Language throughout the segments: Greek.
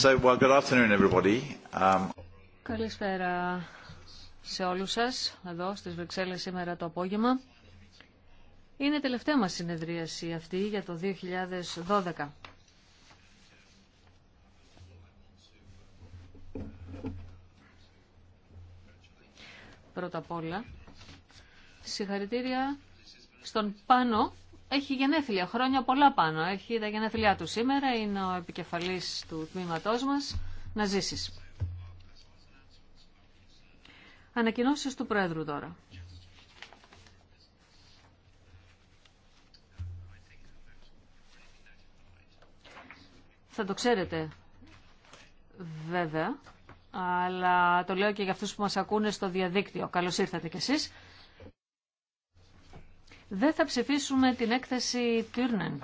Um, Καλησπέρα σε όλους σας εδώ στις Βρυξέλλες σήμερα το απόγευμα. Είναι η τελευταία μας συνεδρίαση αυτή για το 2012. Πρώτα απ' όλα, συγχαρητήρια στον Πάνο έχει γενέθλια, χρόνια πολλά πάνω. Έχει τα γενέθλιά του σήμερα, είναι ο επικεφαλής του τμήματός μας. Να ζήσει. Ανακοινώσεις του Πρόεδρου τώρα. Θα το ξέρετε βέβαια, αλλά το λέω και για αυτούς που μας ακούνε στο διαδίκτυο. Καλώς ήρθατε κι εσείς. Δεν θα ψηφίσουμε την έκθεση Τύρνεν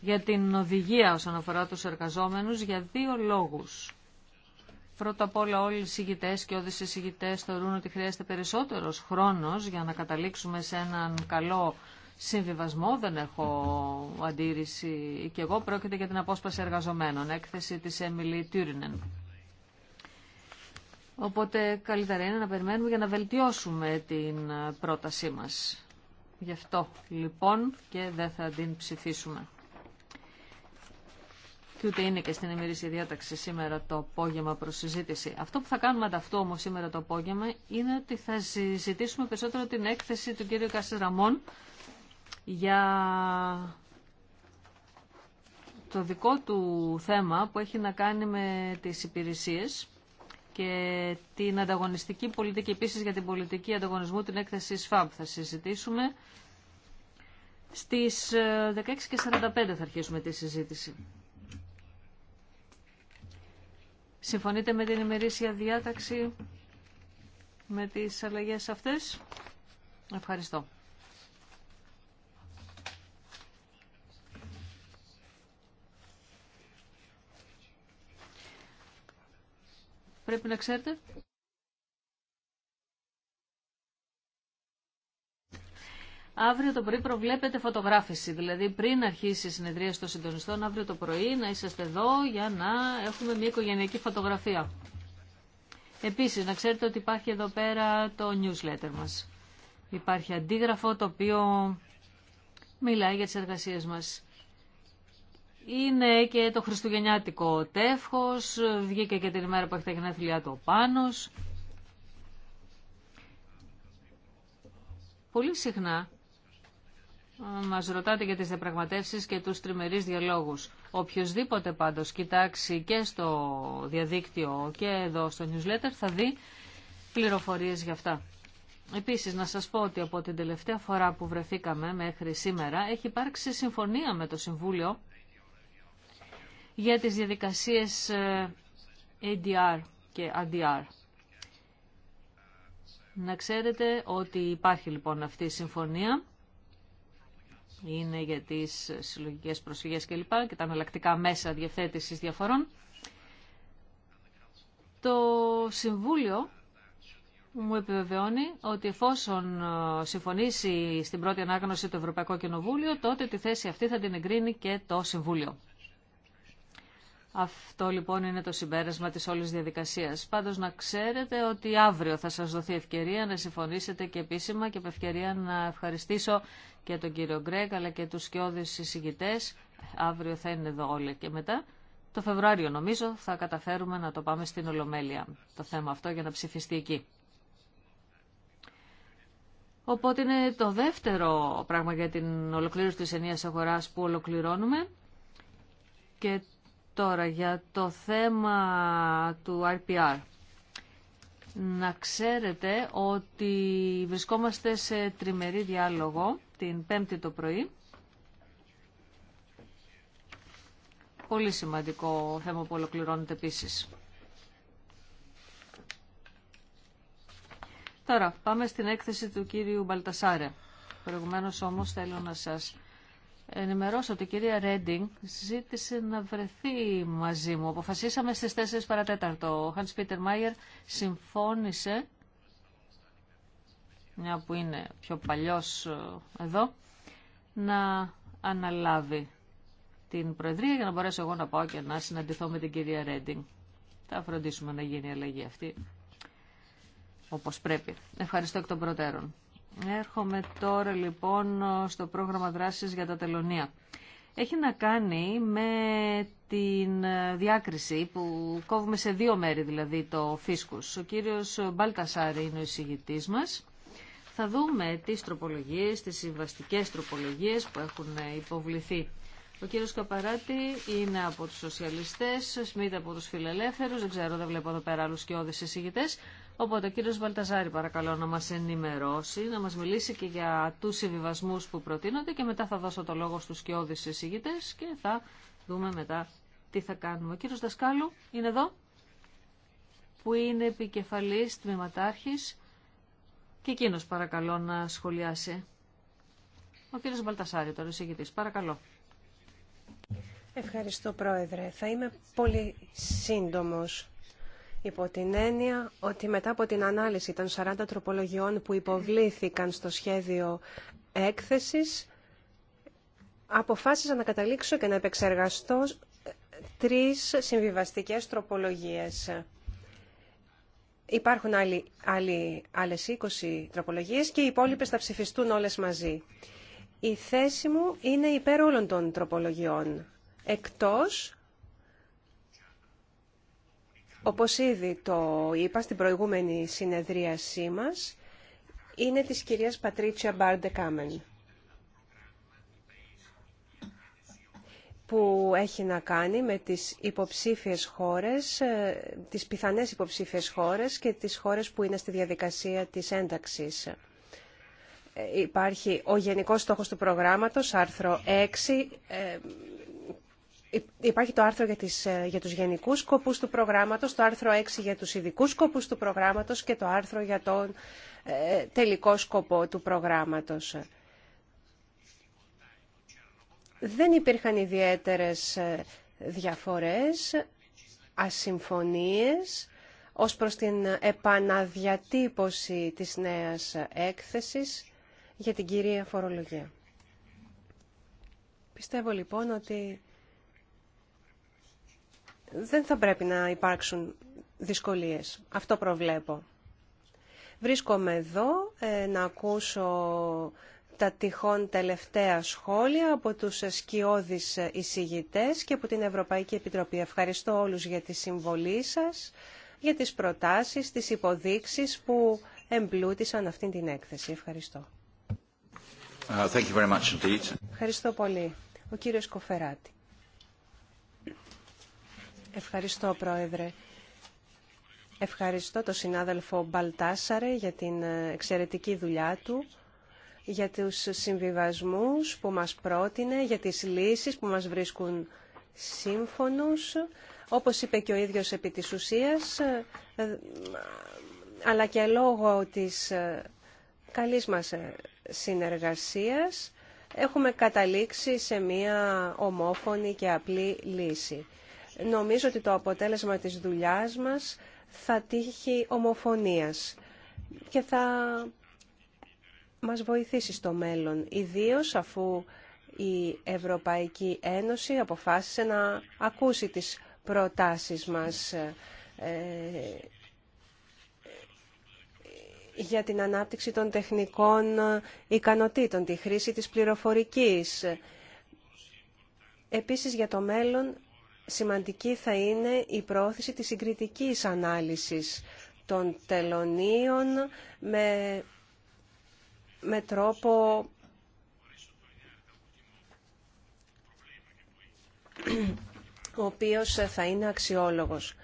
για την οδηγία όσον αφορά τους εργαζόμενους για δύο λόγους. Πρώτα απ' όλα όλοι οι συγητές και όδες οι συγητές θεωρούν ότι χρειάζεται περισσότερος χρόνος για να καταλήξουμε σε έναν καλό συμβιβασμό. Δεν έχω αντίρρηση και εγώ. Πρόκειται για την απόσπαση εργαζομένων. Έκθεση της Emily Τούρνεν. Οπότε καλύτερα είναι να περιμένουμε για να βελτιώσουμε την ε, πρότασή μας. Γι' αυτό λοιπόν και δεν θα την ψηφίσουμε. Και ούτε είναι και στην ημερήσια διάταξη σήμερα το απόγευμα προς συζήτηση. Αυτό που θα κάνουμε ανταυτού όμω σήμερα το απόγευμα είναι ότι θα συζητήσουμε περισσότερο την έκθεση του κ. Ραμών για το δικό του θέμα που έχει να κάνει με τις υπηρεσίες και την ανταγωνιστική πολιτική, επίσης για την πολιτική ανταγωνισμού, την έκθεση ΣΦΑΜ θα συζητήσουμε. Στις 16.45 ε, θα αρχίσουμε τη συζήτηση. Συμφωνείτε με την ημερήσια διάταξη με τις αλλαγές αυτές. Ευχαριστώ. πρέπει να ξέρετε. Αύριο το πρωί προβλέπετε φωτογράφηση, δηλαδή πριν αρχίσει η συνεδρία των συντονιστών, αύριο το πρωί να είσαστε εδώ για να έχουμε μια οικογενειακή φωτογραφία. Επίσης, να ξέρετε ότι υπάρχει εδώ πέρα το newsletter μας. Υπάρχει αντίγραφο το οποίο μιλάει για τις εργασίες μας. Είναι και το χριστουγεννιάτικο τεύχος, βγήκε και την ημέρα που έχει τα γενέθλιά του ο Πάνος. Πολύ συχνά ε, μας ρωτάτε για τις διαπραγματεύσεις και τους τριμερείς διαλόγους. Οποιοδήποτε πάντως κοιτάξει και στο διαδίκτυο και εδώ στο newsletter θα δει πληροφορίες για αυτά. Επίσης να σας πω ότι από την τελευταία φορά που βρεθήκαμε μέχρι σήμερα έχει υπάρξει συμφωνία με το Συμβούλιο για τις διαδικασίες ε, ADR και ADR. Να ξέρετε ότι υπάρχει λοιπόν αυτή η συμφωνία. Είναι για τις συλλογικές προσφυγές και Και, και τα αναλλακτικά μέσα διευθέτησης διαφορών. Το Συμβούλιο μου επιβεβαιώνει ότι εφόσον ε, συμφωνήσει στην πρώτη ανάγνωση το Ευρωπαϊκό Κοινοβούλιο, τότε τη θέση αυτή θα την εγκρίνει και το Συμβούλιο. Αυτό λοιπόν είναι το συμπέρασμα της όλης διαδικασίας. Πάντως να ξέρετε ότι αύριο θα σας δοθεί ευκαιρία να συμφωνήσετε και επίσημα και ευκαιρία να ευχαριστήσω και τον κύριο Γκρέκ αλλά και τους σκιώδεις συζητητές. Αύριο θα είναι εδώ όλοι και μετά. Το Φεβρουάριο νομίζω θα καταφέρουμε να το πάμε στην Ολομέλεια το θέμα αυτό για να ψηφιστεί εκεί. Οπότε είναι το δεύτερο πράγμα για την ολοκλήρωση της ενίας αγοράς που ολοκληρώνουμε. Και Τώρα για το θέμα του RPR. Να ξέρετε ότι βρισκόμαστε σε τριμερή διάλογο την πέμπτη το πρωί. Πολύ σημαντικό θέμα που ολοκληρώνεται επίσης. Τώρα πάμε στην έκθεση του κύριου Μπαλτασάρε. Προηγουμένως όμως θέλω να σας ενημερώσω ότι η κυρία Ρέντινγκ ζήτησε να βρεθεί μαζί μου. Αποφασίσαμε στις 4 παρατέταρτο. Ο Χάνς Πίτερ Μάιερ συμφώνησε, μια που είναι πιο παλιός ε, εδώ, να αναλάβει την Προεδρία για να μπορέσω εγώ να πάω και να συναντηθώ με την κυρία Ρέντινγκ. Θα φροντίσουμε να γίνει η αλλαγή αυτή όπως πρέπει. Ευχαριστώ εκ των προτέρων. Έρχομαι τώρα λοιπόν στο πρόγραμμα δράσης για τα τελωνία. Έχει να κάνει με την διάκριση που κόβουμε σε δύο μέρη δηλαδή το φίσκους. Ο κύριος Μπαλτασάρη είναι ο εισηγητής μας. Θα δούμε τις τροπολογίες, τις συμβαστικές τροπολογίες που έχουν υποβληθεί. Ο κύριος Καπαράτη είναι από τους σοσιαλιστές, Σμίτ από τους φιλελεύθερους, δεν ξέρω, δεν βλέπω εδώ πέρα άλλους και όδες εισηγητές. Οπότε ο κύριος Βαλταζάρη παρακαλώ να μας ενημερώσει, να μας μιλήσει και για τους συμβιβασμούς που προτείνονται και μετά θα δώσω το λόγο στους σκιώδεις εισηγητές και θα δούμε μετά τι θα κάνουμε. Ο κύριος Δασκάλου είναι εδώ, που είναι επικεφαλής τμήματάρχης και εκείνο παρακαλώ να σχολιάσει. Ο κύριος Βαλτασάρη τώρα εισηγητής, παρακαλώ. Ευχαριστώ Πρόεδρε. Θα είμαι πολύ σύντομος υπό την έννοια ότι μετά από την ανάλυση των 40 τροπολογιών που υποβλήθηκαν στο σχέδιο έκθεσης, αποφάσισα να καταλήξω και να επεξεργαστώ τρεις συμβιβαστικές τροπολογίες. Υπάρχουν άλλοι, άλλοι, άλλες 20 τροπολογίες και οι υπόλοιπε θα ψηφιστούν όλες μαζί. Η θέση μου είναι υπέρ όλων των τροπολογιών, εκτός όπως ήδη το είπα στην προηγούμενη συνεδρίασή μας, είναι της κυρίας Πατρίτσια Μπάρντε Κάμεν, που έχει να κάνει με τις υποψήφιες χώρες, ε, τις πιθανές υποψήφιες χώρες και τις χώρες που είναι στη διαδικασία της ένταξης. Ε, υπάρχει ο γενικός στόχος του προγράμματος, άρθρο 6, Υπάρχει το άρθρο για, τις, ε, για τους γενικούς σκοπούς του προγράμματος, το άρθρο 6 για τους ειδικού σκοπούς του προγράμματος και το άρθρο για τον ε, τελικό σκοπό του προγράμματος. Δεν υπήρχαν ιδιαίτερες ε, διαφορές, ασυμφωνίες ως προς την επαναδιατύπωση της νέας έκθεσης για την κυρία φορολογία. Πιστεύω λοιπόν ότι δεν θα πρέπει να υπάρξουν δυσκολίες. Αυτό προβλέπω. Βρίσκομαι εδώ ε, να ακούσω τα τυχόν τελευταία σχόλια από τους σκιώδεις εισηγητές και από την Ευρωπαϊκή Επιτροπή. Ευχαριστώ όλους για τη συμβολή σας, για τις προτάσεις, τις υποδείξεις που εμπλούτησαν αυτήν την έκθεση. Ευχαριστώ. Uh, Ευχαριστώ πολύ. Ο κύριος Κοφεράτη. Ευχαριστώ, Πρόεδρε. Ευχαριστώ τον συνάδελφο Μπαλτάσαρε για την ε, εξαιρετική δουλειά του, για τους συμβιβασμούς που μας πρότεινε, για τις λύσεις που μας βρίσκουν σύμφωνους. Όπως είπε και ο ίδιος επί της ουσίας, ε, ε, αλλά και λόγω της καλής μας συνεργασίας, έχουμε καταλήξει σε μία ομόφωνη και απλή λύση. Νομίζω ότι το αποτέλεσμα της δουλειάς μας θα τύχει ομοφωνίας και θα μας βοηθήσει στο μέλλον, ιδίως αφού η Ευρωπαϊκή Ένωση αποφάσισε να ακούσει τις προτάσεις μας ε, για την ανάπτυξη των τεχνικών ικανοτήτων, τη χρήση της πληροφορικής. Επίσης για το μέλλον σημαντική θα είναι η πρόθεση της συγκριτικής ανάλυσης των τελωνίων με, με τρόπο ο οποίος θα είναι αξιόλογος.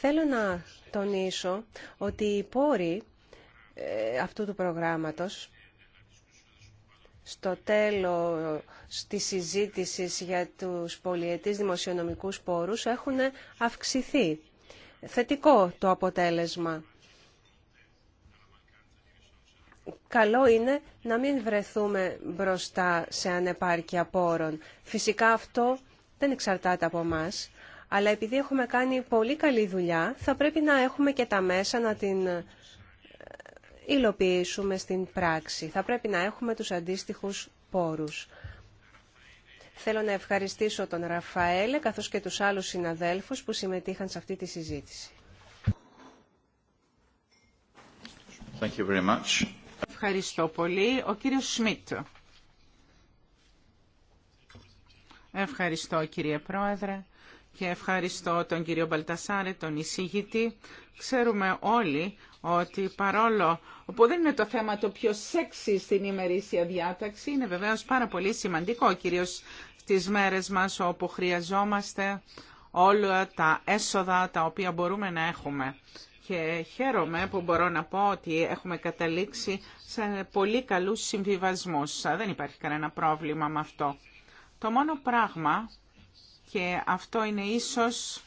Θέλω να τονίσω ότι οι πόροι ε, αυτού του προγράμματος στο τέλο της συζήτησης για τους πολιετής δημοσιονομικούς πόρους έχουν αυξηθεί. Θετικό το αποτέλεσμα. Καλό είναι να μην βρεθούμε μπροστά σε ανεπάρκεια πόρων. Φυσικά αυτό δεν εξαρτάται από μας, αλλά επειδή έχουμε κάνει πολύ καλή δουλειά, θα πρέπει να έχουμε και τα μέσα να την υλοποιήσουμε στην πράξη. Θα πρέπει να έχουμε τους αντίστοιχους πόρους. Θέλω να ευχαριστήσω τον Ραφαέλε καθώς και τους άλλους συναδέλφους που συμμετείχαν σε αυτή τη συζήτηση. Ευχαριστώ πολύ. Ο κύριος Σμιτ. Ευχαριστώ κύριε Πρόεδρε και ευχαριστώ τον κύριο Μπαλτασάρε, τον εισηγητή. Ξέρουμε όλοι ότι παρόλο που δεν είναι το θέμα το πιο σεξι στην ημερήσια διάταξη, είναι βεβαίως πάρα πολύ σημαντικό, κυρίως στις μέρες μας όπου χρειαζόμαστε όλα τα έσοδα τα οποία μπορούμε να έχουμε. Και χαίρομαι που μπορώ να πω ότι έχουμε καταλήξει σε πολύ καλούς συμβιβασμούς. Δεν υπάρχει κανένα πρόβλημα με αυτό. Το μόνο πράγμα και αυτό είναι ίσως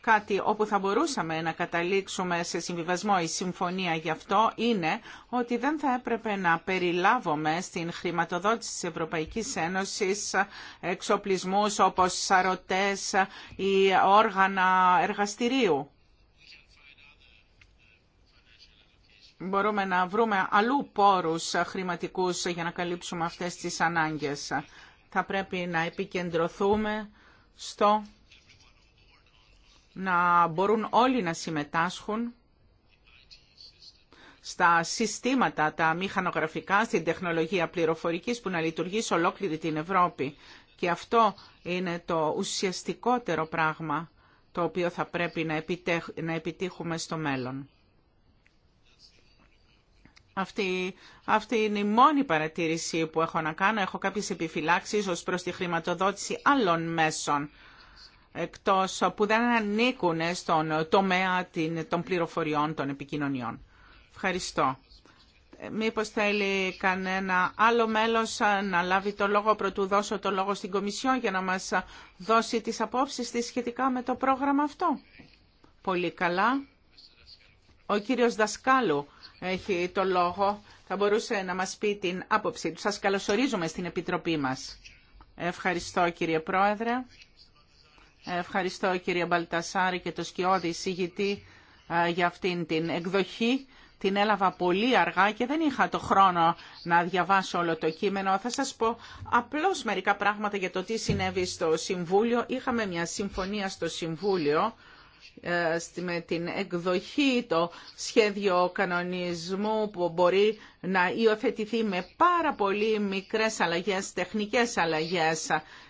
κάτι όπου θα μπορούσαμε να καταλήξουμε σε συμβιβασμό η συμφωνία γι' αυτό είναι ότι δεν θα έπρεπε να περιλάβουμε στην χρηματοδότηση της Ευρωπαϊκής Ένωσης εξοπλισμούς όπως σαρωτές ή όργανα εργαστηρίου. Μπορούμε να βρούμε αλλού πόρους χρηματικούς για να καλύψουμε αυτές τις ανάγκες θα πρέπει να επικεντρωθούμε στο να μπορούν όλοι να συμμετάσχουν στα συστήματα, τα μηχανογραφικά, στην τεχνολογία πληροφορικής που να λειτουργεί σε ολόκληρη την Ευρώπη. Και αυτό είναι το ουσιαστικότερο πράγμα το οποίο θα πρέπει να επιτύχουμε στο μέλλον. Αυτή, αυτή είναι η μόνη παρατήρηση που έχω να κάνω. Έχω κάποιες επιφυλάξεις ως προς τη χρηματοδότηση άλλων μέσων, εκτός που δεν ανήκουν στον τομέα των πληροφοριών των επικοινωνιών. Ευχαριστώ. Ε, μήπως θέλει κανένα άλλο μέλος ε, να λάβει το λόγο πρωτού δώσω το λόγο στην Κομισιόν για να μας δώσει τις απόψεις της σχετικά με το πρόγραμμα αυτό. Πολύ καλά. Ο κύριος Δασκάλου έχει το λόγο, θα μπορούσε να μας πει την άποψή του. Σας καλωσορίζουμε στην Επιτροπή μας. Ευχαριστώ κύριε Πρόεδρε. Ευχαριστώ κύριε Μπαλτασάρη και το σκιώδη συγητή για αυτήν την εκδοχή. Την έλαβα πολύ αργά και δεν είχα το χρόνο να διαβάσω όλο το κείμενο. Θα σας πω απλώς μερικά πράγματα για το τι συνέβη στο Συμβούλιο. Είχαμε μια συμφωνία στο Συμβούλιο ε, με την εκδοχή το σχέδιο κανονισμού που μπορεί να υιοθετηθεί με πάρα πολύ μικρές αλλαγές, τεχνικές αλλαγές.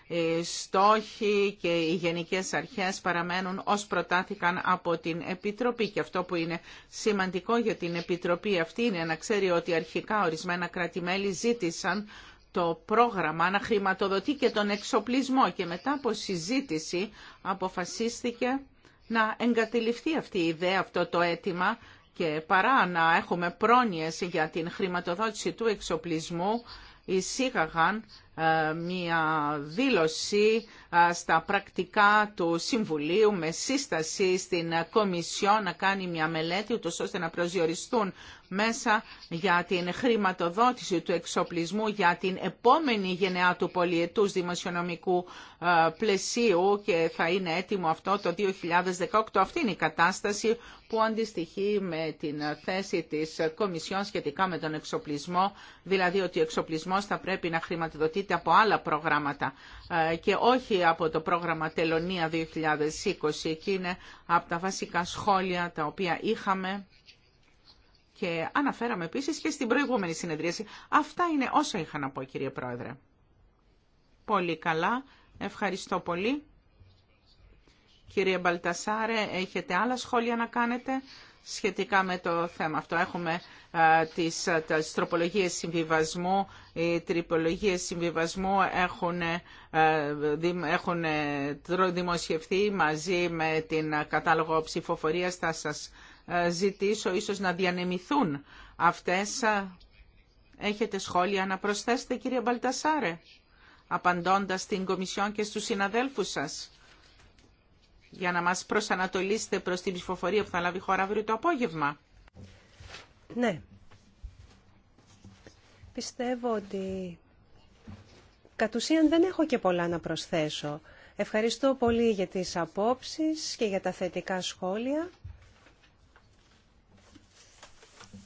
Οι στόχοι και οι γενικές αρχές παραμένουν ως προτάθηκαν από την Επιτροπή και αυτό που είναι σημαντικό για την Επιτροπή αυτή είναι να ξέρει ότι αρχικά ορισμένα κράτη-μέλη ζήτησαν το πρόγραμμα να χρηματοδοτεί και τον εξοπλισμό και μετά από συζήτηση αποφασίστηκε να εγκατελειφθεί αυτή η ιδέα, αυτό το αίτημα και παρά να έχουμε πρόνοιες για την χρηματοδότηση του εξοπλισμού, εισήγαγαν ε, μια δήλωση ε, στα πρακτικά του Συμβουλίου με σύσταση στην Κομισιό να κάνει μια μελέτη ούτως ώστε να προσδιοριστούν μέσα για την χρηματοδότηση του εξοπλισμού για την επόμενη γενεά του πολιετούς δημοσιονομικού ε, πλαισίου και θα είναι έτοιμο αυτό το 2018. Αυτή είναι η κατάσταση που αντιστοιχεί με την θέση της Κομισιόν σχετικά με τον εξοπλισμό, δηλαδή ότι ο εξοπλισμός θα πρέπει να χρηματοδοτείται από άλλα προγράμματα ε, και όχι από το πρόγραμμα Τελωνία 2020 και είναι από τα βασικά σχόλια τα οποία είχαμε και αναφέραμε επίση και στην προηγούμενη συνεδρίαση. Αυτά είναι όσα είχα να πω κύριε Πρόεδρε. Πολύ καλά. Ευχαριστώ πολύ. Κύριε Μπαλτασάρε, έχετε άλλα σχόλια να κάνετε σχετικά με το θέμα αυτό. Έχουμε τι ε, τις, τις τροπολογίες συμβιβασμού. Οι τριπολογίες συμβιβασμού έχουν, α, ε, έχουν ε, δημοσιευθεί μαζί με την κατάλογο ψηφοφορίας. Θα σας ζητήσω ίσως να διανεμηθούν αυτές. Έχετε σχόλια να προσθέσετε κύριε Μπαλτασάρε, απαντώντας στην Κομισιόν και στους συναδέλφους σας, για να μας προσανατολίσετε προς την ψηφοφορία που θα λάβει η χώρα αύριο το απόγευμα. Ναι. Πιστεύω ότι κατ' ουσίαν δεν έχω και πολλά να προσθέσω. Ευχαριστώ πολύ για τις απόψεις και για τα θετικά σχόλια.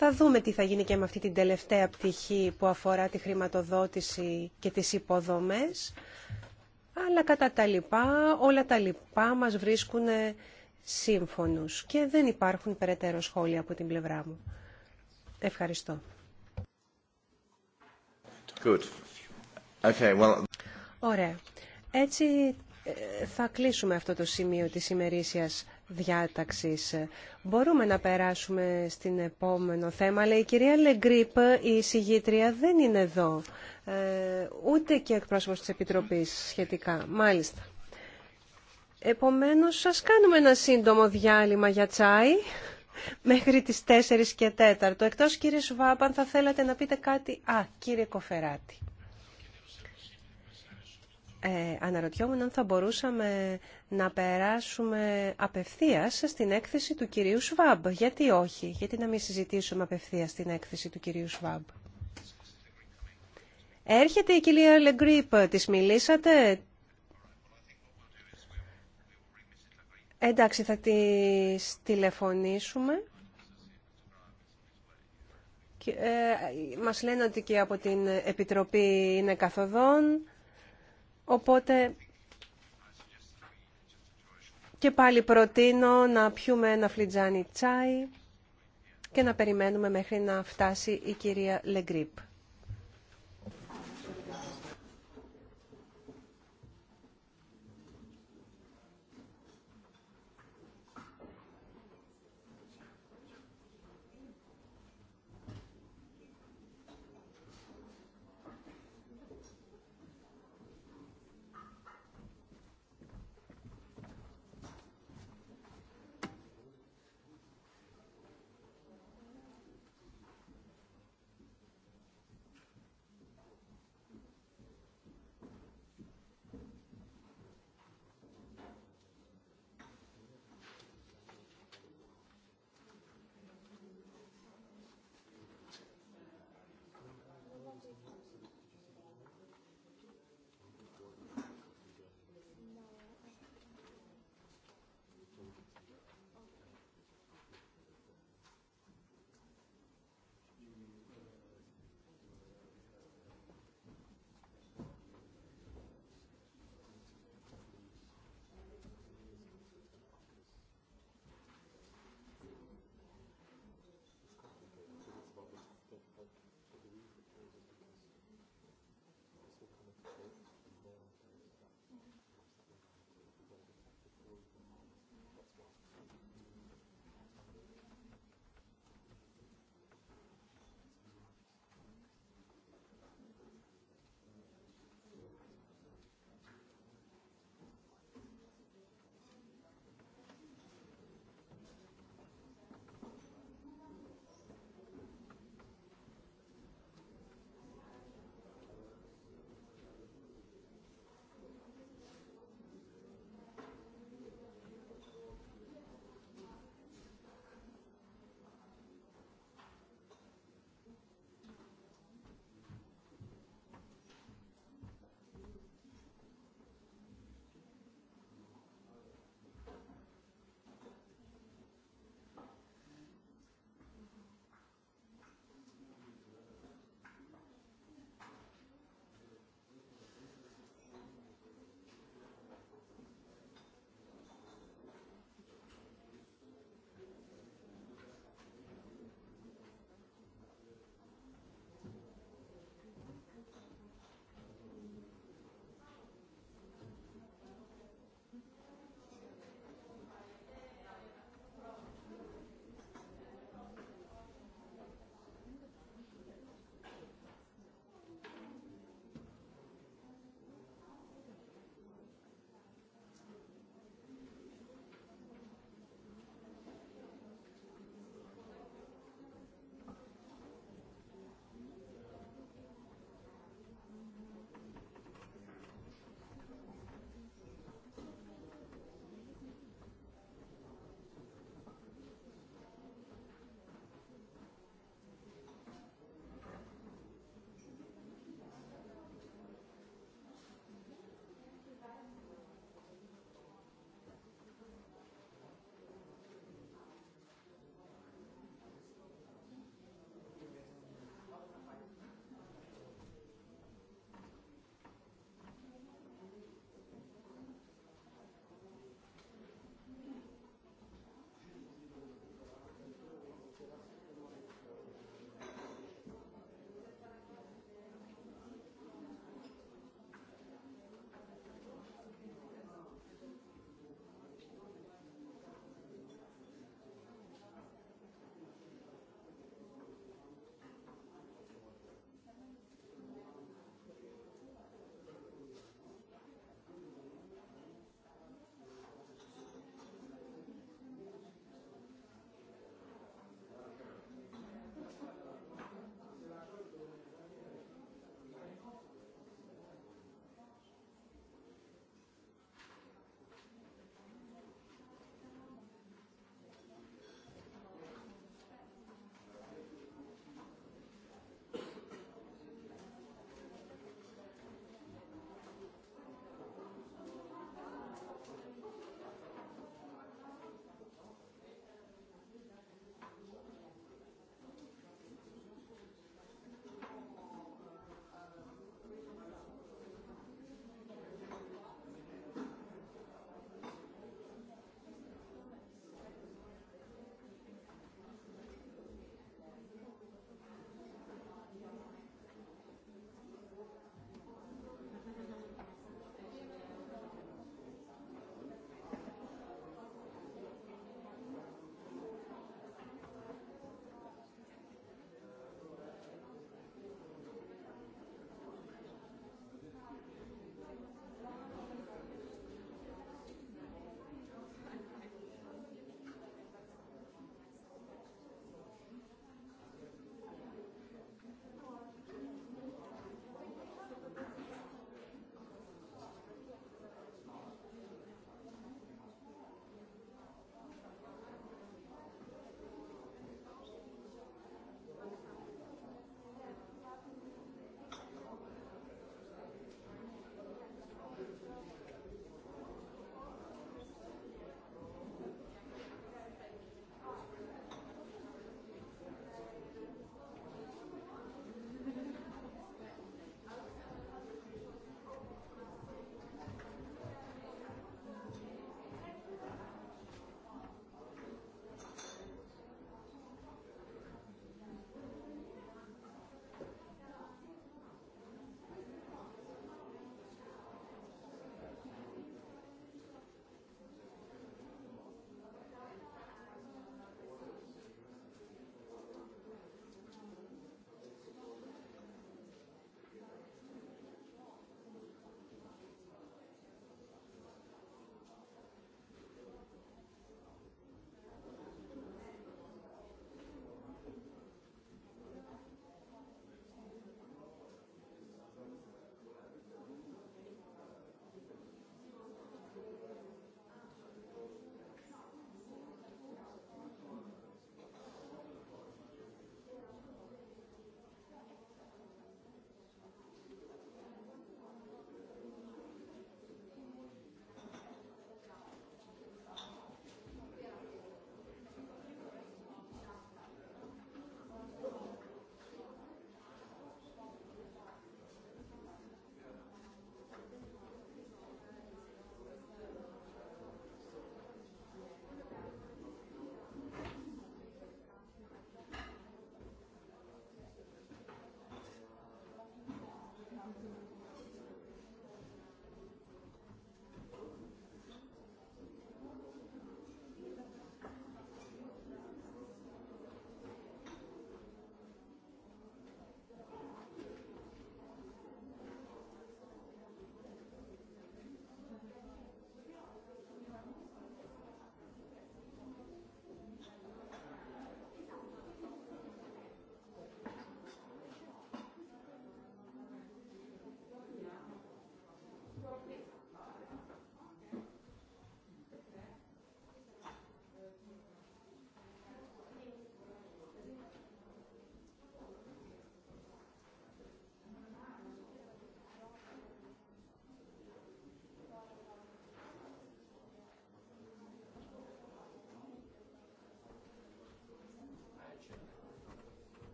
Θα δούμε τι θα γίνει και με αυτή την τελευταία πτυχή που αφορά τη χρηματοδότηση και τις υποδομές. Αλλά κατά τα λοιπά, όλα τα λοιπά μας βρίσκουν σύμφωνους και δεν υπάρχουν περαιτέρω σχόλια από την πλευρά μου. Ευχαριστώ. Good. Okay, well... Ωραία. Έτσι ε, θα κλείσουμε αυτό το σημείο της ημερήσιας διάταξης. Μπορούμε να περάσουμε στην επόμενο θέμα, αλλά η κυρία Λεγκρίπ, η συγγήτρια, δεν είναι εδώ. Ε, ούτε και εκπρόσωπος της Επιτροπής σχετικά. Μάλιστα. Επομένως, σας κάνουμε ένα σύντομο διάλειμμα για τσάι μέχρι τις 4 και 4. Εκτός κύριε Σουβάπαν, θα θέλατε να πείτε κάτι... Α, κύριε Κοφεράτη ε, αναρωτιόμουν αν θα μπορούσαμε να περάσουμε απευθείας στην έκθεση του κυρίου Σβάμπ. Γιατί όχι, γιατί να μην συζητήσουμε απευθείας την έκθεση του κυρίου Σβάμπ. Έρχεται η κυρία Λεγκρίπ, της μιλήσατε. Εντάξει, θα τη τηλεφωνήσουμε. Και, ε, μας λένε ότι και από την Επιτροπή είναι καθοδόν. Οπότε και πάλι προτείνω να πιούμε ένα φλιτζάνι τσάι και να περιμένουμε μέχρι να φτάσει η κυρία Λεγκρίπ.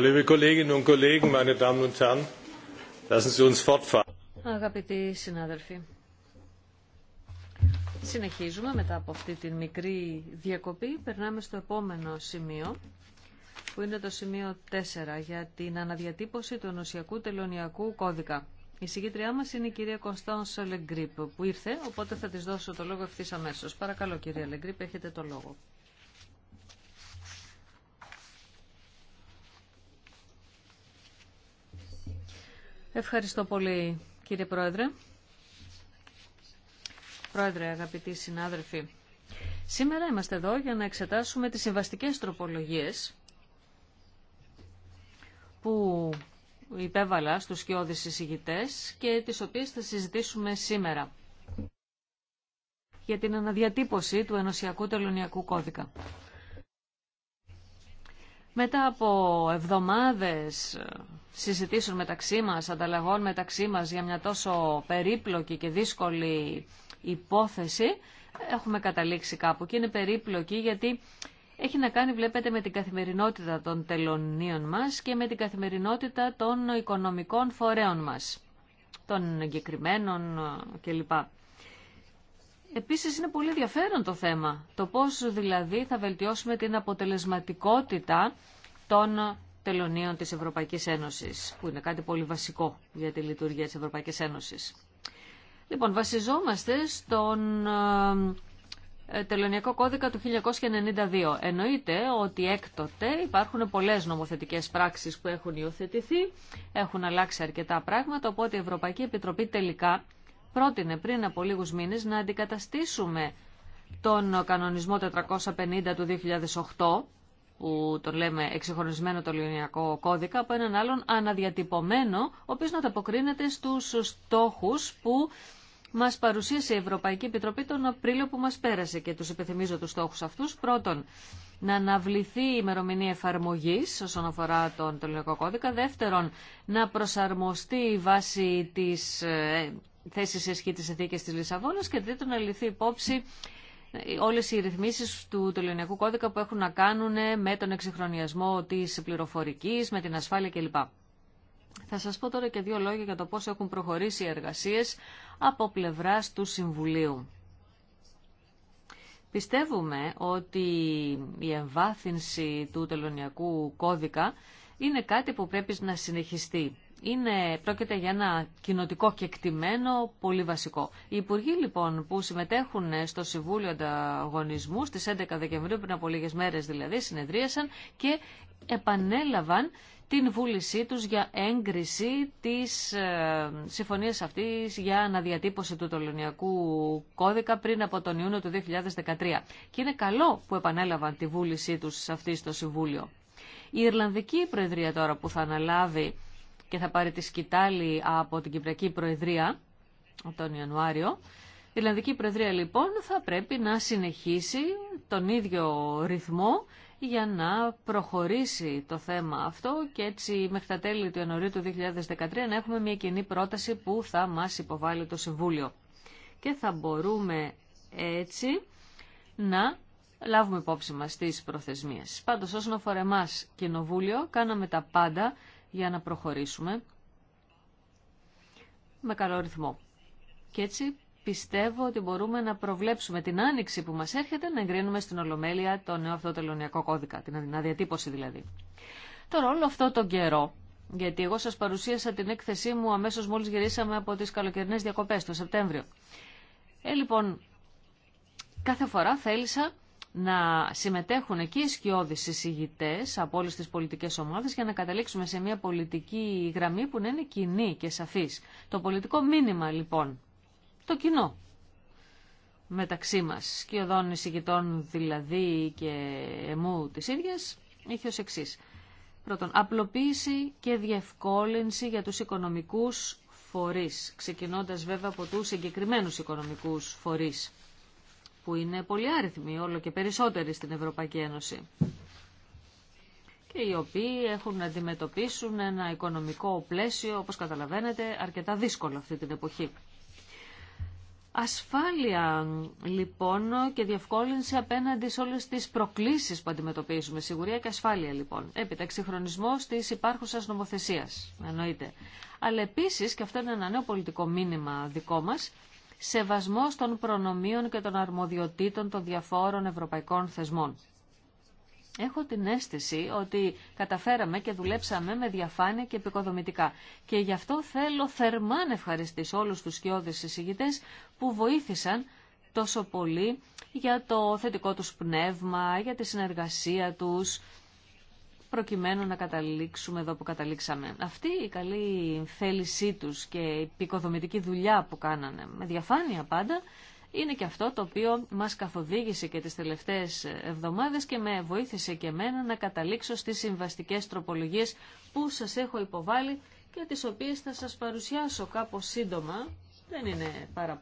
liebe Kolleginnen und Kollegen, meine Damen und Herren, lassen Sie uns fortfahren. Αγαπητοί συνάδελφοι, συνεχίζουμε μετά από αυτή την μικρή διακοπή. Περνάμε στο επόμενο σημείο, που είναι το σημείο 4, για την αναδιατύπωση του ενωσιακού τελωνιακού κώδικα. Η συγκήτριά μας είναι η κυρία Κωνστάνσο Λεγκρίπ που ήρθε, οπότε θα τη δώσω το λόγο ευθύ αμέσω. Παρακαλώ, κυρία Λεγκρίπ, έχετε το λόγο. Ευχαριστώ πολύ κύριε Πρόεδρε. Πρόεδρε, αγαπητοί συνάδελφοι, σήμερα είμαστε εδώ για να εξετάσουμε τις συμβαστικές τροπολογίες που υπέβαλα στους σκιώδεις εισηγητές και τις οποίες θα συζητήσουμε σήμερα για την αναδιατύπωση του Ενωσιακού Τελωνιακού Κώδικα. Μετά από εβδομάδες ε, Συζητήσουν μεταξύ μας, ανταλλαγών μεταξύ μας για μια τόσο περίπλοκη και δύσκολη υπόθεση, έχουμε καταλήξει κάπου και είναι περίπλοκη γιατί έχει να κάνει βλέπετε με την καθημερινότητα των τελωνίων μας και με την καθημερινότητα των οικονομικών φορέων μας, των εγκεκριμένων ε, κλπ. Επίσης είναι πολύ ενδιαφέρον το θέμα, το πώς δηλαδή θα βελτιώσουμε την αποτελεσματικότητα των τελωνίων της Ευρωπαϊκής Ένωσης, που είναι κάτι πολύ βασικό για τη λειτουργία της Ευρωπαϊκής Ένωσης. Λοιπόν, βασιζόμαστε στον ε, ε, τελωνιακό κώδικα του 1992. Εννοείται ότι έκτοτε υπάρχουν πολλές νομοθετικές πράξεις που έχουν υιοθετηθεί, έχουν αλλάξει αρκετά πράγματα, οπότε η Ευρωπαϊκή Επιτροπή τελικά πρότεινε πριν από λίγους μήνες να αντικαταστήσουμε τον κανονισμό 450 του 2008, που τον λέμε εξεχωρισμένο το λιωνιακό κώδικα από έναν άλλον αναδιατυπωμένο, ο οποίος να ανταποκρίνεται στους στόχους που μας παρουσίασε η Ευρωπαϊκή Επιτροπή τον Απρίλιο που μας πέρασε και τους επιθυμίζω τους στόχους αυτούς. Πρώτον, να αναβληθεί η ημερομηνία εφαρμογή όσον αφορά τον τολυνικό κώδικα. Δεύτερον, να προσαρμοστεί η βάση της ε, θέσης ισχύ της εθήκη τη Λισαβόνας και τρίτον, να λυθεί υπόψη όλες οι ρυθμίσεις του Τελωνιακού κώδικα που έχουν να κάνουν με τον εξυγχρονιασμό τη πληροφορικής, με την ασφάλεια κλπ. Θα σας πω τώρα και δύο λόγια για το πώς έχουν προχωρήσει οι εργασίες από πλευράς του Συμβουλίου. Πιστεύουμε ότι η εμβάθυνση του τελωνιακού κώδικα είναι κάτι που πρέπει να συνεχιστεί είναι, πρόκειται για ένα κοινοτικό κεκτημένο πολύ βασικό. Οι υπουργοί λοιπόν που συμμετέχουν στο Συμβούλιο Ανταγωνισμού στις 11 Δεκεμβρίου πριν από λίγες μέρες δηλαδή συνεδρίασαν και επανέλαβαν την βούλησή τους για έγκριση της ε, συμφωνίας αυτής για αναδιατύπωση του τολωνιακού κώδικα πριν από τον Ιούνιο του 2013. Και είναι καλό που επανέλαβαν τη βούλησή τους σε αυτή στο Συμβούλιο. Η Ιρλανδική Προεδρία τώρα που θα αναλάβει και θα πάρει τη σκητάλη από την Κυπριακή Προεδρία τον Ιανουάριο. Η Ιρλανδική Προεδρία λοιπόν θα πρέπει να συνεχίσει τον ίδιο ρυθμό για να προχωρήσει το θέμα αυτό και έτσι μέχρι τα τέλη του Ιανουαρίου του 2013 να έχουμε μια κοινή πρόταση που θα μας υποβάλει το Συμβούλιο. Και θα μπορούμε έτσι να λάβουμε υπόψη μας τις προθεσμίες. Πάντως όσον αφορά εμάς Κοινοβούλιο κάναμε τα πάντα για να προχωρήσουμε με καλό ρυθμό. Και έτσι πιστεύω ότι μπορούμε να προβλέψουμε την άνοιξη που μας έρχεται να εγκρίνουμε στην Ολομέλεια το νέο αυτό τελωνιακό κώδικα, την αδιατύπωση δηλαδή. Τώρα όλο αυτό τον καιρό, γιατί εγώ σας παρουσίασα την έκθεσή μου αμέσως μόλις γυρίσαμε από τις καλοκαιρινές διακοπές το Σεπτέμβριο. Ε, λοιπόν, κάθε φορά θέλησα να συμμετέχουν εκεί οι σκιώδεις εισηγητές από όλες τις πολιτικές ομάδες για να καταλήξουμε σε μια πολιτική γραμμή που να είναι κοινή και σαφής. Το πολιτικό μήνυμα λοιπόν, το κοινό μεταξύ μας, σκιωδών εισηγητών δηλαδή και εμού της ίδιας, είχε ως εξής. Πρώτον, απλοποίηση και διευκόλυνση για τους οικονομικούς φορείς, ξεκινώντας βέβαια από τους συγκεκριμένους οικονομικούς φορείς που είναι πολύ άριθμοι, όλο και περισσότεροι στην Ευρωπαϊκή Ένωση και οι οποίοι έχουν να αντιμετωπίσουν ένα οικονομικό πλαίσιο, όπως καταλαβαίνετε, αρκετά δύσκολο αυτή την εποχή. Ασφάλεια λοιπόν και διευκόλυνση απέναντι σε όλες τις προκλήσεις που αντιμετωπίζουμε. Σιγουρία και ασφάλεια λοιπόν. Έπειτα εξυγχρονισμός της υπάρχουσας νομοθεσίας, εννοείται. Αλλά επίσης, και αυτό είναι ένα νέο πολιτικό μήνυμα δικό μας, σεβασμό των προνομίων και των αρμοδιοτήτων των διαφόρων ευρωπαϊκών θεσμών. Έχω την αίσθηση ότι καταφέραμε και δουλέψαμε με διαφάνεια και επικοδομητικά. Και γι' αυτό θέλω θερμά να ευχαριστήσω όλους τους σκιώδες εισηγητές που βοήθησαν τόσο πολύ για το θετικό τους πνεύμα, για τη συνεργασία τους, προκειμένου να καταλήξουμε εδώ που καταλήξαμε. Αυτή η καλή θέλησή τους και η πικοδομητική δουλειά που κάνανε, με διαφάνεια πάντα, είναι και αυτό το οποίο μας καθοδήγησε και τις τελευταίες εβδομάδες και με βοήθησε και εμένα να καταλήξω στις συμβαστικές τροπολογίες που σας έχω υποβάλει και τις οποίες θα σας παρουσιάσω κάπως σύντομα. Δεν είναι πάρα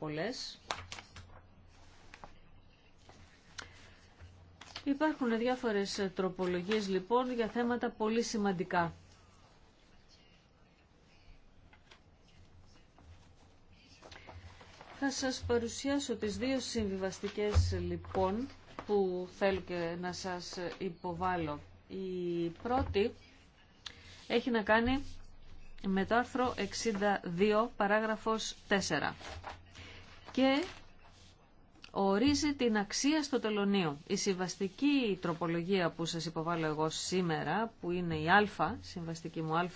Υπάρχουν διάφορες τροπολογίες λοιπόν για θέματα πολύ σημαντικά. Θα σας παρουσιάσω τις δύο συμβιβαστικές λοιπόν που θέλω και να σας υποβάλω. Η πρώτη έχει να κάνει με το άρθρο 62 παράγραφος 4 και ορίζει την αξία στο τελωνείο. Η συμβαστική τροπολογία που σας υποβάλλω εγώ σήμερα, που είναι η α, συμβαστική μου α,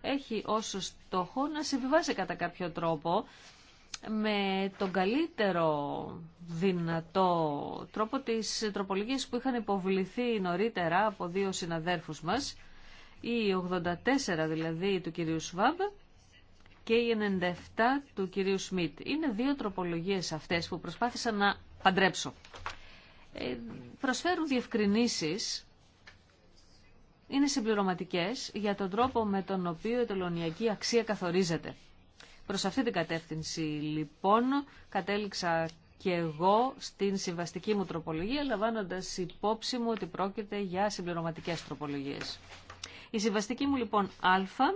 έχει ως στόχο να συμβιβάσει κατά κάποιο τρόπο με τον καλύτερο δυνατό τρόπο της τροπολογίας που είχαν υποβληθεί νωρίτερα από δύο συναδέρφους μας, η 84 δηλαδή του κυρίου Σουβάμπ, και η 97 του κυρίου Σμιτ. Είναι δύο τροπολογίες αυτές που προσπάθησα να παντρέψω. Ε, προσφέρουν διευκρινήσεις, είναι συμπληρωματικές για τον τρόπο με τον οποίο η τελωνιακή αξία καθορίζεται. Προς αυτή την κατεύθυνση λοιπόν κατέληξα και εγώ στην συμβαστική μου τροπολογία λαμβάνοντας υπόψη μου ότι πρόκειται για συμπληρωματικές τροπολογίες. Η συμβαστική μου λοιπόν α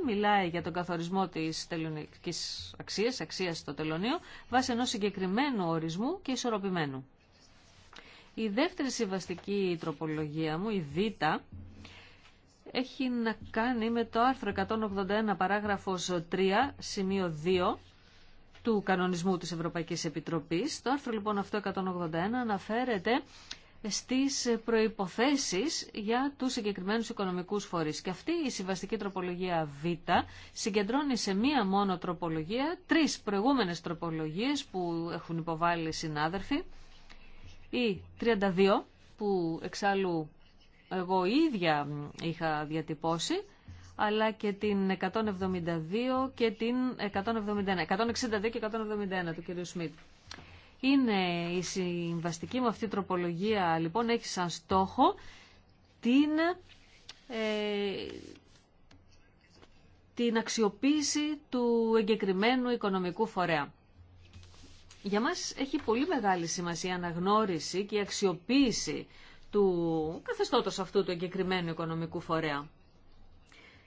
μιλάει για τον καθορισμό της τελωνική αξίας, αξία στο τελωνίο, βάσει ενό συγκεκριμένου ορισμού και ισορροπημένου. Η δεύτερη συμβαστική τροπολογία μου, η β, έχει να κάνει με το άρθρο 181 παράγραφος 3 σημείο 2 του κανονισμού της Ευρωπαϊκής Επιτροπής. Το άρθρο λοιπόν αυτό 181 αναφέρεται στις προϋποθέσεις για τους συγκεκριμένους οικονομικούς φορείς. Και αυτή η συμβαστική τροπολογία Β συγκεντρώνει σε μία μόνο τροπολογία τρεις προηγούμενες τροπολογίες που έχουν υποβάλει συνάδελφοι ή 32 που εξάλλου εγώ ίδια είχα διατυπώσει αλλά και την 172 και την 171, 162 και 171 του κ. Σμιτ. Είναι η συμβαστική μου αυτή τροπολογία, λοιπόν, έχει σαν στόχο την, ε, την αξιοποίηση του εγκεκριμένου οικονομικού φορέα. Για μας έχει πολύ μεγάλη σημασία η αναγνώριση και η αξιοποίηση του καθεστώτος αυτού του εγκεκριμένου οικονομικού φορέα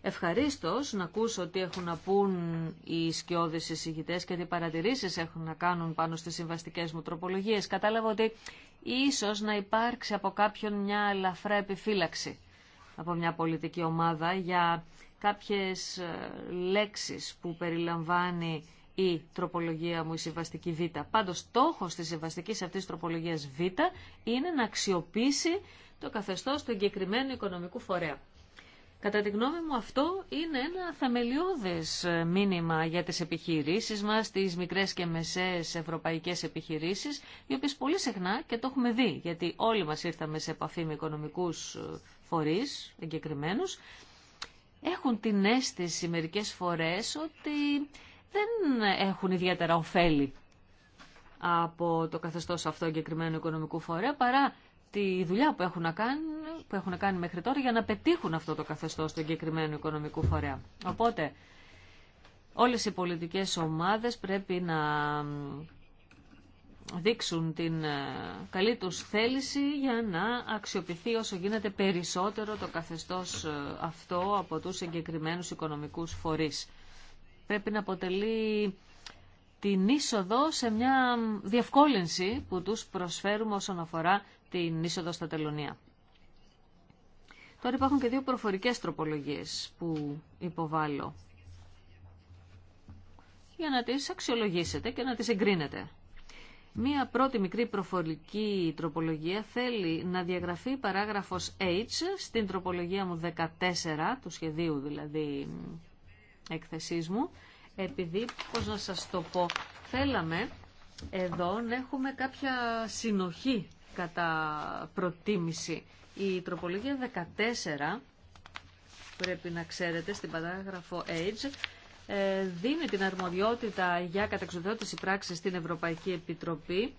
ευχαρίστως να ακούσω ότι έχουν να πούν οι σκιώδεις εισηγητές και τι παρατηρήσεις έχουν να κάνουν πάνω στις συμβαστικές μου τροπολογίες. Κατάλαβα ότι ίσως να υπάρξει από κάποιον μια ελαφρά επιφύλαξη από μια πολιτική ομάδα για κάποιες ε, λέξεις που περιλαμβάνει η τροπολογία μου, η συμβαστική Β. Πάντω, στόχο τη συμβαστική αυτή τροπολογία Β είναι να αξιοποιήσει το καθεστώ του εγκεκριμένου οικονομικού φορέα. Κατά τη γνώμη μου αυτό είναι ένα θεμελιώδες ε, μήνυμα για τις επιχειρήσεις μας, τις μικρές και μεσαίες ευρωπαϊκές επιχειρήσεις, οι οποίες πολύ συχνά και το έχουμε δει, γιατί όλοι μας ήρθαμε σε επαφή με οικονομικούς ε, φορείς εγκεκριμένους, έχουν την αίσθηση μερικές φορές ότι δεν έχουν ιδιαίτερα ωφέλη από το καθεστώς αυτό εγκεκριμένου οικονομικού φορέα, παρά τη δουλειά που έχουν, να κάνουν, που έχουν να κάνει μέχρι τώρα για να πετύχουν αυτό το καθεστώς του εγκεκριμένου οικονομικού φορέα. Οπότε, όλες οι πολιτικές ομάδες πρέπει να δείξουν την ε, καλή τους θέληση για να αξιοποιηθεί όσο γίνεται περισσότερο το καθεστώς ε, αυτό από τους εγκεκριμένους οικονομικούς φορείς. Πρέπει να αποτελεί την είσοδο σε μια διευκόλυνση που τους προσφέρουμε όσον αφορά την είσοδο στα τελωνία. Τώρα υπάρχουν και δύο προφορικές τροπολογίες που υποβάλλω για να τις αξιολογήσετε και να τις εγκρίνετε. Μία πρώτη μικρή προφορική τροπολογία θέλει να διαγραφεί παράγραφος H στην τροπολογία μου 14, του σχεδίου δηλαδή έκθεσής μου, επειδή, πώς να σας το πω, θέλαμε εδώ να έχουμε κάποια συνοχή κατά προτίμηση. Η τροπολογία 14, πρέπει να ξέρετε, στην παράγραφο Age, ε, δίνει την αρμοδιότητα για κατεξοδότηση πράξη στην Ευρωπαϊκή Επιτροπή,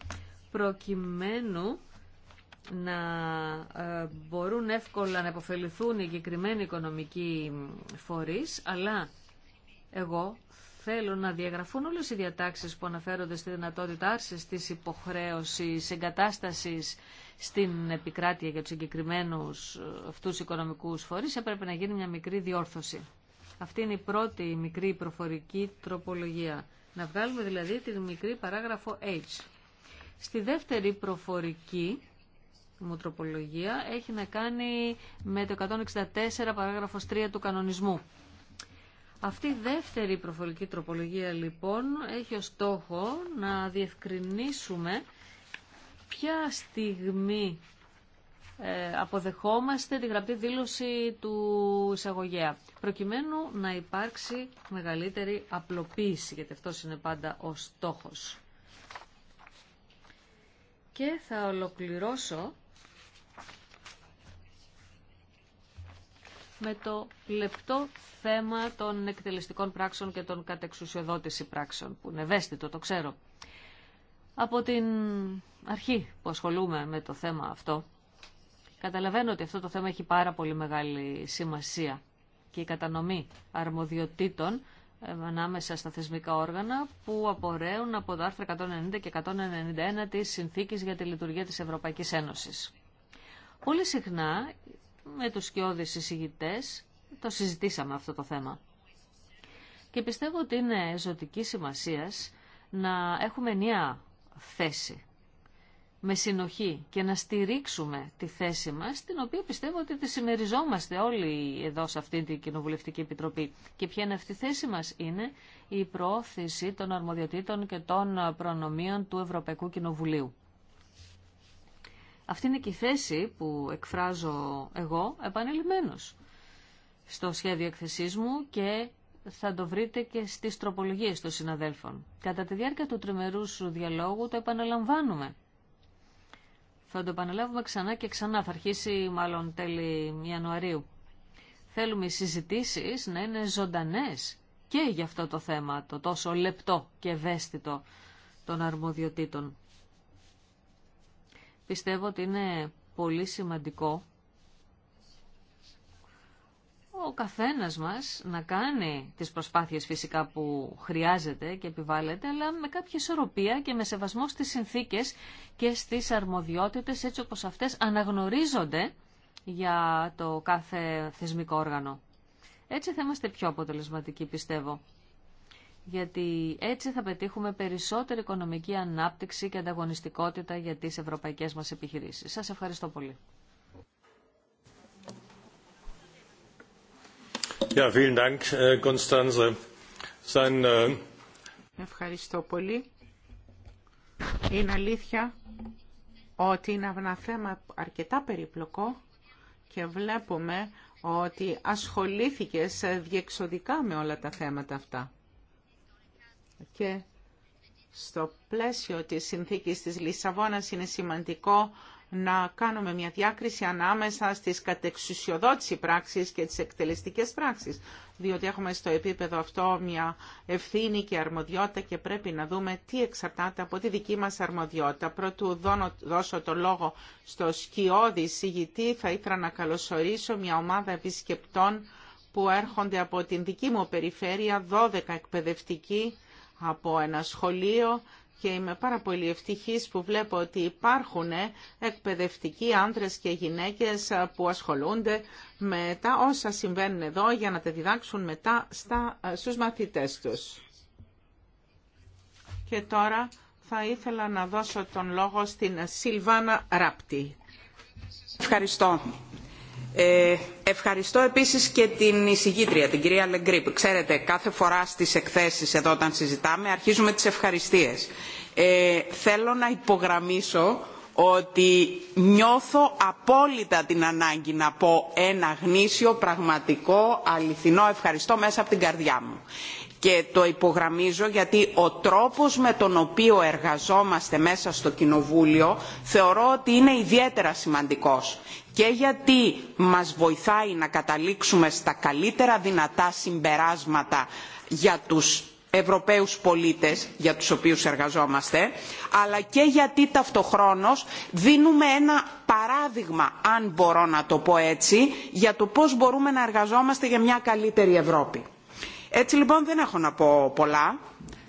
προκειμένου να ε, μπορούν εύκολα να υποφεληθούν οι εγκεκριμένοι οικονομικοί φορείς, αλλά εγώ Θέλω να διαγραφούν όλες οι διατάξεις που αναφέρονται στη δυνατότητα άρσης της υποχρέωσης, εγκατάστασης στην επικράτεια για τους συγκεκριμένου ε, αυτούς οικονομικούς φορείς, έπρεπε να γίνει μια μικρή διόρθωση. Αυτή είναι η πρώτη μικρή προφορική τροπολογία. Να βγάλουμε δηλαδή τη μικρή παράγραφο H. Στη δεύτερη προφορική μου τροπολογία έχει να κάνει με το 164 παράγραφος 3 του κανονισμού. Αυτή η δεύτερη προφορική τροπολογία λοιπόν έχει ως στόχο να διευκρινίσουμε ποια στιγμή ε, αποδεχόμαστε τη γραπτή δήλωση του εισαγωγέα προκειμένου να υπάρξει μεγαλύτερη απλοποίηση γιατί αυτό είναι πάντα ο στόχος. Και θα ολοκληρώσω με το λεπτό θέμα των εκτελεστικών πράξεων και των κατεξουσιοδότηση πράξεων, που είναι ευαίσθητο, το ξέρω. Από την αρχή που ασχολούμαι με το θέμα αυτό, καταλαβαίνω ότι αυτό το θέμα έχει πάρα πολύ μεγάλη σημασία και η κατανομή αρμοδιοτήτων ε, ανάμεσα στα θεσμικά όργανα που απορρέουν από το άρθρο 190 και 191 της Συνθήκης για τη Λειτουργία της Ευρωπαϊκής Ένωσης. Πολύ συχνά με τους σκιώδεις εισηγητές το συζητήσαμε αυτό το θέμα. Και πιστεύω ότι είναι ζωτική σημασία να έχουμε μια θέση με συνοχή και να στηρίξουμε τη θέση μας, την οποία πιστεύω ότι τη συμμεριζόμαστε όλοι εδώ σε αυτήν την Κοινοβουλευτική Επιτροπή. Και ποια είναι αυτή η θέση μας είναι η προώθηση των αρμοδιοτήτων και των προνομίων του Ευρωπαϊκού Κοινοβουλίου. Αυτή είναι και η θέση που εκφράζω εγώ επανειλημμένως στο σχέδιο εκθεσής μου και θα το βρείτε και στις τροπολογίες των συναδέλφων. Κατά τη διάρκεια του τριμερούς διαλόγου το επαναλαμβάνουμε. Θα το επαναλάβουμε ξανά και ξανά. Θα αρχίσει μάλλον τέλη Ιανουαρίου. Θέλουμε οι συζητήσεις να είναι ζωντανές και για αυτό το θέμα, το τόσο λεπτό και ευαίσθητο των αρμοδιοτήτων πιστεύω ότι είναι πολύ σημαντικό ο καθένας μας να κάνει τις προσπάθειες φυσικά που χρειάζεται και επιβάλλεται, αλλά με κάποια ισορροπία και με σεβασμό στις συνθήκες και στις αρμοδιότητες έτσι όπως αυτές αναγνωρίζονται για το κάθε θεσμικό όργανο. Έτσι θα είμαστε πιο αποτελεσματικοί πιστεύω γιατί έτσι θα πετύχουμε περισσότερη οικονομική ανάπτυξη και ανταγωνιστικότητα για τις ευρωπαϊκές μας επιχειρήσεις. Σας ευχαριστώ πολύ. Äh, äh, ευχαριστώ πολύ. Είναι αλήθεια ότι είναι ένα θέμα αρκετά περιπλοκό και βλέπουμε ότι ασχολήθηκες διεξοδικά με όλα τα θέματα αυτά. Και στο πλαίσιο της συνθήκης της Λισαβόνας είναι σημαντικό να κάνουμε μια διάκριση ανάμεσα στις κατεξουσιοδότηση πράξεις και τις εκτελεστικές πράξεις, διότι έχουμε στο επίπεδο αυτό μια ευθύνη και αρμοδιότητα και πρέπει να δούμε τι εξαρτάται από τη δική μας αρμοδιότητα. Πρωτού δώσω το λόγο στο σκιώδη συγητή, θα ήθελα να καλωσορίσω μια ομάδα επισκεπτών που έρχονται από την δική μου περιφέρεια, 12 εκπαιδευτικοί, από ένα σχολείο και είμαι πάρα πολύ ευτυχής που βλέπω ότι υπάρχουν εκπαιδευτικοί άντρες και γυναίκες που ασχολούνται με τα όσα συμβαίνουν εδώ για να τα διδάξουν μετά στα, ε, στους μαθητές τους. Και τώρα θα ήθελα να δώσω τον λόγο στην Σιλβάνα Ράπτη. Ευχαριστώ. Ε, ευχαριστώ επίσης και την εισηγήτρια, την κυρία Λεγκρίπ. Ξέρετε, κάθε φορά στις εκθέσεις εδώ όταν συζητάμε αρχίζουμε τις ευχαριστίες. Ε, θέλω να υπογραμμίσω ότι νιώθω απόλυτα την ανάγκη να πω ένα γνήσιο, πραγματικό, αληθινό ευχαριστώ μέσα από την καρδιά μου. Και το υπογραμμίζω γιατί ο τρόπος με τον οποίο εργαζόμαστε μέσα στο Κοινοβούλιο θεωρώ ότι είναι ιδιαίτερα σημαντικός και γιατί μας βοηθάει να καταλήξουμε στα καλύτερα δυνατά συμπεράσματα για τους ευρωπαίους πολίτες για τους οποίους εργαζόμαστε αλλά και γιατί ταυτοχρόνως δίνουμε ένα παράδειγμα αν μπορώ να το πω έτσι για το πώς μπορούμε να εργαζόμαστε για μια καλύτερη Ευρώπη. Έτσι λοιπόν δεν έχω να πω πολλά,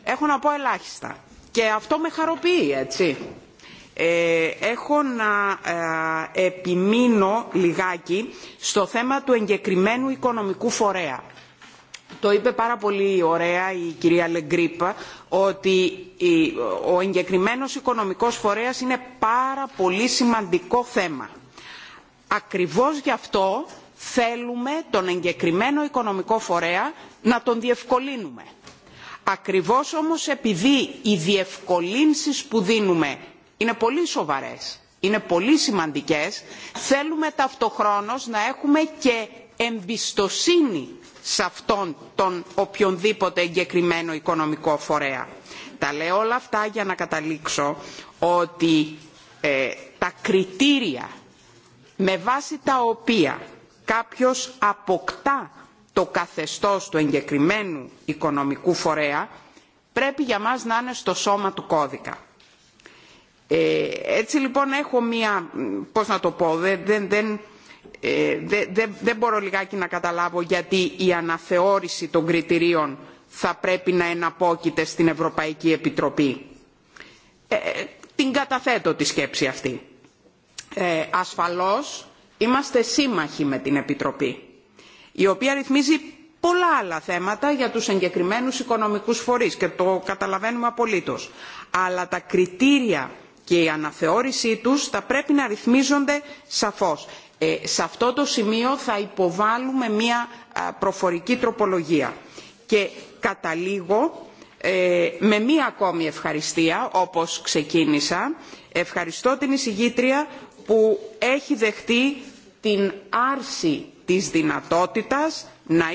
έχω να πω ελάχιστα και αυτό με χαροποιεί έτσι ε, έχω να ε, επιμείνω λιγάκι στο θέμα του εγκεκριμένου οικονομικού φορέα. Το είπε πάρα πολύ ωραία η κυρία Λεγκρίπα ότι ο εγκεκριμένος οικονομικός φορέας είναι πάρα πολύ σημαντικό θέμα. Ακριβώς γι' αυτό θέλουμε τον εγκεκριμένο οικονομικό φορέα να τον διευκολύνουμε. Ακριβώς όμως επειδή οι διευκολύνσεις που δίνουμε είναι πολύ σοβαρές, είναι πολύ σημαντικές. Θέλουμε ταυτοχρόνως να έχουμε και εμπιστοσύνη σε αυτόν τον οποιονδήποτε εγκεκριμένο οικονομικό φορέα. Τα λέω όλα αυτά για να καταλήξω ότι ε, τα κριτήρια με βάση τα οποία κάποιος αποκτά το καθεστώς του εγκεκριμένου οικονομικού φορέα πρέπει για μας να είναι στο σώμα του κώδικα. Ε, έτσι λοιπόν έχω μία, πώς να το πω, δεν, δεν, ε, δεν, μπορώ λιγάκι να καταλάβω γιατί η αναθεώρηση των κριτηρίων θα πρέπει να εναπόκειται στην Ευρωπαϊκή Επιτροπή. Ε, την καταθέτω τη σκέψη αυτή. Ασφαλώς είμαστε σύμμαχοι με την Επιτροπή, η οποία ρυθμίζει πολλά άλλα θέματα για τους εγκεκριμένους οικονομικούς φορείς και το καταλαβαίνουμε απολύτως. Αλλά τα κριτήρια και η αναθεώρησή τους θα πρέπει να ρυθμίζονται σαφώς. Ε, σε αυτό το σημείο θα υποβάλουμε μία προφορική τροπολογία. Και καταλήγω ε, με μία ακόμη ευχαριστία, όπως ξεκίνησα. Ευχαριστώ την εισηγήτρια που έχει δεχτεί την άρση της δυνατότητας να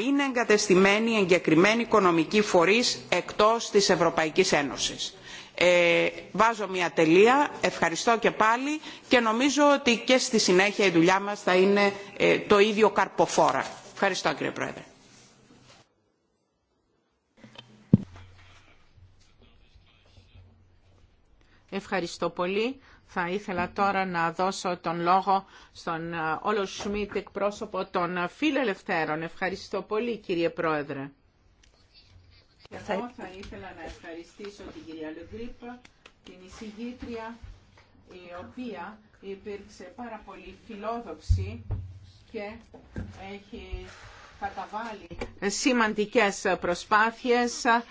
είναι η εγκεκριμένη οικονομική φορείς εκτός της Ευρωπαϊκής Ένωσης ε, βάζω μια τελεία, ευχαριστώ και πάλι και νομίζω ότι και στη συνέχεια η δουλειά μας θα είναι ε, το ίδιο καρποφόρα. Ευχαριστώ κύριε Πρόεδρε. Ευχαριστώ πολύ. Θα ήθελα τώρα να δώσω τον λόγο στον ε, Όλο Σμίτ, εκπρόσωπο των Φιλελευθέρων. Ευχαριστώ πολύ κύριε Πρόεδρε και Εγώ θα ήθελα να ευχαριστήσω την κυρία Λεγκρίπ, την εισηγήτρια, η οποία υπήρξε πάρα πολύ φιλόδοξη και έχει καταβάλει σημαντικές προσπάθειες ε,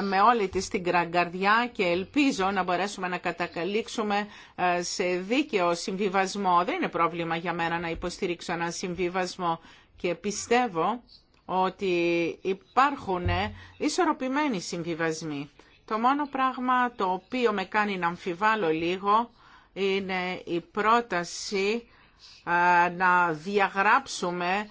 με όλη της την καρδιά και ελπίζω να μπορέσουμε να κατακαλύξουμε ε, σε δίκαιο συμβιβασμό. Δεν είναι πρόβλημα για μένα να υποστηρίξω ένα συμβιβασμό και πιστεύω ότι υπάρχουν ισορροπημένοι συμβιβασμοί. Το μόνο πράγμα το οποίο με κάνει να αμφιβάλλω λίγο είναι η πρόταση να διαγράψουμε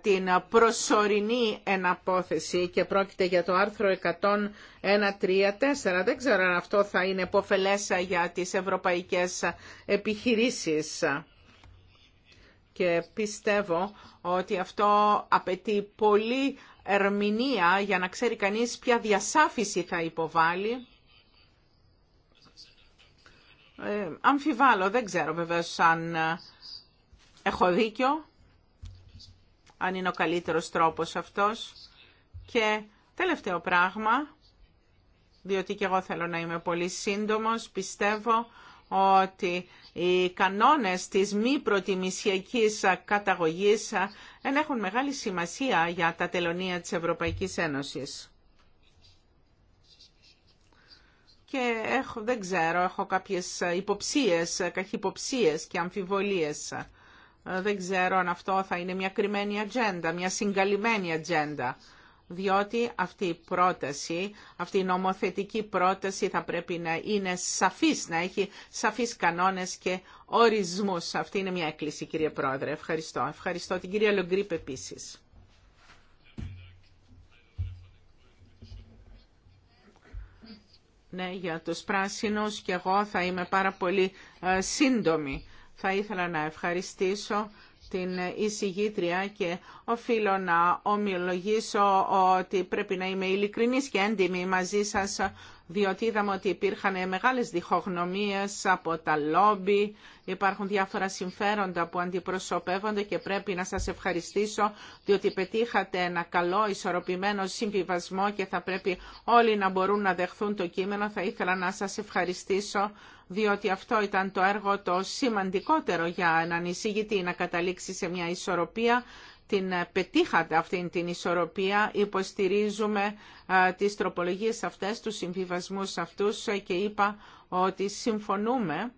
την προσωρινή εναπόθεση και πρόκειται για το άρθρο 101.3.4. Δεν ξέρω αν αυτό θα είναι επωφελές για τις ευρωπαϊκές επιχειρήσεις και πιστεύω ότι αυτό απαιτεί πολύ ερμηνεία για να ξέρει κανείς ποια διασάφηση θα υποβάλει. Ε, αμφιβάλλω, δεν ξέρω βεβαίως αν ε, έχω δίκιο, αν είναι ο καλύτερος τρόπος αυτός. Και τελευταίο πράγμα, διότι και εγώ θέλω να είμαι πολύ σύντομος, πιστεύω ότι οι κανόνες της μη προτιμησιακής καταγωγής δεν έχουν μεγάλη σημασία για τα τελωνία της Ευρωπαϊκής Ένωσης. Και έχω, δεν ξέρω, έχω κάποιες υποψίες, καχυποψίες και αμφιβολίες. Δεν ξέρω αν αυτό θα είναι μια κρυμμένη ατζέντα, μια συγκαλυμμένη ατζέντα διότι αυτή η πρόταση, αυτή η νομοθετική πρόταση θα πρέπει να είναι σαφής, να έχει σαφείς κανόνες και ορισμούς. Αυτή είναι μια έκκληση κύριε Πρόεδρε. Ευχαριστώ. Ευχαριστώ την κυρία Λογκρίπ επίσης. Ναι, για τους πράσινους και εγώ θα είμαι πάρα πολύ ε, σύντομη. Θα ήθελα να ευχαριστήσω την εισηγήτρια και οφείλω να ομιλογήσω ότι πρέπει να είμαι ειλικρινής και έντιμη μαζί σας διότι είδαμε ότι υπήρχαν μεγάλες διχογνωμίες από τα λόμπι, υπάρχουν διάφορα συμφέροντα που αντιπροσωπεύονται και πρέπει να σας ευχαριστήσω διότι πετύχατε ένα καλό ισορροπημένο συμβιβασμό και θα πρέπει όλοι να μπορούν να δεχθούν το κείμενο. Θα ήθελα να σας ευχαριστήσω διότι αυτό ήταν το έργο το σημαντικότερο για έναν εισηγητή να καταλήξει σε μια ισορροπία την ε, πετύχατε αυτήν την ισορροπία. Υποστηρίζουμε ε, τις τροπολογίες αυτές, τους συμβιβασμούς αυτούς ε, και είπα ότι συμφωνούμε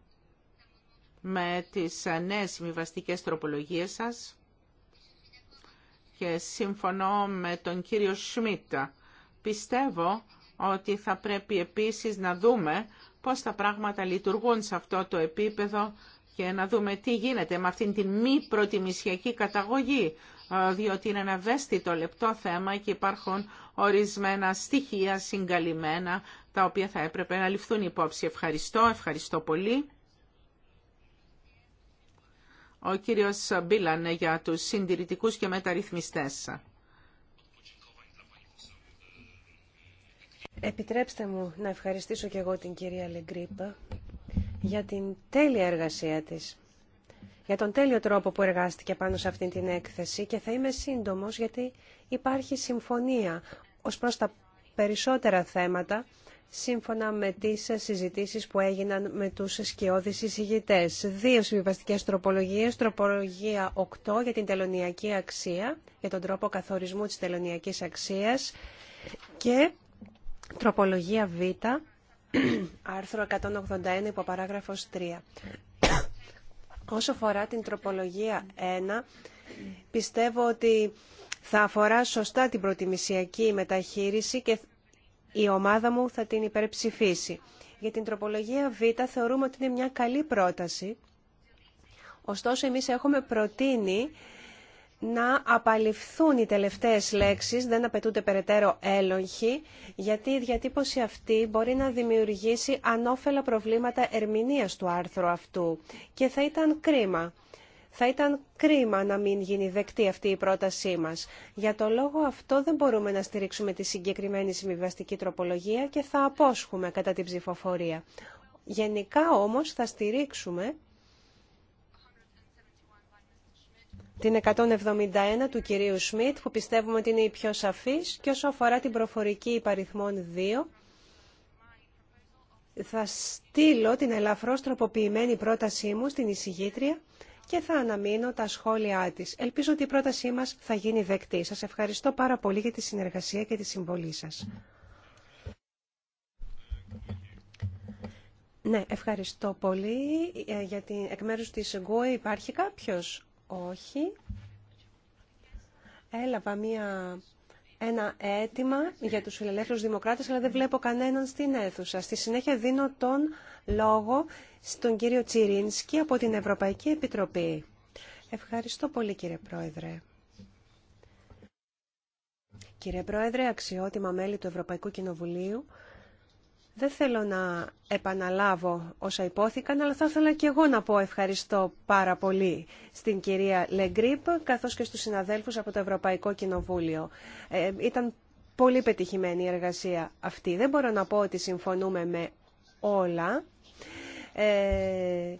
με τις νέες συμβιβαστικέ τροπολογίες σας και συμφωνώ με τον κύριο Σμιτ. Πιστεύω ότι θα πρέπει επίσης να δούμε πώς τα πράγματα λειτουργούν σε αυτό το επίπεδο και να δούμε τι γίνεται με αυτήν την μη προτιμησιακή καταγωγή διότι είναι ένα ευαίσθητο λεπτό θέμα και υπάρχουν ορισμένα στοιχεία συγκαλυμμένα τα οποία θα έπρεπε να ληφθούν υπόψη. Ευχαριστώ, ευχαριστώ πολύ. Ο κύριος Μπίλαν για τους συντηρητικούς και μεταρρυθμιστές. Επιτρέψτε μου να ευχαριστήσω και εγώ την κυρία Λεγκρίπα για την τέλεια εργασία της για τον τέλειο τρόπο που εργάστηκε πάνω σε αυτή την έκθεση και θα είμαι σύντομος γιατί υπάρχει συμφωνία ως προς τα περισσότερα θέματα σύμφωνα με τις συζητήσεις που έγιναν με τους σκιώδεις εισηγητές. Δύο συμβιβαστικές τροπολογίες, τροπολογία 8 για την τελωνιακή αξία, για τον τρόπο καθορισμού της τελωνιακής αξίας και τροπολογία Β, άρθρο 181 υπό παράγραφος 3. Όσο αφορά την τροπολογία 1, πιστεύω ότι θα αφορά σωστά την προτιμησιακή μεταχείριση και η ομάδα μου θα την υπερψηφίσει. Για την τροπολογία Β θεωρούμε ότι είναι μια καλή πρόταση. Ωστόσο, εμείς έχουμε προτείνει να απαλληφθούν οι τελευταίες λέξεις, δεν απαιτούνται περαιτέρω έλογχοι, γιατί η διατύπωση αυτή μπορεί να δημιουργήσει ανώφελα προβλήματα ερμηνείας του άρθρου αυτού και θα ήταν κρίμα. Θα ήταν κρίμα να μην γίνει δεκτή αυτή η πρότασή μας. Για το λόγο αυτό δεν μπορούμε να στηρίξουμε τη συγκεκριμένη συμβιβαστική τροπολογία και θα απόσχουμε κατά την ψηφοφορία. Γενικά όμως θα στηρίξουμε την 171 του κυρίου Σμιτ που πιστεύουμε ότι είναι η πιο σαφής και όσο αφορά την προφορική υπαριθμών 2 θα στείλω την ελαφρώς τροποποιημένη πρότασή μου στην εισηγήτρια και θα αναμείνω τα σχόλιά της. Ελπίζω ότι η πρότασή μας θα γίνει δεκτή. Σας ευχαριστώ πάρα πολύ για τη συνεργασία και τη συμβολή σας. Ναι, ευχαριστώ πολύ. Ε, για την εκ μέρους της Γκουε υπάρχει κάποιος όχι. Έλαβα μία, ένα αίτημα για τους φιλελεύθερους δημοκράτες, αλλά δεν βλέπω κανέναν στην αίθουσα. Στη συνέχεια δίνω τον λόγο στον κύριο Τσιρίνσκι από την Ευρωπαϊκή Επιτροπή. Ευχαριστώ πολύ κύριε Πρόεδρε. Κύριε Πρόεδρε, αξιότιμα μέλη του Ευρωπαϊκού Κοινοβουλίου, δεν θέλω να επαναλάβω όσα υπόθηκαν, αλλά θα ήθελα και εγώ να πω ευχαριστώ πάρα πολύ στην κυρία Λεγκρίπ, καθώς και στους συναδέλφους από το Ευρωπαϊκό Κοινοβούλιο. Ε, ήταν πολύ πετυχημένη η εργασία αυτή. Δεν μπορώ να πω ότι συμφωνούμε με όλα. Ε,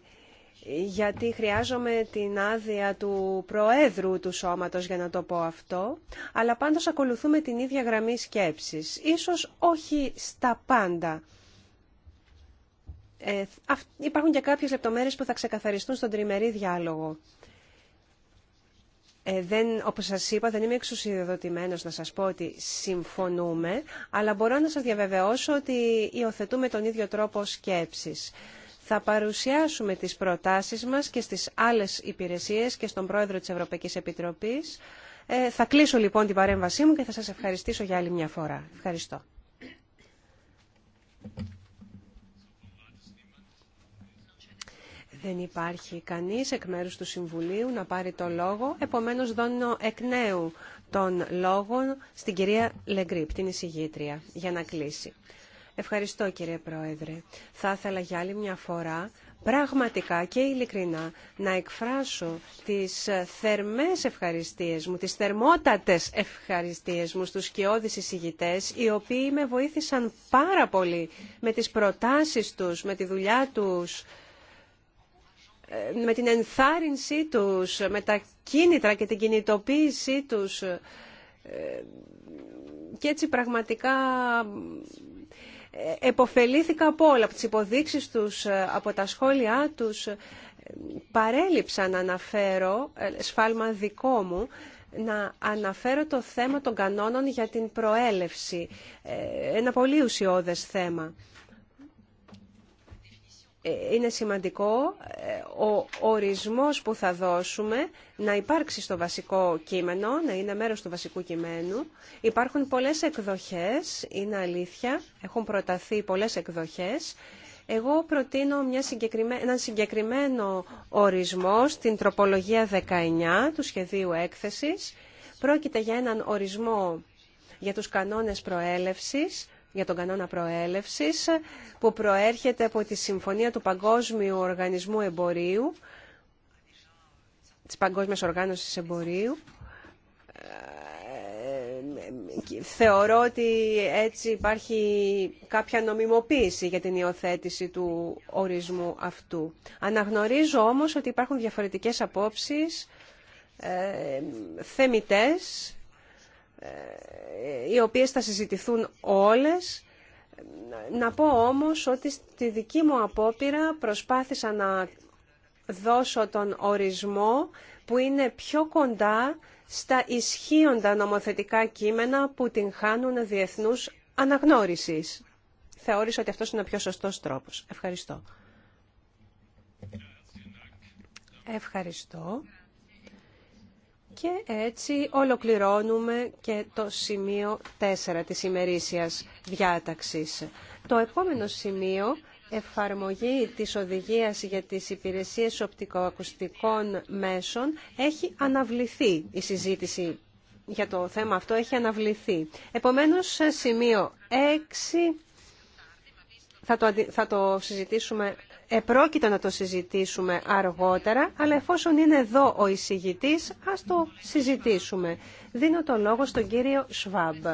γιατί χρειάζομαι την άδεια του Προέδρου του Σώματος για να το πω αυτό, αλλά πάντως ακολουθούμε την ίδια γραμμή σκέψης. Ίσως όχι στα πάντα. Ε, υπάρχουν και κάποιες λεπτομέρειες που θα ξεκαθαριστούν στον τριμερή διάλογο. Ε, δεν, όπως σας είπα, δεν είμαι εξουσιοδοτημένος να σας πω ότι συμφωνούμε, αλλά μπορώ να σας διαβεβαιώσω ότι υιοθετούμε τον ίδιο τρόπο σκέψης. Θα παρουσιάσουμε τις προτάσεις μας και στις άλλες υπηρεσίες και στον Πρόεδρο της Ευρωπαϊκής Επιτροπής. Ε, θα κλείσω λοιπόν την παρέμβασή μου και θα σας ευχαριστήσω για άλλη μια φορά. Ευχαριστώ. Δεν υπάρχει κανείς εκ μέρους του Συμβουλίου να πάρει το λόγο, επομένως δώνω εκ νέου των λόγων στην κυρία Λεγκρίπ, την εισηγήτρια, για να κλείσει. Ευχαριστώ κύριε Πρόεδρε. Θα ήθελα για άλλη μια φορά πραγματικά και ειλικρινά να εκφράσω τις ε, θερμές ευχαριστίες μου, τις θερμότατες ευχαριστίες μου στους σκιώδεις εισηγητές, οι οποίοι με βοήθησαν πάρα πολύ με τις προτάσεις τους, με τη δουλειά τους, ε, με την ενθάρρυνσή τους, με τα κίνητρα και την κινητοποίησή τους. Ε, και έτσι πραγματικά ε, εποφελήθηκα από όλα, από τις υποδείξεις τους, ε, από τα σχόλιά τους. Ε, παρέλειψα να αναφέρω, σφάλμα δικό μου, να αναφέρω το θέμα των κανόνων για την προέλευση. Ένα πολύ ουσιώδες θέμα. Ε, είναι σημαντικό ε, ο ορισμός που θα δώσουμε να υπάρξει στο βασικό κείμενο, να είναι μέρος του βασικού κειμένου. Υπάρχουν πολλές εκδοχές, είναι αλήθεια, έχουν προταθεί πολλές εκδοχές. Εγώ προτείνω μια έναν συγκεκριμένο ορισμό στην τροπολογία 19 του σχεδίου έκθεσης. Πρόκειται για έναν ορισμό για τους κανόνες προέλευσης για τον κανόνα προέλευσης που προέρχεται από τη Συμφωνία του Παγκόσμιου Οργανισμού Εμπορίου, της Παγκόσμιας Οργάνωσης Εμπορίου. Θεωρώ ότι έτσι υπάρχει κάποια νομιμοποίηση για την υιοθέτηση του ορισμού αυτού. Αναγνωρίζω όμως ότι υπάρχουν διαφορετικές απόψεις, ε, θεμητές ε, οι οποίες θα συζητηθούν όλες. Να πω όμως ότι στη δική μου απόπειρα προσπάθησα να δώσω τον ορισμό που είναι πιο κοντά στα ισχύοντα νομοθετικά κείμενα που την χάνουν διεθνούς αναγνώρισης. Θεώρησα ότι αυτός είναι ο πιο σωστός τρόπος. Ευχαριστώ. Ευχαριστώ. Και έτσι ολοκληρώνουμε και το σημείο 4 της ημερήσιας διάταξης. Το επόμενο σημείο εφαρμογή της οδηγίας για τις υπηρεσίες οπτικοακουστικών μέσων έχει αναβληθεί. Η συζήτηση για το θέμα αυτό έχει αναβληθεί. Επομένως, σημείο 6 θα το, θα το συζητήσουμε επρόκειτο να το συζητήσουμε αργότερα, αλλά εφόσον είναι εδώ ο εισηγητής, ας το συζητήσουμε. Δίνω το λόγο στον κύριο Σβάμπ.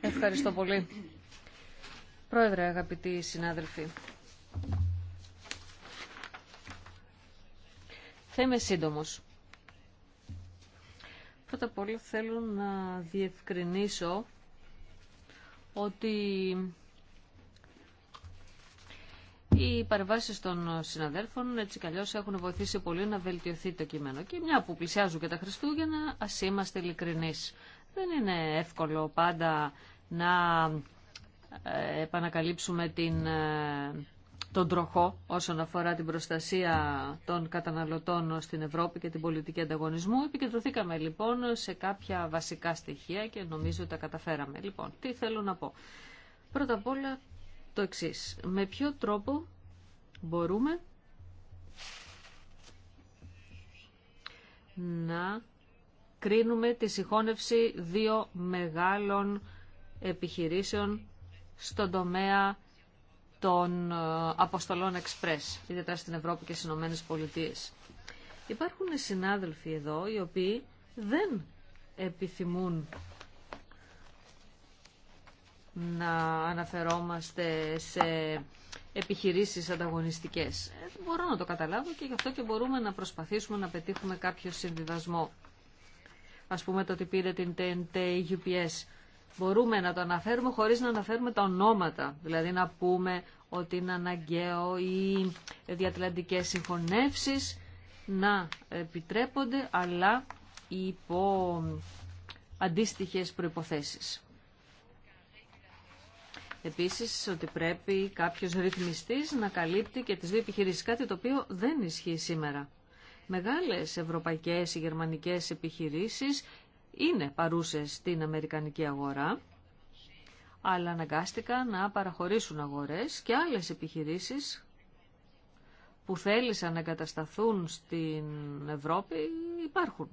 Ευχαριστώ πολύ. Πρόεδρε, αγαπητοί συνάδελφοι. Θα είμαι σύντομος. Πρώτα απ' όλα θέλω να διευκρινίσω ότι οι παρεμβάσει των συναδέρφων έτσι κι έχουν βοηθήσει πολύ να βελτιωθεί το κείμενο. Και μια που πλησιάζουν και τα Χριστούγεννα, α είμαστε ειλικρινεί. Δεν είναι εύκολο πάντα να ε, επανακαλύψουμε την ε, τον τροχό όσον αφορά την προστασία των καταναλωτών στην Ευρώπη και την πολιτική ανταγωνισμού. Επικεντρωθήκαμε λοιπόν σε κάποια βασικά στοιχεία και νομίζω τα καταφέραμε. Λοιπόν, τι θέλω να πω. Πρώτα απ' όλα το εξή. Με ποιο τρόπο μπορούμε να κρίνουμε τη συγχώνευση δύο μεγάλων επιχειρήσεων στον τομέα των ε, αποστολών Express, ιδιαίτερα στην Ευρώπη και στι Ηνωμένε Πολιτείε. Υπάρχουν συνάδελφοι εδώ οι οποίοι δεν επιθυμούν να αναφερόμαστε σε επιχειρήσεις ανταγωνιστικές. Ε, μπορώ να το καταλάβω και γι' αυτό και μπορούμε να προσπαθήσουμε να πετύχουμε κάποιο συμβιβασμό. Ας πούμε το ότι πήρε την TNT UPS μπορούμε να το αναφέρουμε χωρίς να αναφέρουμε τα ονόματα. Δηλαδή να πούμε ότι είναι αναγκαίο οι διατλαντικές συγχωνεύσεις να επιτρέπονται, αλλά υπό αντίστοιχες προϋποθέσεις. Επίσης ότι πρέπει κάποιος ρυθμιστής να καλύπτει και τις δύο επιχειρήσεις, κάτι το οποίο δεν ισχύει σήμερα. Μεγάλες ευρωπαϊκές ή γερμανικές επιχειρήσεις είναι παρούσες στην Αμερικανική αγορά, αλλά αναγκάστηκαν να παραχωρήσουν αγορές και άλλες επιχειρήσεις που θέλησαν να εγκατασταθούν στην Ευρώπη υπάρχουν.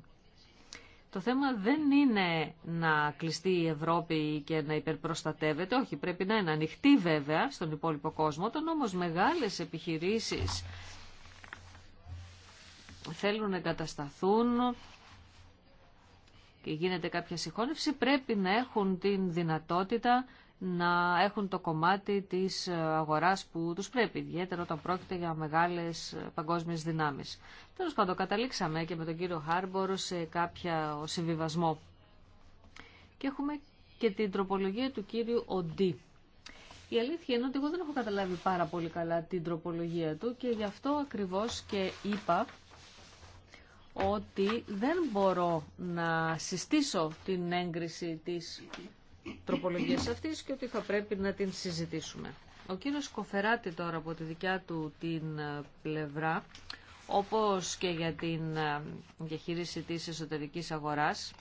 Το θέμα δεν είναι να κλειστεί η Ευρώπη και να υπερπροστατεύεται, όχι, πρέπει να είναι ανοιχτή βέβαια στον υπόλοιπο κόσμο, όταν όμως μεγάλες επιχειρήσεις θέλουν να εγκατασταθούν και γίνεται κάποια συγχώνευση, πρέπει να έχουν την δυνατότητα να έχουν το κομμάτι της ε, αγοράς που τους πρέπει, ιδιαίτερα όταν πρόκειται για μεγάλες ε, παγκόσμιες δυνάμεις. Τέλο πάντων, καταλήξαμε και με τον κύριο Χάρμπορ σε κάποια συμβιβασμό. Και έχουμε και την τροπολογία του κύριου Οντί. Η αλήθεια είναι ότι εγώ δεν έχω καταλάβει πάρα πολύ καλά την τροπολογία του και γι' αυτό ακριβώς και είπα ότι δεν μπορώ να συστήσω την έγκριση της τροπολογίας αυτής και ότι θα πρέπει να την συζητήσουμε. Ο κύριος Κοφεράτη τώρα από τη δικιά του την ε, πλευρά, όπως και για την ε, διαχείριση της εσωτερικής αγοράς,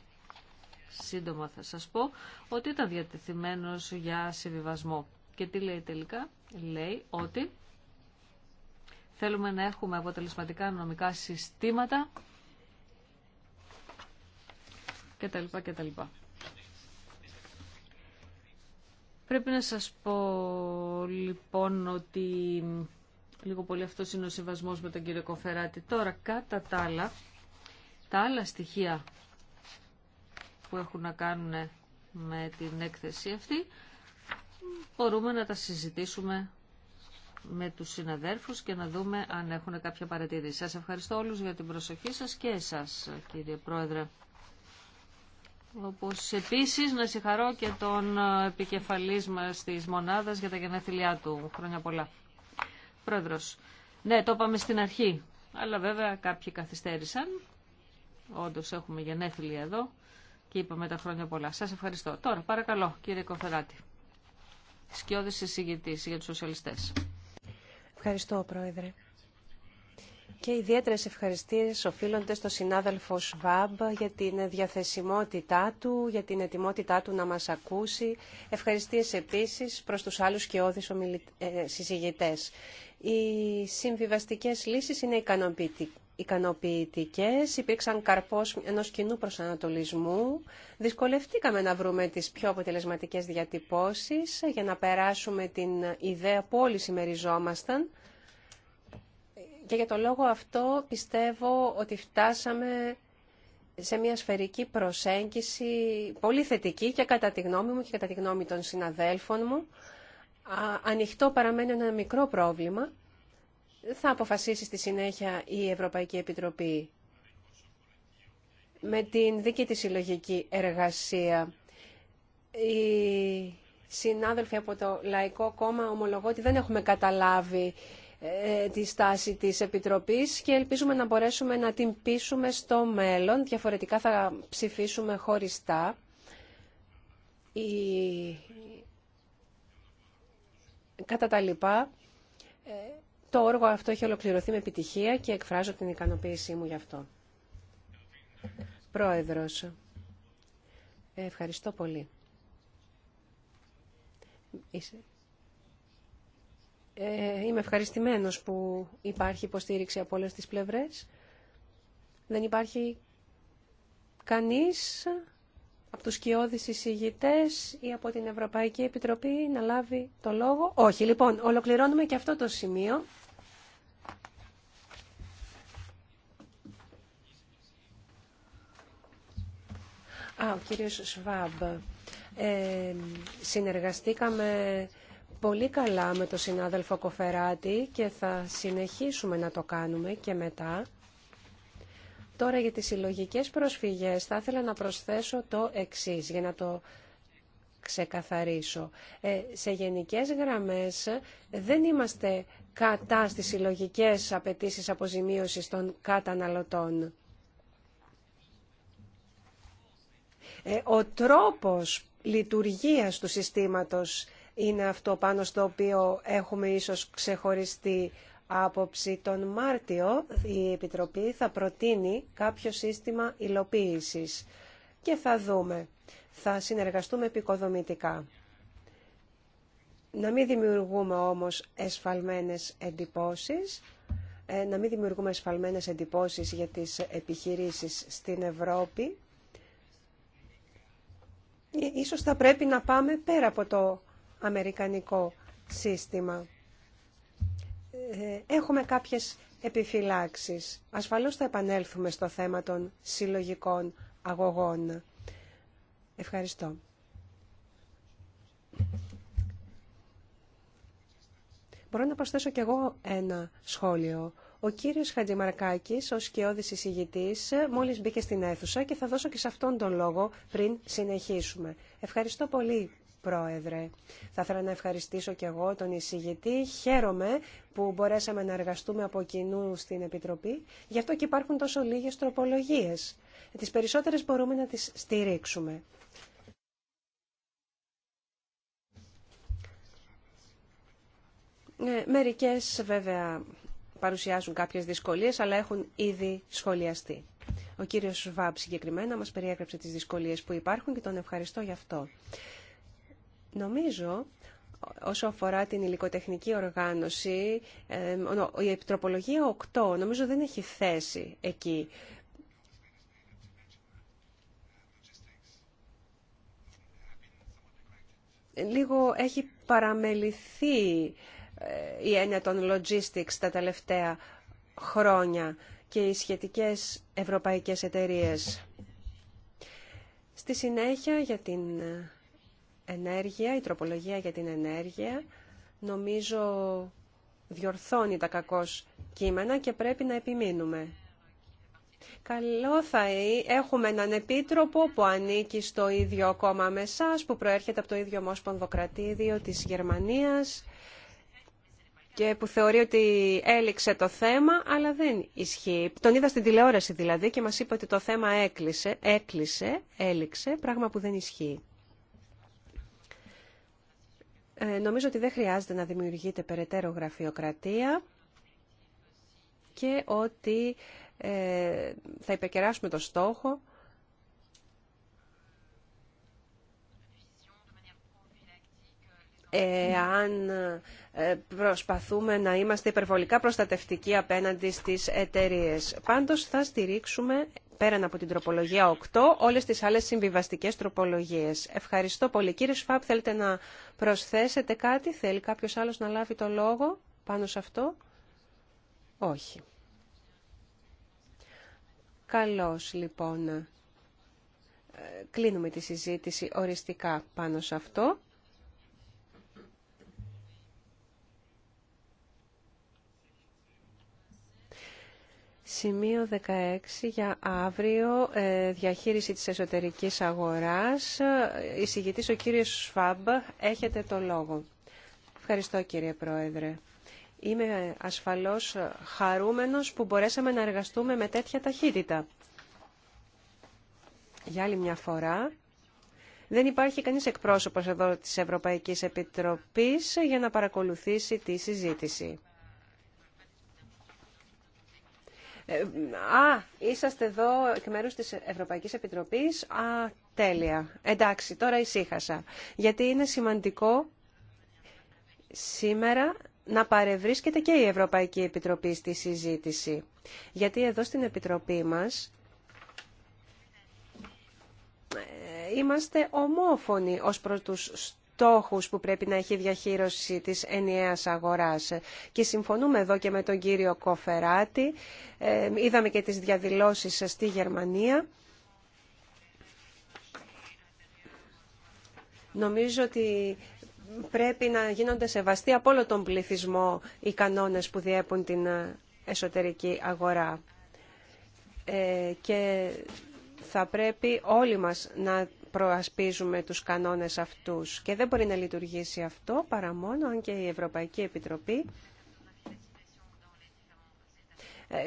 σύντομα θα σας πω, ότι ήταν διατεθειμένος για συμβιβασμό. Και τι λέει τελικά, λέει ότι θέλουμε να έχουμε αποτελεσματικά νομικά συστήματα κτλ. κτλ. Πρέπει να σας πω λοιπόν ότι λίγο πολύ αυτό είναι ο συμβασμός με τον κύριο Κοφεράτη. Τώρα κατά τα άλλα, τα άλλα στοιχεία που έχουν να κάνουν με την έκθεση αυτή, μπορούμε να τα συζητήσουμε με τους συναδέρφους και να δούμε αν έχουν κάποια παρατήρηση. Σας ευχαριστώ όλους για την προσοχή σας και εσάς κύριε Πρόεδρε. Όπως επίσης να συγχαρώ και τον ε, επικεφαλής μας της μονάδας για τα γενέθλιά του. Χρόνια πολλά. Πρόεδρος. Ναι, το είπαμε στην αρχή. Αλλά βέβαια κάποιοι καθυστέρησαν. Όντως έχουμε γενέθλια εδώ και είπαμε τα χρόνια πολλά. Σας ευχαριστώ. Τώρα παρακαλώ κύριε Κοφεράτη. Σκιώδης εισηγητής για τους σοσιαλιστές. Ευχαριστώ πρόεδρε. Και ιδιαίτερε ευχαριστίες οφείλονται στο συνάδελφο Σβάμπ για την διαθεσιμότητά του, για την ετοιμότητά του να μα ακούσει. Ευχαριστίες επίση προς τους άλλου και όδης ε, συζητητέ. Οι συμβιβαστικέ λύσει είναι ικανοποιητικέ. υπήρξαν καρπός ενό κοινού προσανατολισμού. Δυσκολευτήκαμε να βρούμε τι πιο αποτελεσματικέ διατυπώσει για να περάσουμε την ιδέα που όλοι συμμεριζόμασταν και για το λόγο αυτό πιστεύω ότι φτάσαμε σε μια σφαιρική προσέγγιση πολύ θετική και κατά τη γνώμη μου και κατά τη γνώμη των συναδέλφων μου. Ανοιχτό παραμένει ένα μικρό πρόβλημα. Θα αποφασίσει στη συνέχεια η Ευρωπαϊκή Επιτροπή με την δική της συλλογική εργασία. Οι συνάδελφοι από το Λαϊκό Κόμμα ομολογώ ότι δεν έχουμε καταλάβει ε, τη στάση της Επιτροπής και ελπίζουμε να μπορέσουμε να την πείσουμε στο μέλλον. Διαφορετικά θα ψηφίσουμε χωριστά. Η... Κατά τα λοιπά, ε, το όργο αυτό έχει ολοκληρωθεί με επιτυχία και εκφράζω την ικανοποίησή μου γι' αυτό. Πρόεδρος, ευχαριστώ πολύ. Ε, είμαι ευχαριστημένος που υπάρχει υποστήριξη από όλες τις πλευρές. Δεν υπάρχει κανείς από τους κοιόδης εισηγητές ή από την Ευρωπαϊκή Επιτροπή να λάβει το λόγο. Όχι, λοιπόν, ολοκληρώνουμε και αυτό το σημείο. Α, ο κύριος Σβάμπ. Ε, συνεργαστήκαμε πολύ καλά με τον συνάδελφο Κοφεράτη και θα συνεχίσουμε να το κάνουμε και μετά. Τώρα για τις συλλογικές προσφυγές θα ήθελα να προσθέσω το εξής για να το ξεκαθαρίσω. Ε, σε γενικές γραμμές δεν είμαστε κατά στις συλλογικές απαιτήσει αποζημίωσης των καταναλωτών. Ε, ο τρόπος λειτουργίας του συστήματος είναι αυτό πάνω στο οποίο έχουμε ίσως ξεχωριστή άποψη. Τον Μάρτιο η Επιτροπή θα προτείνει κάποιο σύστημα υλοποίησης και θα δούμε. Θα συνεργαστούμε επικοδομητικά. Να μην δημιουργούμε όμως εσφαλμένες εντυπώσεις, ε, να μην δημιουργούμε εσφαλμένες εντυπώσεις για τις επιχειρήσεις στην Ευρώπη. Ε, ίσως θα πρέπει να πάμε πέρα από το αμερικανικό σύστημα. Ε, έχουμε κάποιες επιφυλάξεις. Ασφαλώς θα επανέλθουμε στο θέμα των συλλογικών αγωγών. Ευχαριστώ. Μπορώ να προσθέσω κι εγώ ένα σχόλιο. Ο κύριος Χατζημαρκάκης, ο σκιώδης εισηγητής, μόλις μπήκε στην αίθουσα και θα δώσω και σε αυτόν τον λόγο πριν συνεχίσουμε. Ευχαριστώ πολύ, Πρόεδρε. Θα ήθελα να ευχαριστήσω και εγώ τον εισηγητή. Χαίρομαι που μπορέσαμε να εργαστούμε από κοινού στην Επιτροπή. Γι' αυτό και υπάρχουν τόσο λίγες τροπολογίες. Τις περισσότερες μπορούμε να τις στηρίξουμε. Ε, μερικές βέβαια παρουσιάζουν κάποιες δυσκολίες, αλλά έχουν ήδη σχολιαστεί. Ο κύριος Βάμπ συγκεκριμένα μας περιέγραψε τις δυσκολίες που υπάρχουν και τον ευχαριστώ γι' αυτό. Νομίζω όσο αφορά την υλικοτεχνική οργάνωση, η επιτροπολογία 8 νομίζω δεν έχει θέση εκεί. Λίγο έχει παραμεληθεί ε, η έννοια των logistics τα τελευταία χρόνια και οι σχετικές ευρωπαϊκές εταιρείες. Στη συνέχεια για την ε, ενέργεια, η τροπολογία για την ενέργεια, νομίζω διορθώνει τα κακός κείμενα και πρέπει να επιμείνουμε. Καλό θα έχουμε έναν επίτροπο που ανήκει στο ίδιο κόμμα με εσά, που προέρχεται από το ίδιο Μόσπονδο Κρατήδιο της Γερμανίας και που θεωρεί ότι έληξε το θέμα, αλλά δεν ισχύει. Τον είδα στην τηλεόραση δηλαδή και μας είπε ότι το θέμα έκλεισε, έκλεισε, έληξε, πράγμα που δεν ισχύει. Ε, νομίζω ότι δεν χρειάζεται να δημιουργείται περαιτέρω γραφειοκρατία και ότι ε, θα υπερκεράσουμε το στόχο αν ε, προσπαθούμε να είμαστε υπερβολικά προστατευτικοί απέναντι στις εταιρείες. Πάντως θα στηρίξουμε πέραν από την τροπολογία 8 όλες τις άλλες συμβιβαστικές τροπολογίες. Ευχαριστώ πολύ. Κύριε Σφάπ, θέλετε να προσθέσετε κάτι, θέλει κάποιος άλλος να λάβει το λόγο πάνω σε αυτό. Όχι. Καλώς λοιπόν. Ε, κλείνουμε τη συζήτηση οριστικά πάνω σε αυτό. Σημείο 16 για αύριο, ε, διαχείριση της εσωτερικής αγοράς. Εισηγητής ο κύριος Σφάμπ, έχετε το λόγο. Ευχαριστώ κύριε Πρόεδρε. Είμαι ασφαλώς χαρούμενος που μπορέσαμε να εργαστούμε με τέτοια ταχύτητα. Για άλλη μια φορά, δεν υπάρχει κανείς εκπρόσωπος εδώ της Ευρωπαϊκής Επιτροπής για να παρακολουθήσει τη συζήτηση. Ε, α, είσαστε εδώ εκ μέρους της Ευρωπαϊκής Επιτροπής. Α, τέλεια. Εντάξει, τώρα ησύχασα. Γιατί είναι σημαντικό σήμερα να παρευρίσκεται και η Ευρωπαϊκή Επιτροπή στη συζήτηση. Γιατί εδώ στην Επιτροπή μας ε, είμαστε ομόφωνοι ως προς τους στόχους που πρέπει να έχει η διαχείριση της ενιαίας αγοράς. Και συμφωνούμε εδώ και με τον κύριο Κοφεράτη. Ε, είδαμε και τις διαδηλώσεις στη Γερμανία. Νομίζω ότι πρέπει να γίνονται σεβαστοί από όλο τον πληθυσμό οι κανόνες που διέπουν την εσωτερική αγορά. Ε, και θα πρέπει όλοι μας να προασπίζουμε τους κανόνες αυτούς. Και δεν μπορεί να λειτουργήσει αυτό παρά μόνο αν και η Ευρωπαϊκή Επιτροπή ε,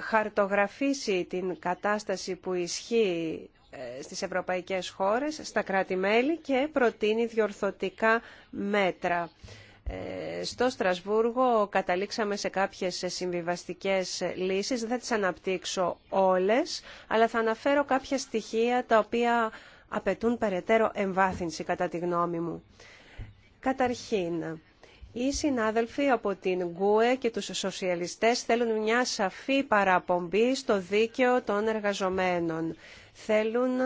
χαρτογραφήσει την κατάσταση που ισχύει ε, στις ευρωπαϊκές χώρες, στα κράτη-μέλη και προτείνει διορθωτικά μέτρα. Ε, στο Στρασβούργο καταλήξαμε σε κάποιες συμβιβαστικές λύσεις, δεν θα τις αναπτύξω όλες, αλλά θα αναφέρω κάποια στοιχεία τα οποία απαιτούν περαιτέρω εμβάθυνση κατά τη γνώμη μου. Καταρχήν, οι συνάδελφοι από την Γκουε και τους σοσιαλιστές θέλουν μια σαφή παραπομπή στο δίκαιο των εργαζομένων. Θέλουν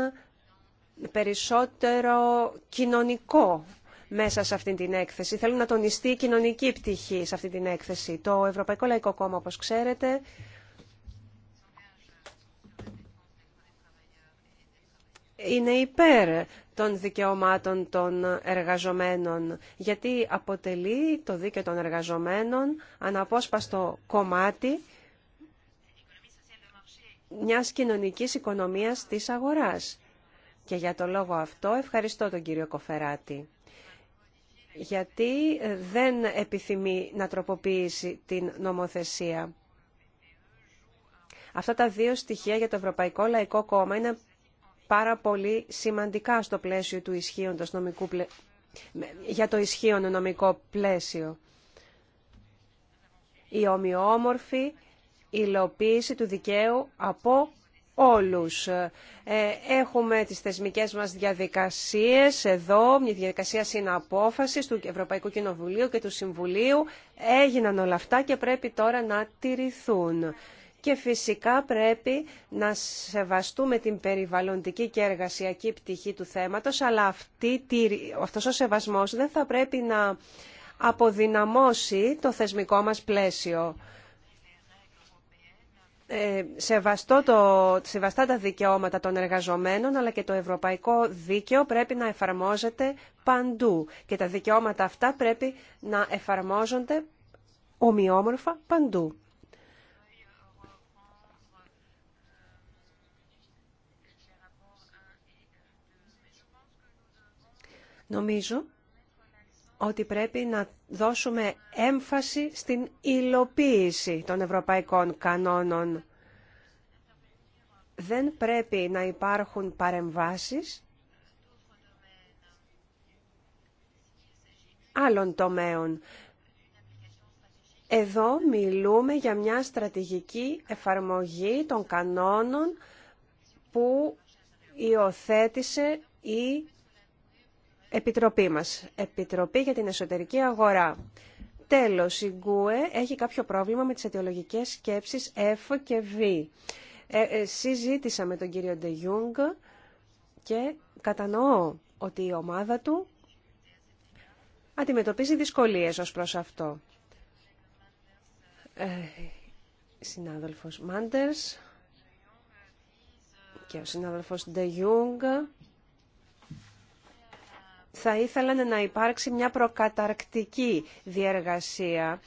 περισσότερο κοινωνικό μέσα σε αυτή την έκθεση. Θέλουν να τονιστεί η κοινωνική πτυχή σε αυτή την έκθεση. Το Ευρωπαϊκό Λαϊκό Κόμμα, όπως ξέρετε, είναι υπέρ των δικαιωμάτων των εργαζομένων, γιατί αποτελεί το δίκαιο των εργαζομένων αναπόσπαστο κομμάτι μιας κοινωνικής οικονομίας της αγοράς. Και για το λόγο αυτό ευχαριστώ τον κύριο Κοφεράτη γιατί δεν επιθυμεί να τροποποιήσει την νομοθεσία. Αυτά τα δύο στοιχεία για το Ευρωπαϊκό Λαϊκό Κόμμα είναι πάρα πολύ σημαντικά στο πλαίσιο του ισχύοντος νομικού για το ισχύον νομικό πλαίσιο. Η ομοιόμορφη υλοποίηση του δικαίου από όλους. Ε, έχουμε τις θεσμικές μας διαδικασίες εδώ, μια διαδικασία συναπόφασης του Ευρωπαϊκού Κοινοβουλίου και του Συμβουλίου. Έγιναν όλα αυτά και πρέπει τώρα να τηρηθούν και φυσικά πρέπει να σεβαστούμε την περιβαλλοντική και εργασιακή πτυχή του θέματος, αλλά αυτή, αυτός ο σεβασμός δεν θα πρέπει να αποδυναμώσει το θεσμικό μας πλαίσιο. Ε, σεβαστό το, σεβαστά τα δικαιώματα των εργαζομένων αλλά και το ευρωπαϊκό δίκαιο πρέπει να εφαρμόζεται παντού και τα δικαιώματα αυτά πρέπει να εφαρμόζονται ομοιόμορφα παντού. Νομίζω ότι πρέπει να δώσουμε έμφαση στην υλοποίηση των ευρωπαϊκών κανόνων. Δεν πρέπει να υπάρχουν παρεμβάσεις άλλων τομέων. Εδώ μιλούμε για μια στρατηγική εφαρμογή των κανόνων που υιοθέτησε η επιτροπή μας. Επιτροπή για την εσωτερική αγορά. Τέλος, η Γκουε έχει κάποιο πρόβλημα με τις αιτιολογικές σκέψεις F και V. Ε, ε, συζήτησα με τον κύριο Ντεγιούγκ και κατανοώ ότι η ομάδα του αντιμετωπίζει δυσκολίες ως προς αυτό. Ε, συνάδελφος Μάντερς και ο συνάδελφος Ντεγιούγκ θα ήθελαν να υπάρξει μια προκαταρκτική διεργασία.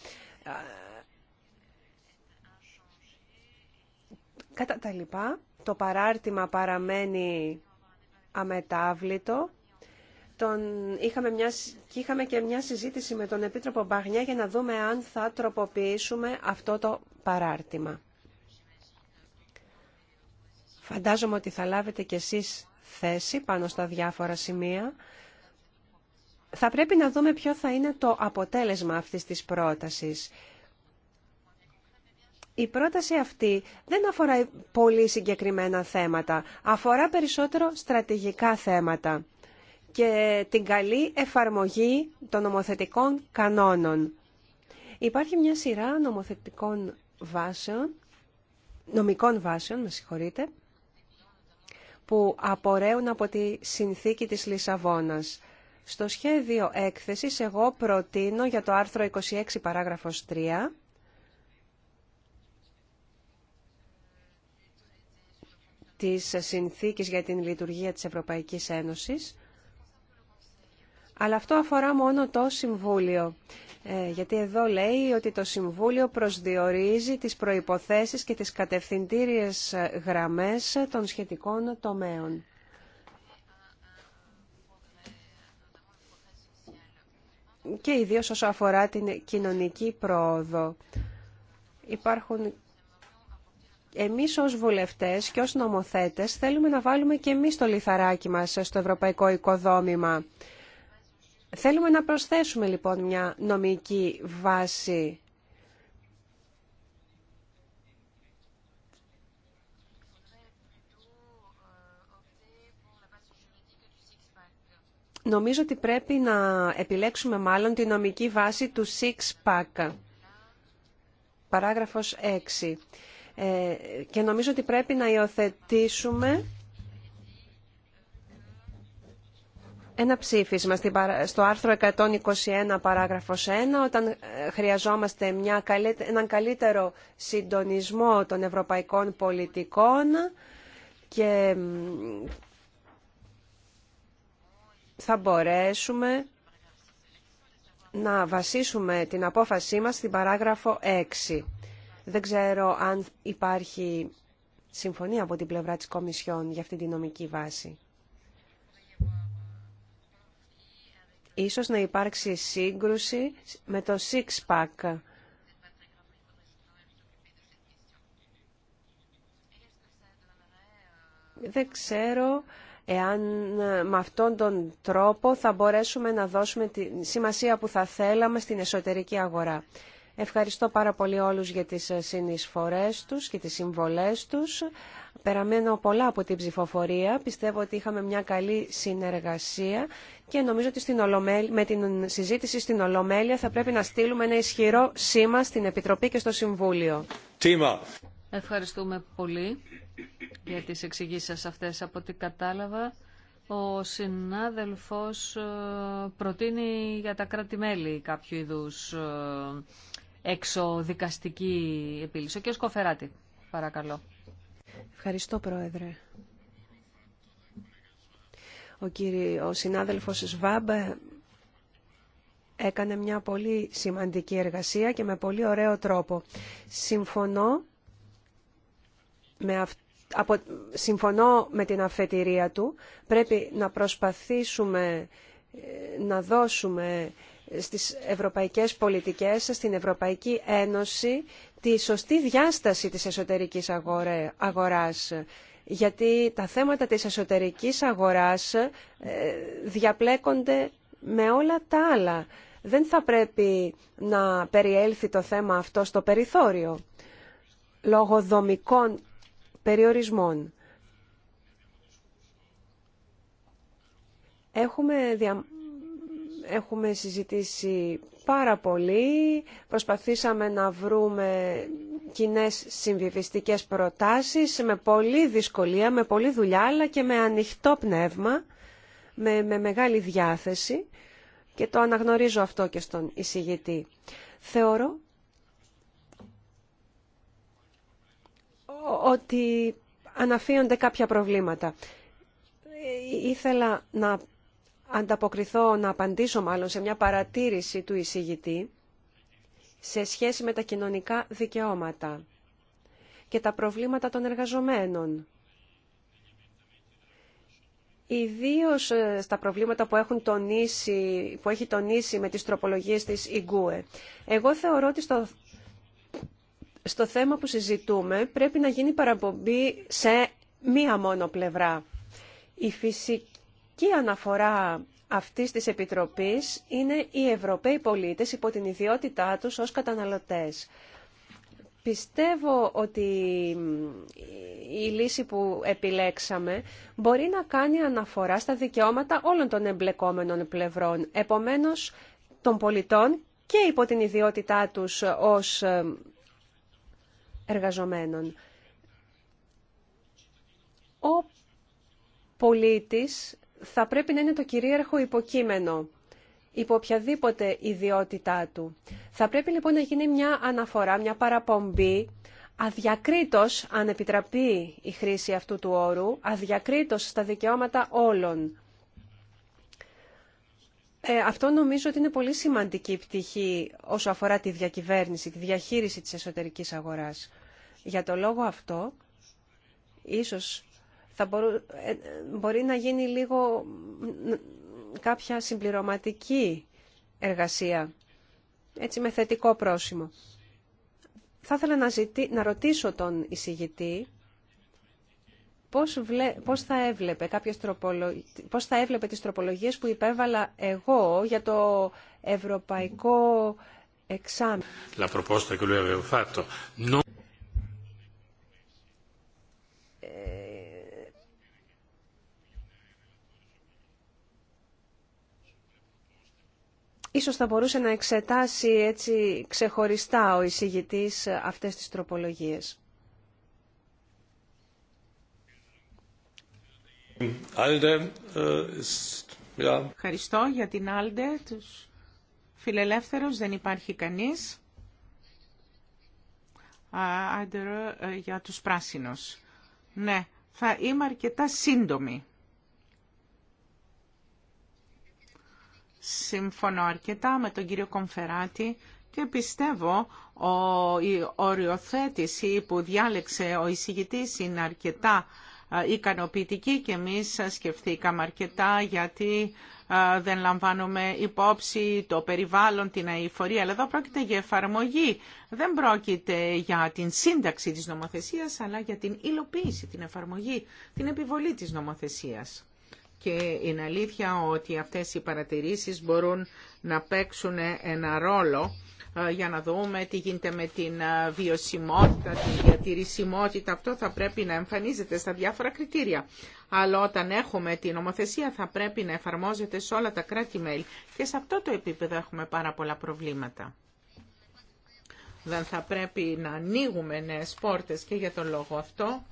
Κατά τα λοιπά, το παράρτημα παραμένει αμετάβλητο. Είχαμε μια... Και είχαμε και μια συζήτηση με τον Επίτροπο Μπαγνιά για να δούμε αν θα τροποποιήσουμε αυτό το παράρτημα. Φαντάζομαι ότι θα λάβετε κι εσείς θέση πάνω στα διάφορα σημεία. Θα πρέπει να δούμε ποιο θα είναι το αποτέλεσμα αυτής της πρότασης. Η πρόταση αυτή δεν αφορά πολύ συγκεκριμένα θέματα, αφορά περισσότερο στρατηγικά θέματα και την καλή εφαρμογή των νομοθετικών κανόνων. Υπάρχει μια σειρά νομοθετικών βάσεων, νομικών βάσεων, με συγχωρείτε, που απορρέουν από τη συνθήκη της Λισαβόνας. Στο σχέδιο έκθεσης εγώ προτείνω για το άρθρο 26 παράγραφος 3 της Συνθήκης για την Λειτουργία της Ευρωπαϊκής Ένωσης αλλά αυτό αφορά μόνο το Συμβούλιο. Ε, γιατί εδώ λέει ότι το Συμβούλιο προσδιορίζει τις προϋποθέσεις και τις κατευθυντήριες γραμμές των σχετικών τομέων. και ιδίως όσο αφορά την κοινωνική πρόοδο. Υπάρχουν εμείς ως βουλευτές και ως νομοθέτες θέλουμε να βάλουμε και εμείς το λιθαράκι μας στο ευρωπαϊκό οικοδόμημα. Θέλουμε να προσθέσουμε λοιπόν μια νομική βάση Νομίζω ότι πρέπει να επιλέξουμε μάλλον τη νομική βάση του six-pack, παράγραφος 6. Ε, και νομίζω ότι πρέπει να υιοθετήσουμε ένα ψήφισμα στο άρθρο 121 παράγραφος 1 όταν ε, χρειαζόμαστε μια, έναν καλύτερο συντονισμό των ευρωπαϊκών πολιτικών και θα μπορέσουμε να βασίσουμε την απόφασή μας στην παράγραφο 6. Δεν ξέρω αν υπάρχει συμφωνία από την πλευρά της Κομισιόν για αυτή τη νομική βάση. Ίσως να υπάρξει σύγκρουση με το six-pack. Δεν ξέρω εάν ε, με αυτόν τον τρόπο θα μπορέσουμε να δώσουμε τη σημασία που θα θέλαμε στην εσωτερική αγορά. Ευχαριστώ πάρα πολύ όλους για τις ε, συνεισφορές τους και τις συμβολές τους. Περαμένω πολλά από την ψηφοφορία. Πιστεύω ότι είχαμε μια καλή συνεργασία και νομίζω ότι στην με την συζήτηση στην Ολομέλεια θα πρέπει να στείλουμε ένα ισχυρό σήμα στην Επιτροπή και στο Συμβούλιο. Ευχαριστούμε πολύ για τις εξηγήσεις αυτές. Από ό,τι κατάλαβα, ο συνάδελφος ε, προτείνει για τα κράτη-μέλη κάποιο είδους ε, εξοδικαστική επίλυση. Ο κ. Σκοφεράτη, παρακαλώ. Ευχαριστώ, Πρόεδρε. Ο, συνάδελφο ο συνάδελφος ε, έκανε μια πολύ σημαντική εργασία και με πολύ ωραίο τρόπο. Συμφωνώ με απο... συμφωνώ με την αφετηρία του. Πρέπει να προσπαθήσουμε ε, να δώσουμε στις ευρωπαϊκές πολιτικές, στην Ευρωπαϊκή Ένωση, τη σωστή διάσταση της εσωτερικής αγοράς. Γιατί τα θέματα της εσωτερικής αγοράς ε, διαπλέκονται με όλα τα άλλα. Δεν θα πρέπει να περιέλθει το θέμα αυτό στο περιθώριο. Λόγω δομικών περιορισμών. Έχουμε, Έχουμε συζητήσει πάρα πολύ, προσπαθήσαμε να βρούμε κοινέ συμβιβιστικές προτάσεις με πολύ δυσκολία, με πολύ δουλειά, αλλά και με ανοιχτό πνεύμα, με, με μεγάλη διάθεση και το αναγνωρίζω αυτό και στον εισηγητή. Θεωρώ ότι αναφύονται κάποια προβλήματα. Ήθελα να ανταποκριθώ, να απαντήσω μάλλον σε μια παρατήρηση του εισηγητή σε σχέση με τα κοινωνικά δικαιώματα και τα προβλήματα των εργαζομένων. Ιδίω ε, στα προβλήματα που, έχουν τονίσει, που έχει τονίσει με τις τροπολογίες της ΙΓΚΟΕ. Εγώ θεωρώ ότι στο στο θέμα που συζητούμε πρέπει να γίνει παραπομπή σε μία μόνο πλευρά. Η φυσική αναφορά αυτής της Επιτροπής είναι οι Ευρωπαίοι πολίτες υπό την ιδιότητά τους ως καταναλωτές. Πιστεύω ότι η λύση που επιλέξαμε μπορεί να κάνει αναφορά στα δικαιώματα όλων των εμπλεκόμενων πλευρών, επομένως των πολιτών και υπό την ιδιότητά τους ως εργαζομένων. Ο πολίτης θα πρέπει να είναι το κυρίαρχο υποκείμενο υπό οποιαδήποτε ιδιότητά του. Θα πρέπει λοιπόν να γίνει μια αναφορά, μια παραπομπή, αδιακρίτως αν επιτραπεί η χρήση αυτού του όρου, αδιακρίτως στα δικαιώματα όλων. Ε, αυτό νομίζω ότι είναι πολύ σημαντική πτυχή όσο αφορά τη διακυβέρνηση, τη διαχείριση της εσωτερικής αγοράς. Για το λόγο αυτό, ίσως θα ε, μπορεί να γίνει λίγο κάποια συμπληρωματική εργασία, έτσι με θετικό πρόσημο. Θα ήθελα να, ζητή, να ρωτήσω τον εισηγητή πώς, βλέ... πώς, θα έβλεπε κάποιες τροπολο... πώς θα έβλεπε τις τροπολογίες που υπέβαλα εγώ για το ευρωπαϊκό εξάμεινο. La proposta che lui fatto. No. Ε, ίσως θα μπορούσε να εξετάσει έτσι ξεχωριστά ο εισηγητής αυτές τις τροπολογίες. Ε, Ευχαριστώ για την Άλντε, τους φιλελεύθερους, δεν υπάρχει κανείς. Άντερ ε, για τους πράσινους. Ναι, θα είμαι αρκετά σύντομη. Συμφωνώ αρκετά με τον κύριο Κομφεράτη και πιστεύω ο, η οριοθέτηση που διάλεξε ο εισηγητής είναι αρκετά ικανοποιητική και εμείς σκεφτήκαμε αρκετά γιατί δεν λαμβάνουμε υπόψη το περιβάλλον, την αηφορία, αλλά εδώ πρόκειται για εφαρμογή. Δεν πρόκειται για την σύνταξη της νομοθεσίας, αλλά για την υλοποίηση, την εφαρμογή, την επιβολή της νομοθεσίας. Και είναι αλήθεια ότι αυτές οι παρατηρήσεις μπορούν να παίξουν ένα ρόλο ε, για να δούμε τι γίνεται με την ε, βιωσιμότητα, τη διατηρησιμότητα. Αυτό θα πρέπει να εμφανίζεται στα διάφορα κριτήρια. Αλλά όταν έχουμε την νομοθεσία θα πρέπει να εφαρμόζεται σε όλα τα κράτη-μέλη και σε αυτό το επίπεδο έχουμε πάρα πολλά προβλήματα. Δεν θα πρέπει να ανοίγουμε νέες και για τον λόγο αυτό.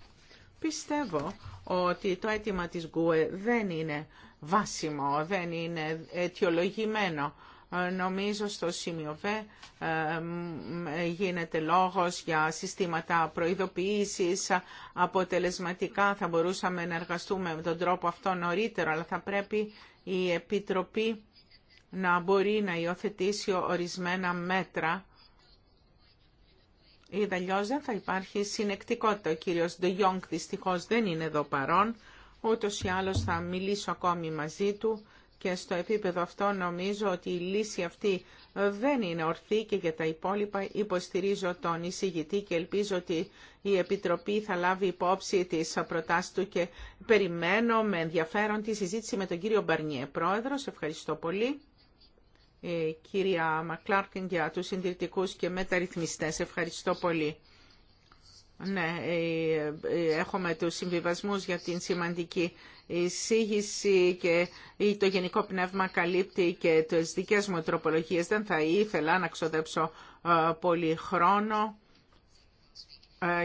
Πιστεύω ότι το αίτημα της Γκουε δεν είναι βάσιμο, δεν είναι αιτιολογημένο. Νομίζω στο σημείο Β γίνεται λόγος για συστήματα προειδοποίησης αποτελεσματικά. Θα μπορούσαμε να εργαστούμε με τον τρόπο αυτό νωρίτερο, αλλά θα πρέπει η Επιτροπή να μπορεί να υιοθετήσει ορισμένα μέτρα ή αλλιώ δεν θα υπάρχει συνεκτικότητα. Ο κύριος Ντεγιόγκ δυστυχώς δεν είναι εδώ παρόν, ούτως ή άλλως θα μιλήσω ακόμη μαζί του και στο επίπεδο αυτό νομίζω ότι η λύση αυτή δεν είναι ορθή και για τα υπόλοιπα υποστηρίζω τον εισηγητή και ελπίζω ότι η Επιτροπή θα λάβει υπόψη τις προτάσεις του και περιμένω με ενδιαφέρον τη συζήτηση με τον κύριο Μπαρνιέ. Πρόεδρος, ευχαριστώ πολύ. Ε, κυρία Μακλάρκιν για τους συντηρητικούς και μεταρρυθμιστές. Ευχαριστώ πολύ. Ναι, ε, ε, έχουμε τους συμβιβασμούς για την σημαντική εισήγηση και το γενικό πνεύμα καλύπτει και τις δικές μου τροπολογίες. Δεν θα ήθελα να ξοδέψω ε, πολύ χρόνο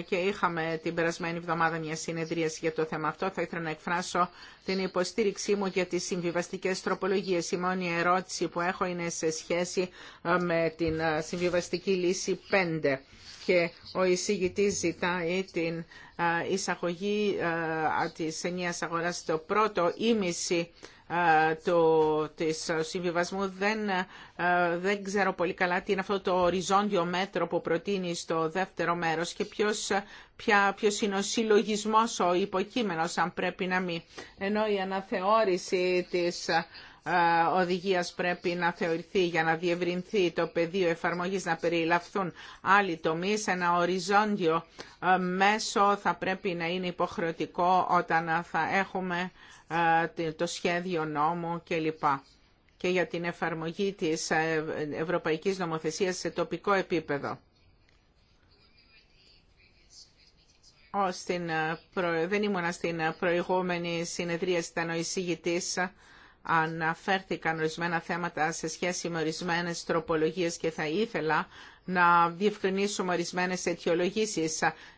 και είχαμε την περασμένη εβδομάδα μια συνεδρίαση για το θέμα αυτό. Θα ήθελα να εκφράσω την υποστήριξή μου για τις συμβιβαστικές τροπολογίες. Η μόνη ερώτηση που έχω είναι σε σχέση με την συμβιβαστική λύση 5 και ο εισηγητής ζητάει την εισαγωγή της ενιαίας αγοράς στο πρώτο ήμιση το, της συμβιβασμού δεν, δεν ξέρω πολύ καλά τι είναι αυτό το οριζόντιο μέτρο που προτείνει στο δεύτερο μέρος και ποιος, ποια, ποιος είναι ο συλλογισμός ο υποκείμενος αν πρέπει να μην ενώ η αναθεώρηση της ε, οδηγίας πρέπει να θεωρηθεί για να διευρυνθεί το πεδίο εφαρμογής, να περιλαφθούν άλλοι τομείς. Ένα οριζόντιο ε, μέσο θα πρέπει να είναι υποχρεωτικό όταν θα έχουμε ε, το σχέδιο νόμου κλπ και για την εφαρμογή της ευρωπαϊκής νομοθεσίας σε τοπικό επίπεδο. Στην, δεν ήμουνα στην προηγούμενη συνεδρία, ήταν ο εισηγητής αναφέρθηκαν ορισμένα θέματα σε σχέση με ορισμένε τροπολογίε, και θα ήθελα να διευκρινίσουμε ορισμένε αιτιολογήσει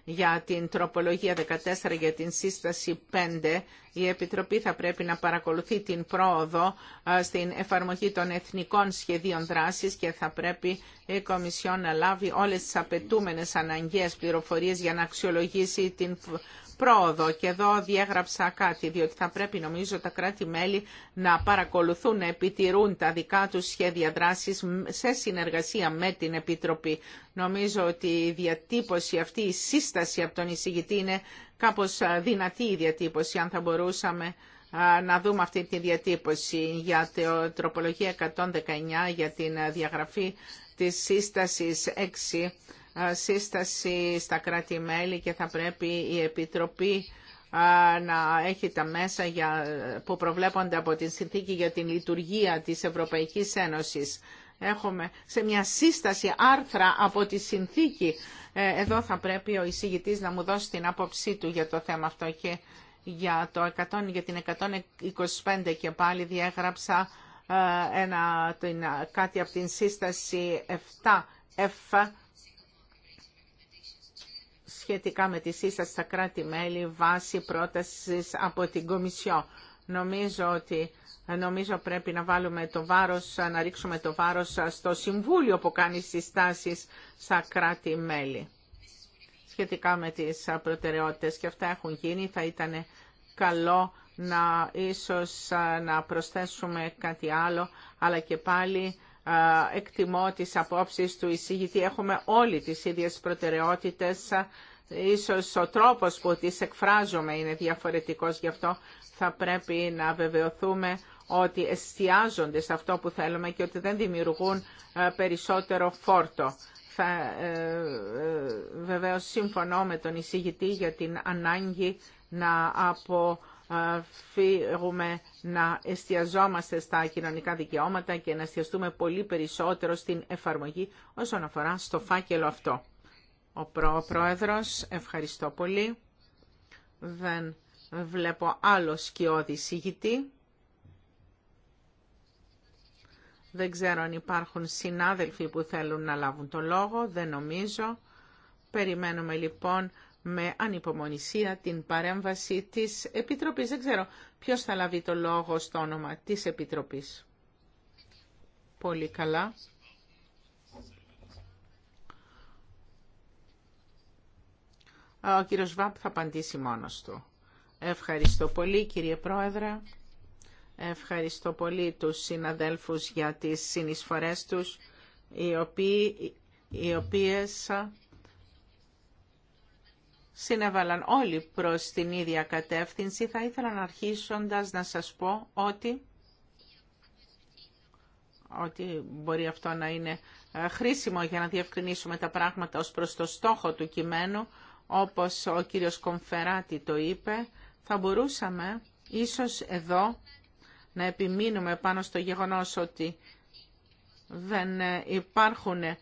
για την τροπολογία 14 για την σύσταση 5. Η Επιτροπή θα πρέπει να παρακολουθεί την πρόοδο ε, στην εφαρμογή των εθνικών σχεδίων δράση. και θα πρέπει η Κομισιόν να λάβει όλες τι απαιτούμενε αναγκαίε πληροφορίε για να αξιολογήσει την πρόοδο και εδώ διέγραψα κάτι, διότι θα πρέπει νομίζω τα κράτη-μέλη να παρακολουθούν, να επιτηρούν τα δικά τους σχέδια δράσης σε συνεργασία με την Επιτροπή. Νομίζω ότι η διατύπωση αυτή, η σύσταση από τον εισηγητή είναι κάπως δυνατή η διατύπωση, αν θα μπορούσαμε να δούμε αυτή τη διατύπωση για την τροπολογία 119 για την διαγραφή της σύστασης 6 σύσταση στα κράτη-μέλη και θα πρέπει η Επιτροπή να έχει τα μέσα για, που προβλέπονται από την συνθήκη για την λειτουργία της Ευρωπαϊκής Ένωσης. Έχουμε σε μια σύσταση άρθρα από τη συνθήκη. Ε, εδώ θα πρέπει ο εισηγητής να μου δώσει την άποψή του για το θέμα αυτό και για, το 100, για την 125 και πάλι διέγραψα ε, ένα, κάτι από την σύσταση 7F σχετικά με τη σύσταση στα κράτη-μέλη βάσει πρότασης από την Κομισιό. Νομίζω ότι νομίζω πρέπει να βάλουμε το βάρος, να ρίξουμε το βάρος στο Συμβούλιο που κάνει συστάσεις στα κράτη-μέλη σχετικά με τις προτεραιότητες και αυτά έχουν γίνει. Θα ήταν καλό να ίσως να προσθέσουμε κάτι άλλο, αλλά και πάλι εκτιμώ τις απόψεις του εισηγητή. Έχουμε όλοι τις ίδιες προτεραιότητες Ίσως ο τρόπος που τις εκφράζουμε είναι διαφορετικός, γι' αυτό θα πρέπει να βεβαιωθούμε ότι εστιάζονται σε αυτό που θέλουμε και ότι δεν δημιουργούν ε, περισσότερο φόρτο. Θα, ε, ε συμφωνώ με τον εισηγητή για την ανάγκη να αποφύγουμε να εστιαζόμαστε στα κοινωνικά δικαιώματα και να εστιαστούμε πολύ περισσότερο στην εφαρμογή όσον αφορά στο φάκελο αυτό. Ο Πρόεδρος, ευχαριστώ πολύ. Δεν βλέπω άλλο σκιώδη συγητή. Δεν ξέρω αν υπάρχουν συνάδελφοι που θέλουν να λάβουν το λόγο. Δεν νομίζω. Περιμένουμε λοιπόν με ανυπομονησία την παρέμβαση της Επιτροπής. Δεν ξέρω ποιος θα λάβει το λόγο στο όνομα της Επιτροπής. Πολύ καλά. Ο κύριος Βάμπ θα απαντήσει μόνος του. Ευχαριστώ πολύ κύριε Πρόεδρε. Ευχαριστώ πολύ τους συναδέλφους για τις συνεισφορές τους, οι, οποίοι, οι οποίες συνέβαλαν όλοι προς την ίδια κατεύθυνση. Θα ήθελα να αρχίσοντας να σας πω ότι ότι μπορεί αυτό να είναι ε, χρήσιμο για να διευκρινίσουμε τα πράγματα ως προς το στόχο του κειμένου, όπως ο κύριος Κομφεράτη το είπε, θα μπορούσαμε ίσως εδώ να επιμείνουμε πάνω στο γεγονός ότι δεν ε, υπάρχουν ε,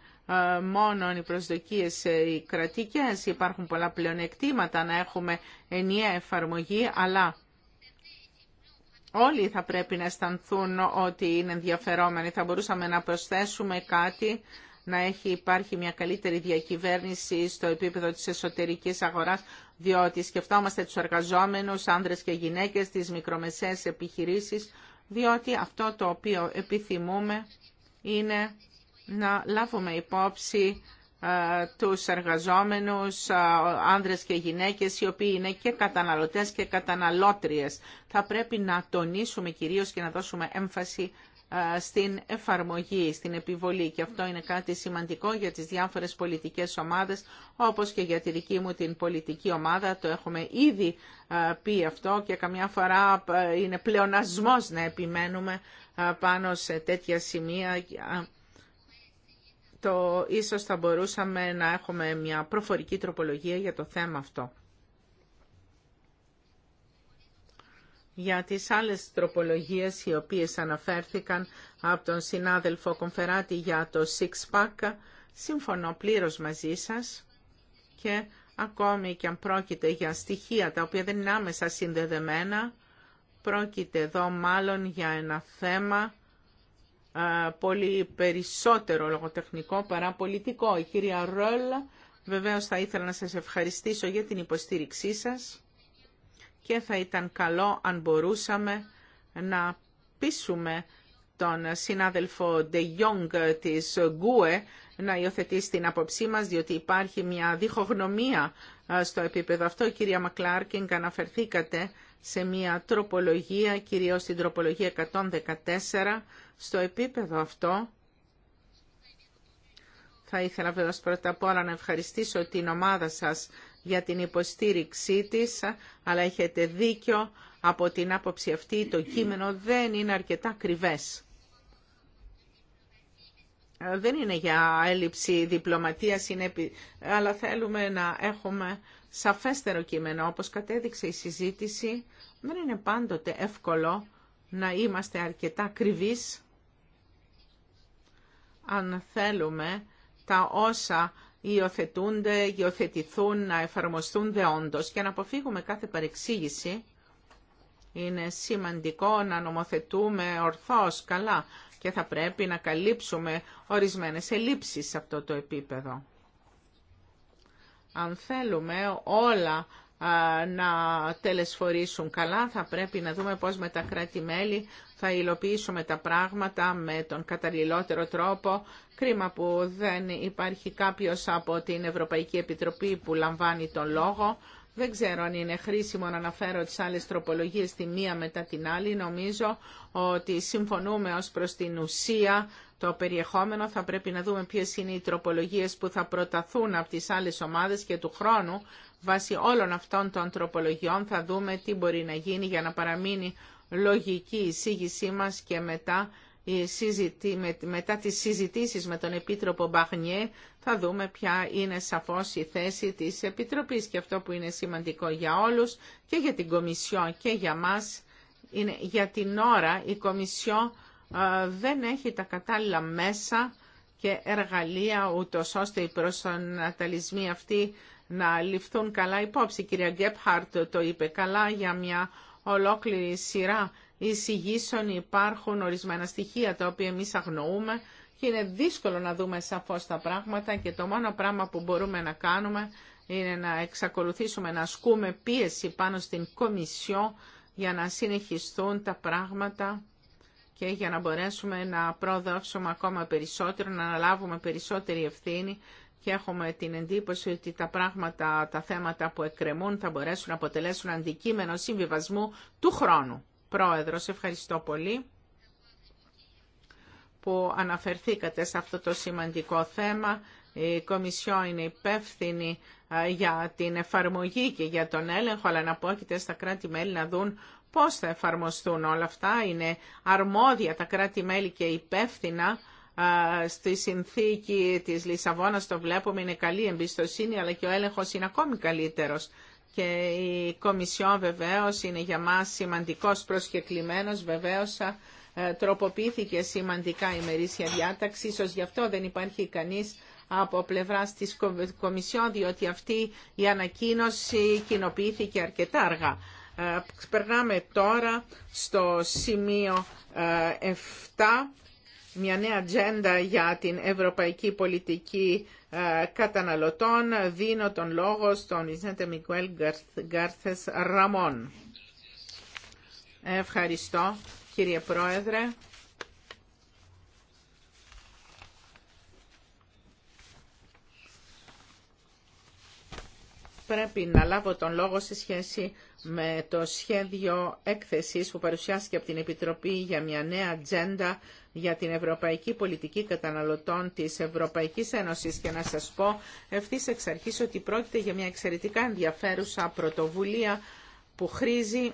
μόνο οι προσδοκίες ε, οι κρατικές, υπάρχουν πολλά πλεονεκτήματα να έχουμε ενιαία εφαρμογή, αλλά όλοι θα πρέπει να αισθανθούν ότι είναι ενδιαφερόμενοι. Θα μπορούσαμε να προσθέσουμε κάτι να έχει υπάρχει μια καλύτερη διακυβέρνηση στο επίπεδο της εσωτερικής αγοράς, διότι σκεφτόμαστε τους εργαζόμενους, άνδρες και γυναίκες, τις μικρομεσαίες επιχειρήσεις, διότι αυτό το οποίο επιθυμούμε είναι να λάβουμε υπόψη ε, τους εργαζόμενους, ε, άνδρες και γυναίκες, οι οποίοι είναι και καταναλωτές και καταναλώτριες. Θα πρέπει να τονίσουμε κυρίως και να δώσουμε έμφαση στην εφαρμογή, στην επιβολή και αυτό είναι κάτι σημαντικό για τις διάφορες πολιτικές ομάδες όπως και για τη δική μου την πολιτική ομάδα το έχουμε ήδη πει αυτό και καμιά φορά είναι πλεονασμός να επιμένουμε πάνω σε τέτοια σημεία το ίσως θα μπορούσαμε να έχουμε μια προφορική τροπολογία για το θέμα αυτό. για τις άλλες τροπολογίες οι οποίες αναφέρθηκαν από τον συνάδελφο Κομφεράτη για το Six Pack. Συμφωνώ πλήρως μαζί σας και ακόμη και αν πρόκειται για στοιχεία τα οποία δεν είναι άμεσα συνδεδεμένα, πρόκειται εδώ μάλλον για ένα θέμα πολύ περισσότερο λογοτεχνικό παρά πολιτικό. Η κυρία Ρόλ, βεβαίως θα ήθελα να σας ευχαριστήσω για την υποστήριξή σας και θα ήταν καλό αν μπορούσαμε να πείσουμε τον συνάδελφο De Jong της Γκουε να υιοθετήσει την άποψή μας, διότι υπάρχει μια διχογνωμία στο επίπεδο αυτό. Κυρία Μακλάρκινγκ, αναφερθήκατε σε μια τροπολογία, κυρίως την τροπολογία 114, στο επίπεδο αυτό. Θα ήθελα βέβαια πρώτα απ' όλα να ευχαριστήσω την ομάδα σας για την υποστήριξή της, αλλά έχετε δίκιο από την άποψη αυτή το κείμενο δεν είναι αρκετά κρυβές. Δεν είναι για έλλειψη διπλωματίας, είναι... αλλά θέλουμε να έχουμε σαφέστερο κείμενο. Όπως κατέδειξε η συζήτηση, δεν είναι πάντοτε εύκολο να είμαστε αρκετά κρυβείς αν θέλουμε τα όσα υιοθετούνται, υιοθετηθούν, να εφαρμοστούν δεόντως και να αποφύγουμε κάθε παρεξήγηση. Είναι σημαντικό να νομοθετούμε ορθώς, καλά και θα πρέπει να καλύψουμε ορισμένες ελλείψεις σε αυτό το επίπεδο. Αν θέλουμε όλα να τελεσφορήσουν καλά, θα πρέπει να δούμε πώς με τα κράτη-μέλη θα υλοποιήσουμε τα πράγματα με τον καταλληλότερο τρόπο. Κρίμα που δεν υπάρχει κάποιος από την Ευρωπαϊκή Επιτροπή που λαμβάνει τον λόγο. Δεν ξέρω αν είναι χρήσιμο να αναφέρω τις άλλες τροπολογίες τη μία μετά την άλλη. Νομίζω ότι συμφωνούμε ως προς την ουσία το περιεχόμενο. Θα πρέπει να δούμε ποιες είναι οι τροπολογίες που θα προταθούν από τις άλλες ομάδες και του χρόνου. Βάσει όλων αυτών των τροπολογιών θα δούμε τι μπορεί να γίνει για να παραμείνει λογική εισήγησή μας και μετά, η συζητή, με, μετά τις συζητήσεις με τον Επίτροπο Μπαχνιέ θα δούμε ποια είναι σαφώς η θέση της Επιτροπής και αυτό που είναι σημαντικό για όλους και για την Κομισιό και για μας είναι για την ώρα η Κομισιό δεν έχει τα κατάλληλα μέσα και εργαλεία ούτω, ώστε οι προσαναταλισμοί αυτοί να ληφθούν καλά υπόψη. Η κυρία Γκέπχαρτ το είπε καλά για μια ολόκληρη σειρά εισηγήσεων υπάρχουν ορισμένα στοιχεία τα οποία εμείς αγνοούμε και είναι δύσκολο να δούμε σαφώς τα πράγματα και το μόνο πράγμα που μπορούμε να κάνουμε είναι να εξακολουθήσουμε να ασκούμε πίεση πάνω στην Κομισιό για να συνεχιστούν τα πράγματα και για να μπορέσουμε να προδώσουμε ακόμα περισσότερο, να αναλάβουμε περισσότερη ευθύνη και έχουμε την εντύπωση ότι τα πράγματα, τα θέματα που εκκρεμούν θα μπορέσουν να αποτελέσουν αντικείμενο συμβιβασμού του χρόνου. Πρόεδρος, ευχαριστώ πολύ που αναφερθήκατε σε αυτό το σημαντικό θέμα. Η Κομισιό είναι υπεύθυνη για την εφαρμογή και για τον έλεγχο, αλλά να στα κράτη-μέλη να δουν πώς θα εφαρμοστούν όλα αυτά. Είναι αρμόδια τα κράτη-μέλη και υπεύθυνα στη συνθήκη της Λισαβόνας το βλέπουμε είναι καλή εμπιστοσύνη αλλά και ο έλεγχος είναι ακόμη καλύτερος και η Κομισιόν βεβαίως είναι για μας σημαντικός προσκεκλημένος βεβαίως ε, τροποποιήθηκε σημαντικά η μερίσια διάταξη ίσως γι' αυτό δεν υπάρχει κανείς από πλευρά της Κομισιόν διότι αυτή η ανακοίνωση κοινοποιήθηκε αρκετά αργά. Ε, περνάμε τώρα στο σημείο 7 ε, μια νέα ατζέντα για την ευρωπαϊκή πολιτική ε, καταναλωτών. Δίνω τον λόγο στον Ιζέντε Μικουέλ Γκάρθες Ραμόν. Ευχαριστώ κύριε Πρόεδρε. Πρέπει να λάβω τον λόγο σε σχέση με το σχέδιο έκθεσης που παρουσιάστηκε από την Επιτροπή για μια νέα ατζέντα για την Ευρωπαϊκή Πολιτική Καταναλωτών της Ευρωπαϊκής Ένωσης και να σας πω ευθύ εξ αρχής ότι πρόκειται για μια εξαιρετικά ενδιαφέρουσα πρωτοβουλία που χρήζει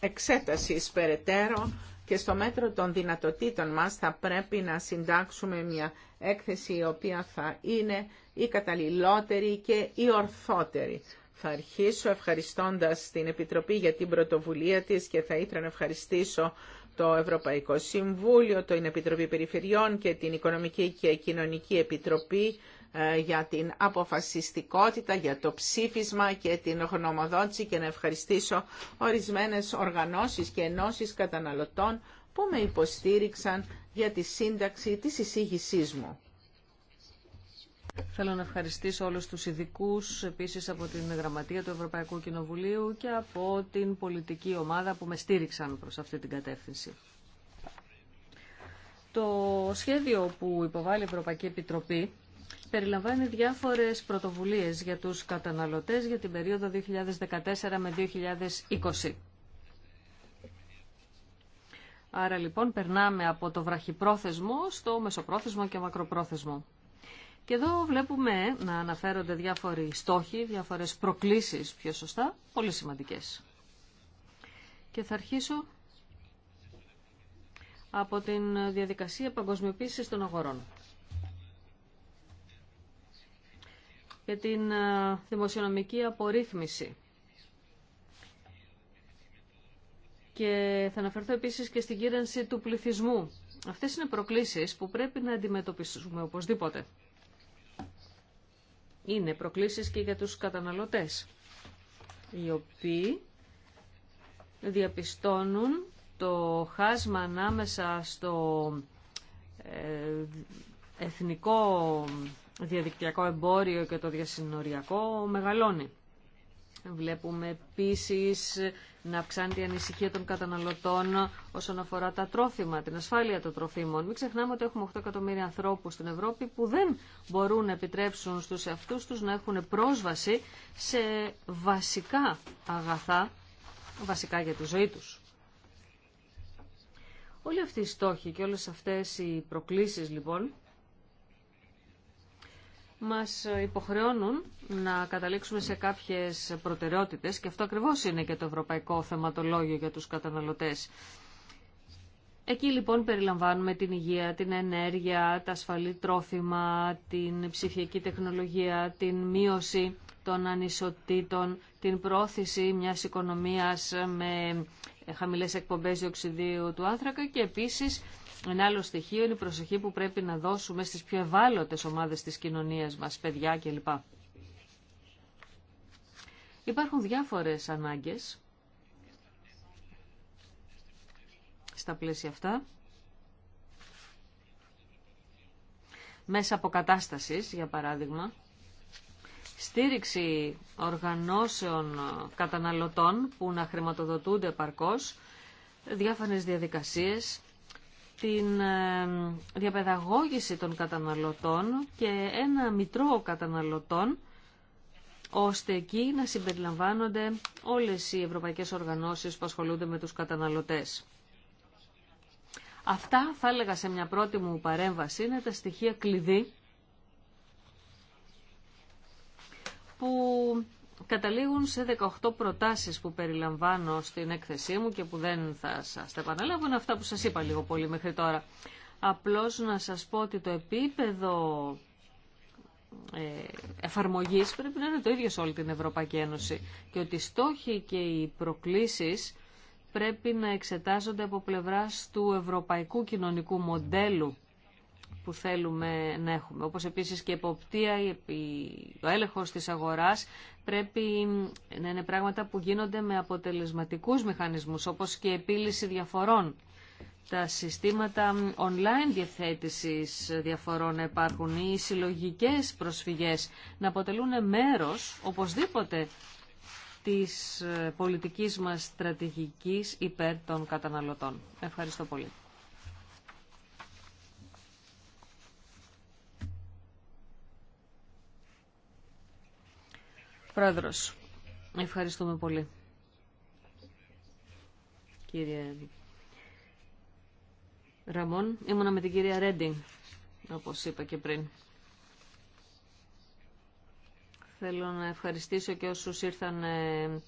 εξέτασης περαιτέρω και στο μέτρο των δυνατοτήτων μας θα πρέπει να συντάξουμε μια έκθεση η οποία θα είναι η καταλληλότερη και η ορθότερη. Θα αρχίσω ευχαριστώντας την Επιτροπή για την πρωτοβουλία της και θα ήθελα να ευχαριστήσω το Ευρωπαϊκό Συμβούλιο, την Επιτροπή Περιφερειών και την Οικονομική και Κοινωνική Επιτροπή ε, για την αποφασιστικότητα, για το ψήφισμα και την γνωμοδότηση και να ευχαριστήσω ορισμένες οργανώσεις και ενώσεις καταναλωτών που με υποστήριξαν για τη σύνταξη της εισήγησής μου. Θέλω να ευχαριστήσω όλους τους ειδικού επίσης από την Γραμματεία του Ευρωπαϊκού Κοινοβουλίου και από την πολιτική ομάδα που με στήριξαν προς αυτή την κατεύθυνση. Το σχέδιο που υποβάλλει η Ευρωπαϊκή Επιτροπή περιλαμβάνει διάφορες πρωτοβουλίες για τους καταναλωτές για την περίοδο 2014 με 2020. Άρα λοιπόν περνάμε από το βραχυπρόθεσμο στο μεσοπρόθεσμο και μακροπρόθεσμο. Και εδώ βλέπουμε να αναφέρονται διάφοροι στόχοι, διάφορες προκλήσεις πιο σωστά, πολύ σημαντικές. Και θα αρχίσω από την διαδικασία παγκοσμιοποίησης των αγορών. και την ε, δημοσιονομική απορρίθμιση. Και θα αναφερθώ επίσης και στην κύρανση του πληθυσμού. Αυτές είναι προκλήσεις που πρέπει να αντιμετωπίσουμε οπωσδήποτε. Είναι προκλήσεις και για τους καταναλωτές, οι οποίοι διαπιστώνουν το χάσμα ανάμεσα στο ε, εθνικό διαδικτυακό εμπόριο και το διασυνοριακό μεγαλώνει. Βλέπουμε επίσης να αυξάνεται η ανησυχία των καταναλωτών όσον αφορά τα τρόφιμα, την ασφάλεια των τροφίμων. Μην ξεχνάμε ότι έχουμε 8 εκατομμύρια ανθρώπους στην Ευρώπη που δεν μπορούν να επιτρέψουν στους εαυτούς τους να έχουν πρόσβαση σε βασικά αγαθά, βασικά για τη ζωή τους. Όλοι αυτοί οι στόχοι και όλες αυτές οι προκλήσεις λοιπόν μας υποχρεώνουν να καταλήξουμε σε κάποιες προτεραιότητες και αυτό ακριβώς είναι και το ευρωπαϊκό θεματολόγιο για τους καταναλωτές. Εκεί λοιπόν περιλαμβάνουμε την υγεία, την ενέργεια, τα ασφαλή τρόφιμα, την ψηφιακή τεχνολογία, την μείωση των ανισοτήτων, την πρόθεση μιας οικονομίας με χαμηλές εκπομπές διοξιδίου του άνθρακα και επίσης ένα άλλο στοιχείο είναι η προσοχή που πρέπει να δώσουμε στις πιο ευάλωτες ομάδες της κοινωνίας μας, παιδιά κλπ. Υπάρχουν διάφορες ανάγκες στα πλαίσια αυτά. Μέσα από κατάστασης, για παράδειγμα, στήριξη οργανώσεων καταναλωτών που να χρηματοδοτούνται επαρκώς, διάφανες διαδικασίες, την ε, διαπαιδαγώγηση των καταναλωτών και ένα μητρό καταναλωτών ώστε εκεί να συμπεριλαμβάνονται όλες οι ευρωπαϊκές οργανώσεις που ασχολούνται με τους καταναλωτές. Αυτά θα έλεγα σε μια πρώτη μου παρέμβαση είναι τα στοιχεία κλειδί που καταλήγουν σε 18 προτάσεις που περιλαμβάνω στην έκθεσή μου και που δεν θα σας τα επαναλάβω, είναι αυτά που σας είπα λίγο πολύ μέχρι τώρα. Απλώς να σας πω ότι το επίπεδο ε, εφαρμογής πρέπει να είναι το ίδιο σε όλη την Ευρωπαϊκή Ένωση και ότι οι στόχοι και οι προκλήσεις πρέπει να εξετάζονται από πλευράς του ευρωπαϊκού κοινωνικού μοντέλου που θέλουμε να έχουμε. Όπως επίσης και η εποπτεία, ο έλεγχος της αγοράς πρέπει να είναι πράγματα που γίνονται με αποτελεσματικούς μηχανισμούς, όπως και επίλυση διαφορών. Τα συστήματα online διευθέτησης διαφορών να υπάρχουν ή οι συλλογικές προσφυγές να αποτελούν μέρος οπωσδήποτε της ε, πολιτικής μας στρατηγικής υπέρ των καταναλωτών. Ευχαριστώ πολύ. Πρόεδρος, ευχαριστούμε πολύ. Κύριε Ραμόν, ήμουνα με την κυρία Ρέντινγκ, όπως είπα και πριν. Θέλω να ευχαριστήσω και όσους ήρθαν ε,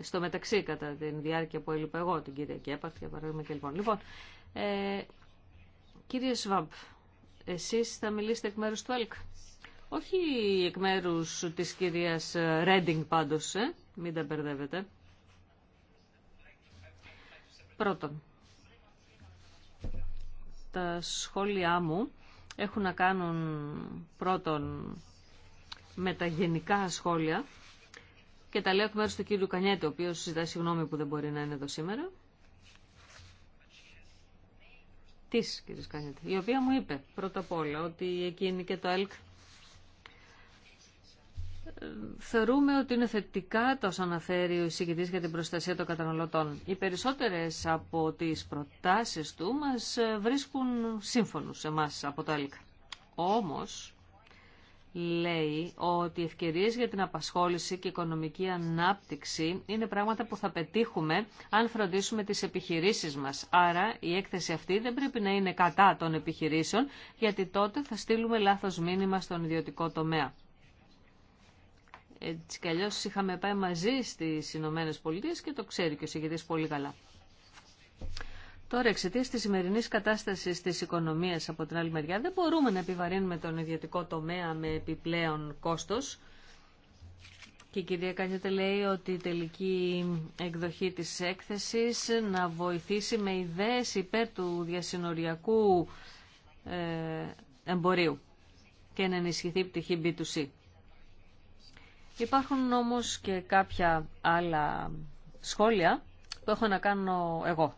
στο μεταξύ κατά την διάρκεια που έλειπα εγώ, την κυρία Κέπαρτ για παράδειγμα και λοιπόν. Λοιπόν, ε, κύριε Σβάμπ, εσείς θα μιλήσετε εκ μέρους του ΕΛΚ. Όχι εκ μέρου τη κυρία Ρέντινγκ πάντως, ε. μην τα μπερδεύετε. Πρώτον, τα σχόλιά μου έχουν να κάνουν πρώτον με τα γενικά σχόλια και τα λέω εκ μέρους του κύριου Κανιέτη, ο οποίος ζητά συγγνώμη που δεν μπορεί να είναι εδώ σήμερα. Της, κύριε Κανιέτη, η οποία μου είπε πρώτα απ' όλα ότι εκείνη και το ΕΛΚ θεωρούμε ότι είναι θετικά τα όσα αναφέρει ο εισηγητής για την προστασία των καταναλωτών. Οι περισσότερες από τις προτάσεις του μας ε, βρίσκουν σύμφωνους σε εμάς από το ΕΛΚ. Όμως, λέει ότι οι ευκαιρίες για την απασχόληση και οικονομική ανάπτυξη είναι πράγματα που θα πετύχουμε αν φροντίσουμε τις επιχειρήσεις μας. Άρα η έκθεση αυτή δεν πρέπει να είναι κατά των επιχειρήσεων, γιατί τότε θα στείλουμε λάθος μήνυμα στον ιδιωτικό τομέα. Έτσι κι αλλιώς είχαμε πάει μαζί στις Ηνωμένε Πολιτείες και το ξέρει και ο συγκεκριτής πολύ καλά. Τώρα εξαιτία τη σημερινή κατάσταση τη οικονομία από την άλλη μεριά δεν μπορούμε να επιβαρύνουμε τον ιδιωτικό τομέα με επιπλέον κόστο. Και η κυρία Κανιώτε λέει ότι η τελική εκδοχή της έκθεσης να βοηθήσει με ιδέες υπέρ του διασυνοριακού ε, εμπορίου και να ενισχυθεί η πτυχή B2C. Υπάρχουν όμως και κάποια άλλα σχόλια που έχω να κάνω εγώ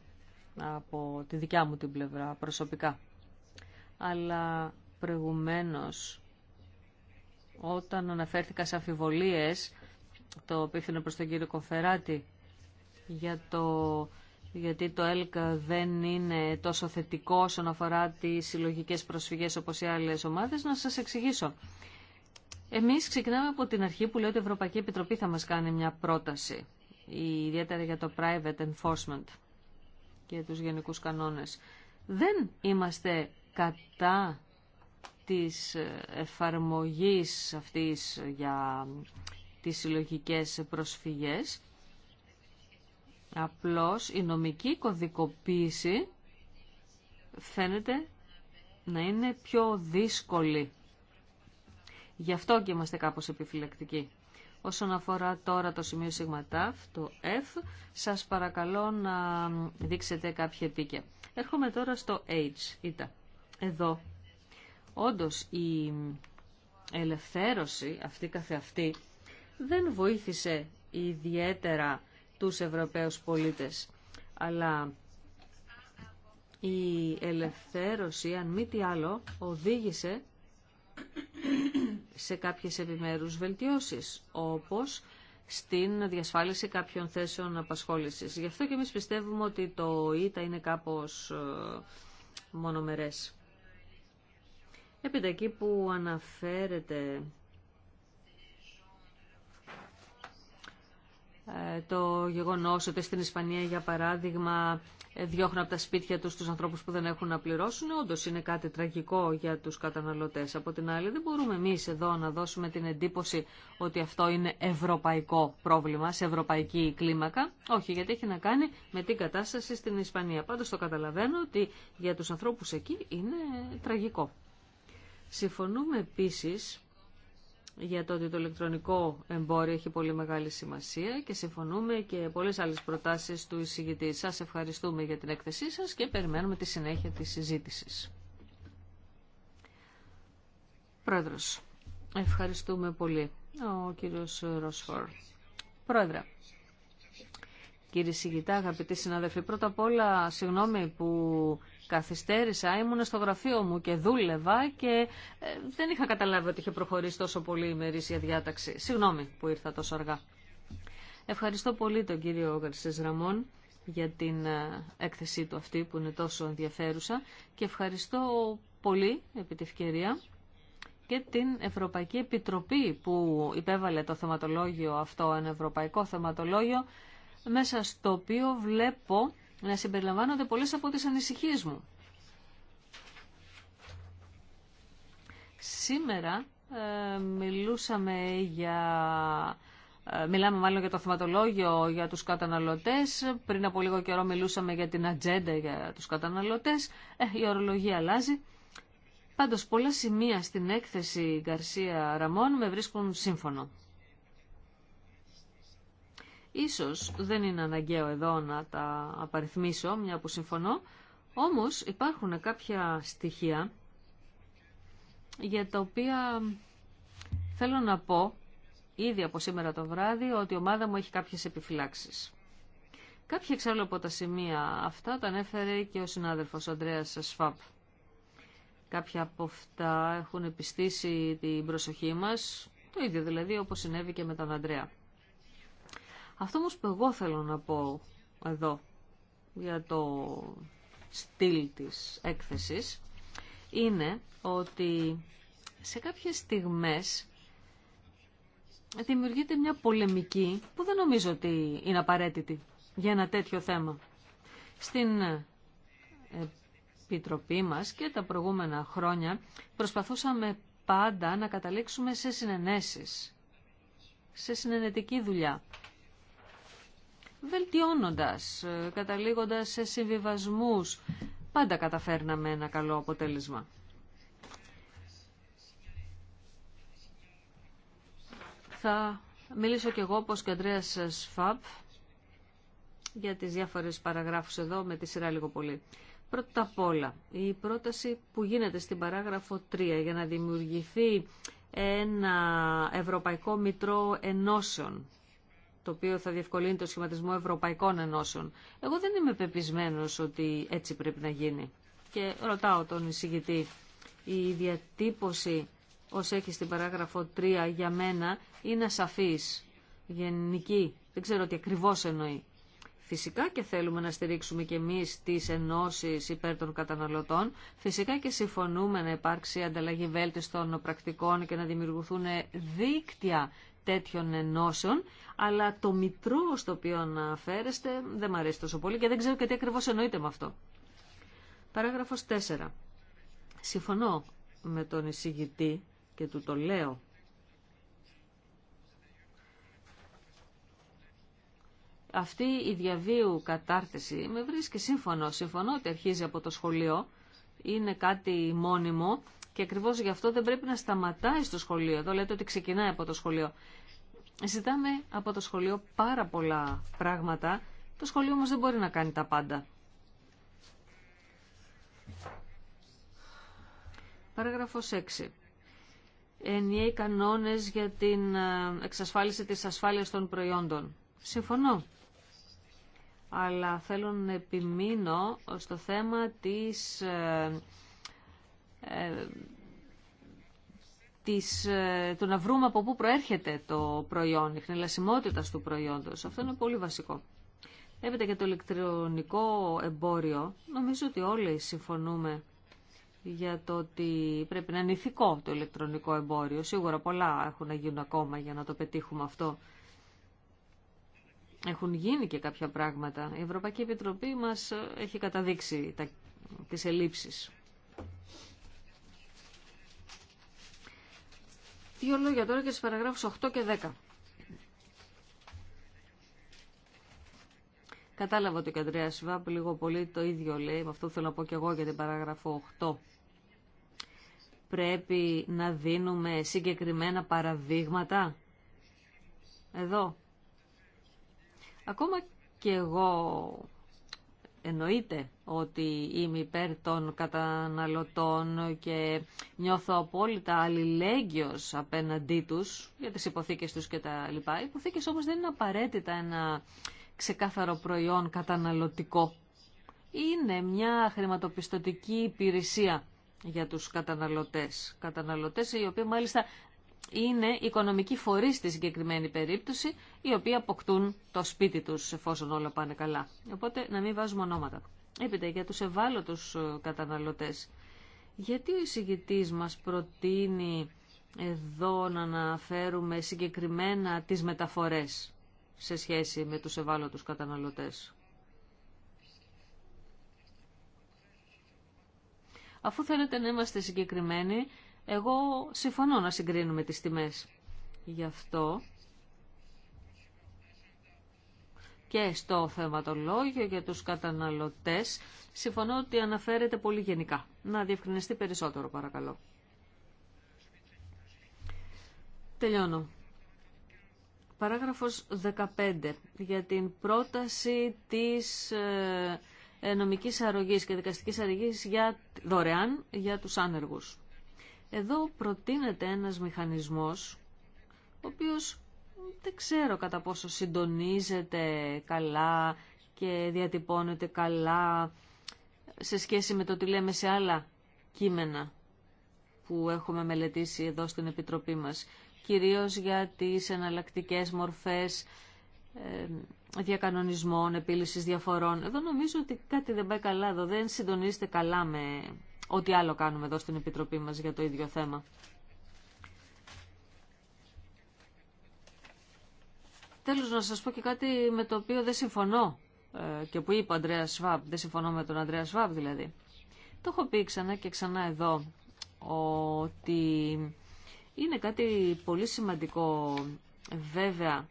από τη δικιά μου την πλευρά προσωπικά. Αλλά προηγουμένως όταν αναφέρθηκα σε αφιβολίες το απίθυνε προς τον κύριο Κοφεράτη για το γιατί το ΕΛΚΑ δεν είναι τόσο θετικό όσον αφορά τις συλλογικές προσφυγές όπως οι άλλες ομάδες, να σας εξηγήσω. Εμείς ξεκινάμε από την αρχή που λέω ότι η Ευρωπαϊκή Επιτροπή θα μας κάνει μια πρόταση, ιδιαίτερα για το private enforcement και τους γενικούς κανόνες. Δεν είμαστε κατά της εφαρμογής αυτής για τις συλλογικέ προσφυγές. Απλώς η νομική κωδικοποίηση φαίνεται να είναι πιο δύσκολη Γι' αυτό και είμαστε κάπως επιφυλακτικοί. Όσον αφορά τώρα το σημείο σιγματάφ, το F, σας παρακαλώ να δείξετε κάποια επίκαια. Έρχομαι τώρα στο H, ήτα. Εδώ, όντως η ελευθέρωση αυτή καθεαυτή δεν βοήθησε ιδιαίτερα τους Ευρωπαίους πολίτες. Αλλά η ελευθέρωση, αν μη τι άλλο, οδήγησε σε κάποιες επιμέρους βελτιώσεις, όπως στην διασφάλιση κάποιων θέσεων απασχόλησης. Γι' αυτό και εμείς πιστεύουμε ότι το ΙΤΑ είναι κάπως ε, μονομερές. Έπειτα εκεί που αναφέρεται Ε, το γεγονός ότι στην Ισπανία, για παράδειγμα, διώχνουν από τα σπίτια τους τους ανθρώπους που δεν έχουν να πληρώσουν, όντως είναι κάτι τραγικό για τους καταναλωτές. Από την άλλη, δεν μπορούμε εμείς εδώ να δώσουμε την εντύπωση ότι αυτό είναι ευρωπαϊκό πρόβλημα, σε ευρωπαϊκή κλίμακα. Όχι, γιατί έχει να κάνει με την κατάσταση στην Ισπανία. Πάντως το καταλαβαίνω ότι για τους ανθρώπους εκεί είναι τραγικό. Συμφωνούμε επίσης για το ότι το ηλεκτρονικό εμπόριο έχει πολύ μεγάλη σημασία και συμφωνούμε και πολλές άλλες προτάσεις του εισηγητή. Σας ευχαριστούμε για την έκθεσή σας και περιμένουμε τη συνέχεια της συζήτησης. Πρόεδρος, ευχαριστούμε πολύ. Ο κύριος Ροσφόρ. Πρόεδρε, κύριε εισηγητά, αγαπητοί συνάδελφοι, πρώτα απ' όλα συγγνώμη που καθυστέρησα, ήμουν στο γραφείο μου και δούλευα και ε, δεν είχα καταλάβει ότι είχε προχωρήσει τόσο πολύ η ημερήσια διάταξη. Συγγνώμη που ήρθα τόσο αργά. Ευχαριστώ πολύ τον κύριο Γαρσές Ραμόν για την ε, έκθεσή του αυτή που είναι τόσο ενδιαφέρουσα και ευχαριστώ πολύ επί τη ευκαιρία και την Ευρωπαϊκή Επιτροπή που υπέβαλε το θεματολόγιο αυτό, ένα ευρωπαϊκό θεματολόγιο, μέσα στο οποίο βλέπω να συμπεριλαμβάνονται πολλές από τις ανησυχίες μου. Σήμερα ε, μιλούσαμε για... Ε, μιλάμε μάλλον για το θεματολόγιο για τους καταναλωτές. Πριν από λίγο καιρό μιλούσαμε για την ατζέντα για τους καταναλωτές. Ε, η ορολογία αλλάζει. Πάντως πολλά σημεία στην έκθεση Γκαρσία Ραμών με βρίσκουν σύμφωνο. Ίσως δεν είναι αναγκαίο εδώ να τα απαριθμίσω, μια που συμφωνώ, όμως υπάρχουν κάποια στοιχεία για τα οποία θέλω να πω ήδη από σήμερα το βράδυ ότι η ομάδα μου έχει κάποιες επιφυλάξεις. Κάποια εξάλλου από τα σημεία αυτά τα ανέφερε και ο συνάδελφος Ανδρέας Σφάπ. Κάποια από αυτά έχουν επιστήσει την προσοχή μας, το ίδιο δηλαδή όπως συνέβη και με τον Ανδρέα. Αυτό όμως που εγώ θέλω να πω εδώ για το στυλ της έκθεσης είναι ότι σε κάποιες στιγμές δημιουργείται μια πολεμική που δεν νομίζω ότι είναι απαραίτητη για ένα τέτοιο θέμα. Στην Επιτροπή μας και τα προηγούμενα χρόνια προσπαθούσαμε πάντα να καταλήξουμε σε συνενέσεις, σε συνενετική δουλειά βελτιώνοντας, ε, καταλήγοντας σε συμβιβασμούς. Πάντα καταφέρναμε ένα καλό αποτέλεσμα. Θα μιλήσω κι εγώ, όπως και ο Ανδρέας Σφαμπ, για τις διάφορες παραγράφους εδώ, με τη σειρά λίγο πολύ. Πρώτα απ' όλα, η πρόταση που γίνεται στην παράγραφο 3 για να δημιουργηθεί ένα ευρωπαϊκό μητρό ενώσεων το οποίο θα διευκολύνει το σχηματισμό ευρωπαϊκών ενώσεων. Εγώ δεν είμαι πεπισμένο ότι έτσι πρέπει να γίνει. Και ρωτάω τον εισηγητή, η διατύπωση ως έχει στην παράγραφο 3 για μένα είναι ασαφή. γενική, δεν ξέρω τι ακριβώς εννοεί. Φυσικά και θέλουμε να στηρίξουμε και εμείς τις ενώσεις υπέρ των καταναλωτών. Φυσικά και συμφωνούμε να υπάρξει ανταλλαγή βέλτιστων πρακτικών και να δημιουργηθούν δίκτυα τέτοιων ενώσεων, αλλά το μητρό στο οποίο αναφέρεστε δεν μου αρέσει τόσο πολύ και δεν ξέρω και τι ακριβώς εννοείται με αυτό. Παράγραφος 4. Συμφωνώ με τον εισηγητή και του το λέω. Αυτή η διαβίου κατάρτιση με βρίσκει σύμφωνο. Συμφωνώ ότι αρχίζει από το σχολείο, είναι κάτι μόνιμο και ακριβώς γι' αυτό δεν πρέπει να σταματάει στο σχολείο. Εδώ λέτε ότι ξεκινάει από το σχολείο. Ζητάμε από το σχολείο πάρα πολλά πράγματα. Το σχολείο όμω δεν μπορεί να κάνει τα πάντα. Παράγραφος 6 ενιαίοι κανόνες για την ε, εξασφάλιση της ασφάλειας των προϊόντων. Συμφωνώ. Αλλά θέλω να επιμείνω στο θέμα της ε, της, ε, του να βρούμε από πού προέρχεται το προϊόν, η χνηλασιμότητα του προϊόντος. Αυτό είναι πολύ βασικό. Έπειτα και το ηλεκτρονικό εμπόριο, νομίζω ότι όλοι συμφωνούμε για το ότι πρέπει να είναι ηθικό το ηλεκτρονικό εμπόριο. Σίγουρα πολλά έχουν να γίνουν ακόμα για να το πετύχουμε αυτό. Έχουν γίνει και κάποια πράγματα. Η Ευρωπαϊκή Επιτροπή μας έχει καταδείξει τις ελλείψεις Δύο λόγια τώρα και στις παραγράφους 8 και 10. Κατάλαβα ότι ο Καντρέα Σιβάπ λίγο πολύ το ίδιο λέει, με αυτό θέλω να πω και εγώ για την παράγραφο 8. Πρέπει να δίνουμε συγκεκριμένα παραδείγματα. Εδώ. Ακόμα και εγώ εννοείται ότι είμαι υπέρ των καταναλωτών και νιώθω απόλυτα αλληλέγγυος απέναντί τους για τις υποθήκες τους και τα λοιπά. Οι υποθήκες όμως δεν είναι απαραίτητα ένα ξεκάθαρο προϊόν καταναλωτικό. Είναι μια χρηματοπιστωτική υπηρεσία για τους καταναλωτές. Καταναλωτές οι οποίοι μάλιστα είναι οικονομικοί φορείς στη συγκεκριμένη περίπτωση, οι οποίοι αποκτούν το σπίτι τους εφόσον όλα πάνε καλά. Οπότε να μην βάζουμε ονόματα. Έπειτα για τους ευάλωτους ε, καταναλωτές. Γιατί ο εισηγητή μα προτείνει εδώ να αναφέρουμε συγκεκριμένα τις μεταφορές σε σχέση με τους ευάλωτους καταναλωτές. Αφού θέλετε να είμαστε συγκεκριμένοι, εγώ συμφωνώ να συγκρίνουμε τις τιμές. Γι' αυτό και στο θεματολόγιο για τους καταναλωτές συμφωνώ ότι αναφέρεται πολύ γενικά. Να διευκρινιστεί περισσότερο παρακαλώ. Τελειώνω. Παράγραφος 15 για την πρόταση της ε, νομικής αρρωγής και δικαστικής αρρωγής για, δωρεάν για τους άνεργους. Εδώ προτείνεται ένας μηχανισμός, ο οποίος δεν ξέρω κατά πόσο συντονίζεται καλά και διατυπώνεται καλά σε σχέση με το τι λέμε σε άλλα κείμενα που έχουμε μελετήσει εδώ στην Επιτροπή μας, κυρίως για τις εναλλακτικέ μορφές ε, διακανονισμών, επίλυσης διαφορών. Εδώ νομίζω ότι κάτι δεν πάει καλά εδώ, δεν συντονίζεται καλά με ό,τι άλλο κάνουμε εδώ στην Επιτροπή μας για το ίδιο θέμα. Τέλος να σας πω και κάτι με το οποίο δεν συμφωνώ ε, και που είπε ο Αντρέας Σβάμπ, δεν συμφωνώ με τον Αντρέα Σβάμπ δηλαδή. Το έχω πει ξανά και ξανά εδώ ότι είναι κάτι πολύ σημαντικό βέβαια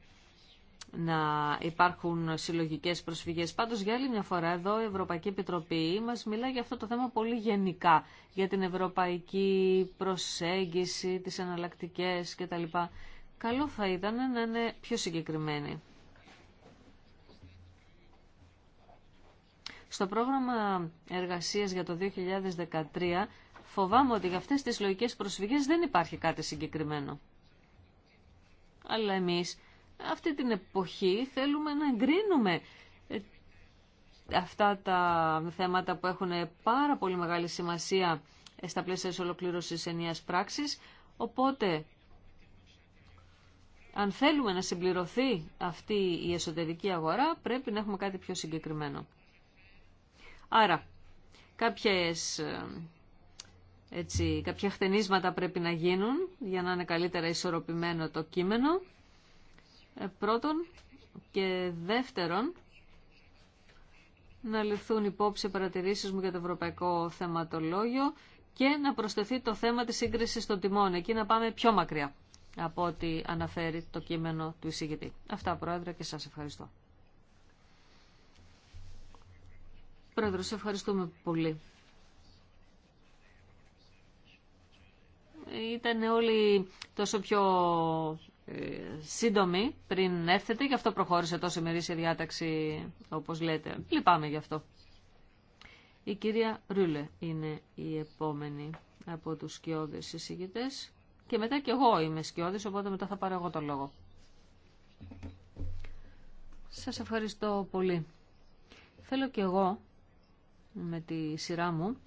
να υπάρχουν συλλογικέ προσφυγέ. Πάντως για άλλη μια φορά εδώ η Ευρωπαϊκή Επιτροπή μα μιλά για αυτό το θέμα πολύ γενικά, για την ευρωπαϊκή προσέγγιση, τι εναλλακτικέ κτλ. Καλό θα ήταν να είναι πιο συγκεκριμένη. Στο πρόγραμμα εργασίας για το 2013 φοβάμαι ότι για αυτές τις λογικές προσφυγές δεν υπάρχει κάτι συγκεκριμένο. Αλλά εμείς αυτή την εποχή θέλουμε να εγκρίνουμε ε, αυτά τα θέματα που έχουν πάρα πολύ μεγάλη σημασία ε, στα πλαίσια της ολοκλήρωσης ενιαίας πράξης. Οπότε, αν θέλουμε να συμπληρωθεί αυτή η εσωτερική αγορά, πρέπει να έχουμε κάτι πιο συγκεκριμένο. Άρα, κάποιες, ε, έτσι, κάποια χτενίσματα πρέπει να γίνουν για να είναι καλύτερα ισορροπημένο το κείμενο. Ε, πρώτον και δεύτερον να ληφθούν υπόψη παρατηρήσεις μου για το ευρωπαϊκό θεματολόγιο και να προσθεθεί το θέμα της σύγκρισης των τιμών. Εκεί να πάμε πιο μακριά από ό,τι αναφέρει το κείμενο του εισηγητή. Αυτά, Πρόεδρε, και σας ευχαριστώ. Πρόεδρο, σε ευχαριστούμε πολύ. Ήταν όλοι τόσο πιο σύντομη πριν έρθετε, γι' αυτό προχώρησε τόσο ημερήσια διάταξη όπως λέτε. Λυπάμαι γι' αυτό. Η κυρία Ρούλε είναι η επόμενη από τους σκιώδες εισηγητές και μετά κι εγώ είμαι σκιώδης, οπότε μετά θα πάρω εγώ τον λόγο. Σας ευχαριστώ πολύ. Θέλω κι εγώ με τη σειρά μου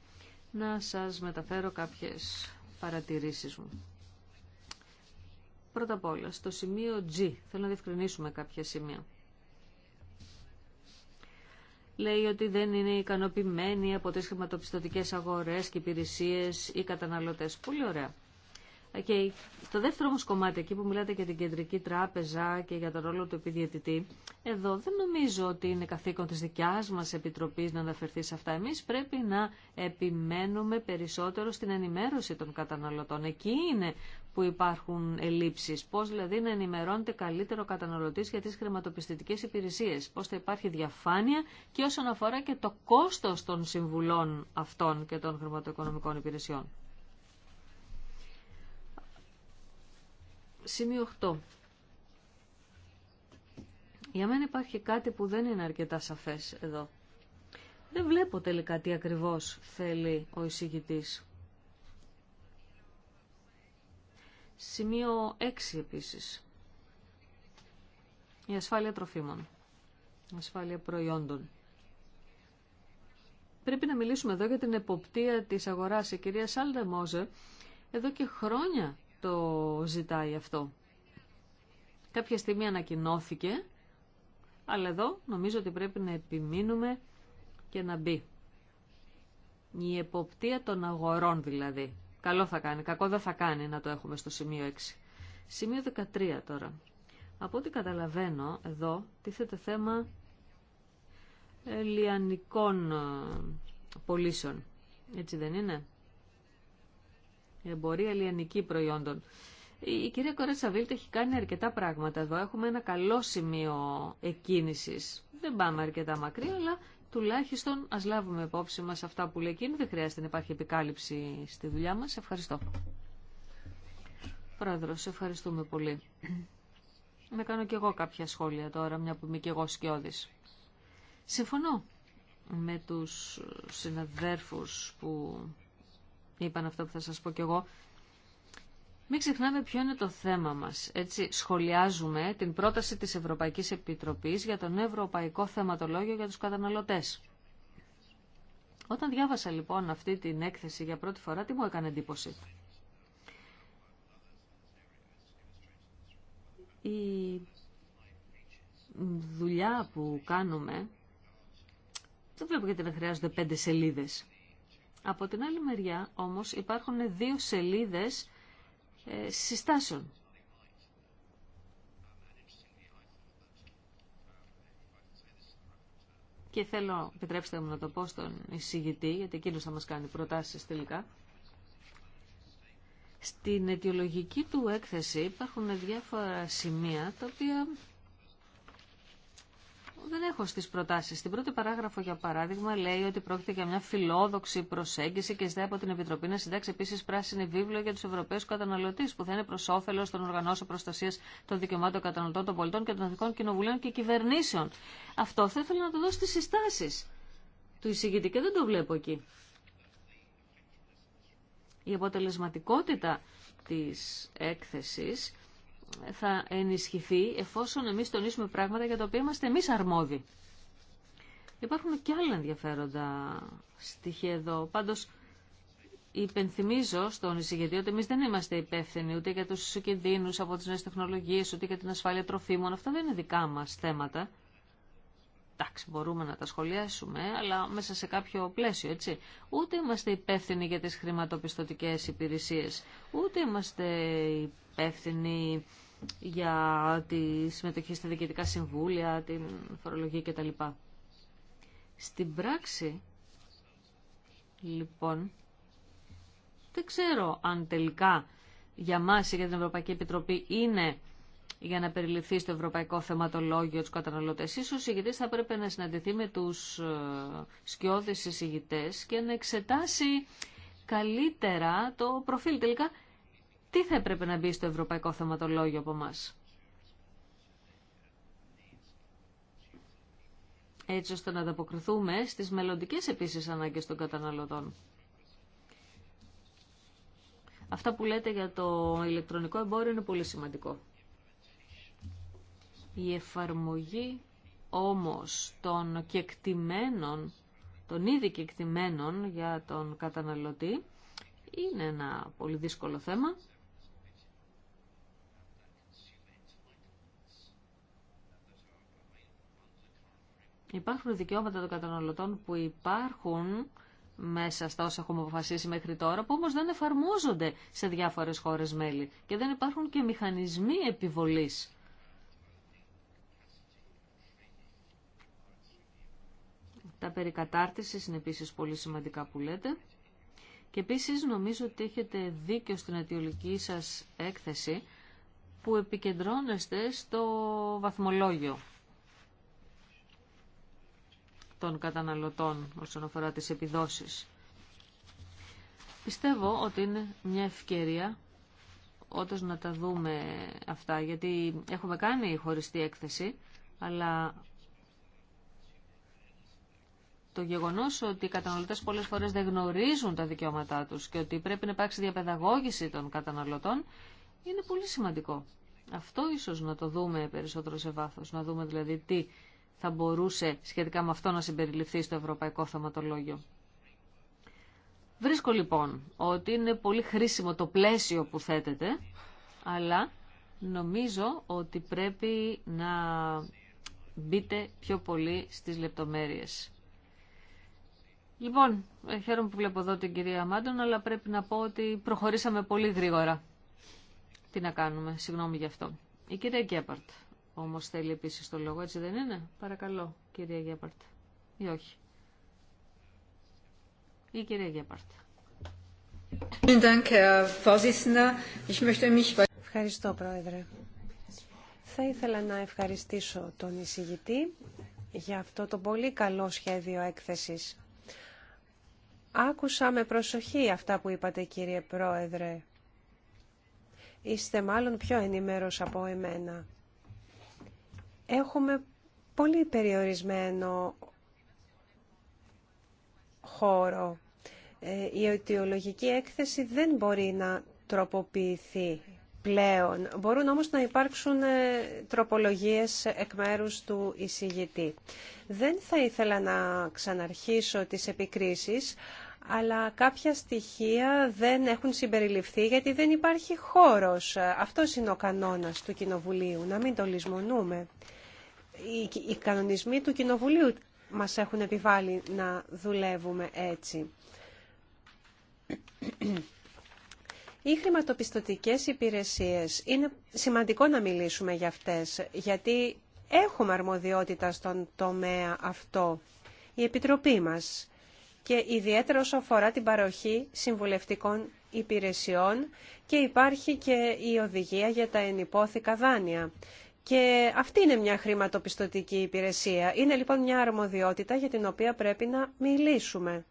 να σας μεταφέρω κάποιες παρατηρήσεις μου. Πρώτα απ' όλα, στο σημείο G, θέλω να διευκρινίσουμε κάποια σημεία. Λέει ότι δεν είναι ικανοποιημένοι από τις χρηματοπιστωτικές αγορές και υπηρεσίες ή καταναλωτές. Πολύ ωραία. Και το δεύτερο όμω κομμάτι, εκεί που μιλάτε για την κεντρική τράπεζα και για τον ρόλο του επιδιαιτητή, εδώ δεν νομίζω ότι είναι καθήκον τη δικιά μα επιτροπή να αναφερθεί σε αυτά. Εμεί πρέπει να επιμένουμε περισσότερο στην ενημέρωση των καταναλωτών. Εκεί είναι που υπάρχουν ελλείψει. πώ δηλαδή να ενημερώνεται καλύτερο ο καταναλωτή για τι χρηματοπιστωτικές υπηρεσίε, πώ θα υπάρχει διαφάνεια και όσον αφορά και το κόστο των συμβουλών αυτών και των χρηματοοικονομικών υπηρεσιών. Σημείο 8. Για μένα υπάρχει κάτι που δεν είναι αρκετά σαφές εδώ. Δεν βλέπω τελικά τι ακριβώς θέλει ο εισηγητής. Σημείο 6 επίσης. Η ασφάλεια τροφίμων. Η ασφάλεια προϊόντων. Πρέπει να μιλήσουμε εδώ για την εποπτεία της αγοράς. Η κυρία Σάλντε Μόζε εδώ και χρόνια το ζητάει αυτό. Κάποια στιγμή ανακοινώθηκε, αλλά εδώ νομίζω ότι πρέπει να επιμείνουμε και να μπει. Η εποπτεία των αγορών δηλαδή. Καλό θα κάνει, κακό δεν θα κάνει να το έχουμε στο σημείο 6. Σημείο 13 τώρα. Από ό,τι καταλαβαίνω εδώ τίθεται θέμα ε, λιανικών ε, πωλήσεων. Έτσι δεν είναι εμπορία λιανική προϊόντων. Η κυρία Κορέτσα Βίλτ έχει κάνει αρκετά πράγματα εδώ. Έχουμε ένα καλό σημείο εκκίνησης. Δεν πάμε αρκετά μακριά, αλλά τουλάχιστον α λάβουμε υπόψη μα αυτά που λέει εκείνη. Δεν χρειάζεται να υπάρχει επικάλυψη στη δουλειά μα. Ευχαριστώ. σε ευχαριστούμε πολύ. Να κάνω κι εγώ κάποια σχόλια τώρα, μια που είμαι κι εγώ σκιώδη. Συμφωνώ με τους συναδέρφους που είπαν αυτό που θα σας πω κι εγώ. Μην ξεχνάμε ποιο είναι το θέμα μας. Έτσι, σχολιάζουμε την πρόταση της Ευρωπαϊκής Επιτροπής για τον Ευρωπαϊκό Θεματολόγιο για τους καταναλωτές. Όταν διάβασα λοιπόν αυτή την έκθεση για πρώτη φορά, τι μου έκανε εντύπωση. Η δουλειά που κάνουμε, δεν βλέπω γιατί δεν χρειάζονται πέντε σελίδες. Από την άλλη μεριά όμως υπάρχουν δύο σελίδες ε, συστάσεων. Και θέλω, επιτρέψτε μου να το πω στον εισηγητή, γιατί εκείνος θα μας κάνει προτάσεις τελικά. Στην αιτιολογική του έκθεση υπάρχουν διάφορα σημεία τα οποία δεν έχω στι προτάσει. Στην πρώτη παράγραφο, για παράδειγμα, λέει ότι πρόκειται για μια φιλόδοξη προσέγγιση και ζητάει από την Επιτροπή να συντάξει επίση πράσινη βίβλο για του Ευρωπαίου καταναλωτέ, που θα είναι προ όφελο των οργανώσεων προστασία των δικαιωμάτων καταναλωτών, των πολιτών και των εθνικών κοινοβουλίων και κυβερνήσεων. Αυτό θα ήθελα να το δω στι συστάσει του εισηγητή και δεν το βλέπω εκεί. Η αποτελεσματικότητα της έκθεσης θα ενισχυθεί εφόσον εμείς τονίσουμε πράγματα για τα οποία είμαστε εμείς αρμόδιοι. Υπάρχουν και άλλα ενδιαφέροντα στοιχεία εδώ. Πάντως, υπενθυμίζω στον εισηγητή ότι εμεί δεν είμαστε υπεύθυνοι ούτε για του κινδύνου από τις νέες τεχνολογίες ούτε για την ασφάλεια τροφίμων. Αυτά δεν είναι δικά μας θέματα. Εντάξει, μπορούμε να τα σχολιάσουμε, αλλά μέσα σε κάποιο πλαίσιο, έτσι. Ούτε είμαστε υπεύθυνοι για τις χρηματοπιστωτικές υπηρεσίες, ούτε είμαστε υπεύθυνη για τη συμμετοχή στα διοικητικά συμβούλια, την φορολογία κτλ. Στην πράξη, λοιπόν, δεν ξέρω αν τελικά για μας ή για την Ευρωπαϊκή Επιτροπή είναι για να περιληφθεί στο ευρωπαϊκό θεματολόγιο του καταναλωτέ Ίσως ο θα πρέπει να συναντηθεί με τους ε, σκιώδεις εισηγητές και να εξετάσει καλύτερα το προφίλ. Τελικά τι θα έπρεπε να μπει στο ευρωπαϊκό θεματολόγιο από εμά. έτσι ώστε να ανταποκριθούμε στις μελλοντικέ επίσης ανάγκες των καταναλωτών. Αυτά που λέτε για το ηλεκτρονικό εμπόριο είναι πολύ σημαντικό. Η εφαρμογή όμως των κεκτημένων, των ήδη κεκτημένων για τον καταναλωτή είναι ένα πολύ δύσκολο θέμα Υπάρχουν δικαιώματα των καταναλωτών που υπάρχουν μέσα στα όσα έχουμε αποφασίσει μέχρι τώρα, που όμως δεν εφαρμόζονται σε διάφορες χώρες μέλη και δεν υπάρχουν και μηχανισμοί επιβολής. Τα περί κατάρτισης είναι επίσης πολύ σημαντικά που λέτε. Και επίσης νομίζω ότι έχετε δίκιο στην αιτιολική σας έκθεση που επικεντρώνεστε στο βαθμολόγιο των καταναλωτών όσον αφορά τις επιδόσεις. Πιστεύω ότι είναι μια ευκαιρία όντως να τα δούμε αυτά, γιατί έχουμε κάνει χωριστή έκθεση, αλλά το γεγονός ότι οι καταναλωτές πολλές φορές δεν γνωρίζουν τα δικαιώματά τους και ότι πρέπει να υπάρξει διαπαιδαγώγηση των καταναλωτών, είναι πολύ σημαντικό. Αυτό ίσως να το δούμε περισσότερο σε βάθος, να δούμε δηλαδή τι θα μπορούσε σχετικά με αυτό να συμπεριληφθεί στο Ευρωπαϊκό Θεματολόγιο. Βρίσκω λοιπόν ότι είναι πολύ χρήσιμο το πλαίσιο που θέτεται, αλλά νομίζω ότι πρέπει να μπείτε πιο πολύ στις λεπτομέρειες. Λοιπόν, ε, χαίρομαι που βλέπω εδώ την κυρία Μάντων, αλλά πρέπει να πω ότι προχωρήσαμε πολύ γρήγορα. Τι να κάνουμε, συγγνώμη γι' αυτό. Η κυρία Κέπαρτ όμως θέλει επίσης το λόγο, έτσι δεν είναι. Παρακαλώ, κυρία Γέπαρτ. Ή όχι. Ή κυρία Γέπαρτ. Ευχαριστώ, Πρόεδρε. Θα ήθελα να ευχαριστήσω τον εισηγητή για αυτό το πολύ καλό σχέδιο έκθεσης. Άκουσα με προσοχή αυτά που είπατε, κύριε Πρόεδρε. Είστε μάλλον πιο ενημέρος από εμένα έχουμε πολύ περιορισμένο χώρο. Ε, η αιτιολογική έκθεση δεν μπορεί να τροποποιηθεί πλέον. Μπορούν όμως να υπάρξουν ε, τροπολογίες εκ μέρους του εισηγητή. Δεν θα ήθελα να ξαναρχίσω τις επικρίσεις, αλλά κάποια στοιχεία δεν έχουν συμπεριληφθεί γιατί δεν υπάρχει χώρος. Αυτό είναι ο κανόνας του Κοινοβουλίου, να μην το λησμονούμε οι κανονισμοί του Κοινοβουλίου μας έχουν επιβάλει να δουλεύουμε έτσι. Οι χρηματοπιστωτικές υπηρεσίες, είναι σημαντικό να μιλήσουμε για αυτές, γιατί έχουμε αρμοδιότητα στον τομέα αυτό. Η Επιτροπή μας και ιδιαίτερα όσο αφορά την παροχή συμβουλευτικών υπηρεσιών και υπάρχει και η οδηγία για τα ενυπόθηκα δάνεια. Και αυτή είναι μια χρηματοπιστωτική υπηρεσία. Είναι λοιπόν μια αρμοδιότητα για την οποία πρέπει να μιλήσουμε.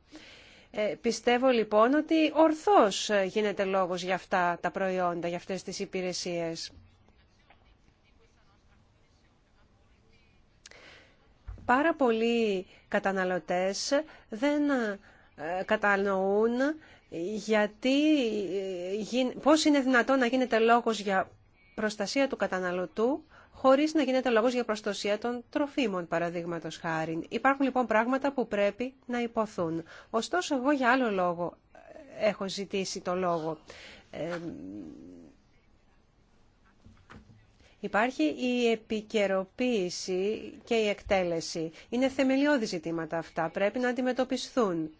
Ε, πιστεύω λοιπόν ότι ορθώς ε, γίνεται λόγος για αυτά τα προϊόντα, για αυτές τις υπηρεσίες. Πάρα πολλοί καταναλωτές δεν ε, κατανοούν γιατί, πώς είναι δυνατόν να γίνεται λόγος για προστασία του καταναλωτού χωρίς να γίνεται λόγος για προστασία των τροφίμων, παραδείγματο χάρη. Υπάρχουν λοιπόν πράγματα που πρέπει να υποθούν. Ωστόσο, εγώ για άλλο λόγο ε, έχω ζητήσει το λόγο. Ε, υπάρχει η επικαιροποίηση και η εκτέλεση. Είναι θεμελιώδη ζητήματα αυτά. Πρέπει να αντιμετωπισθούν.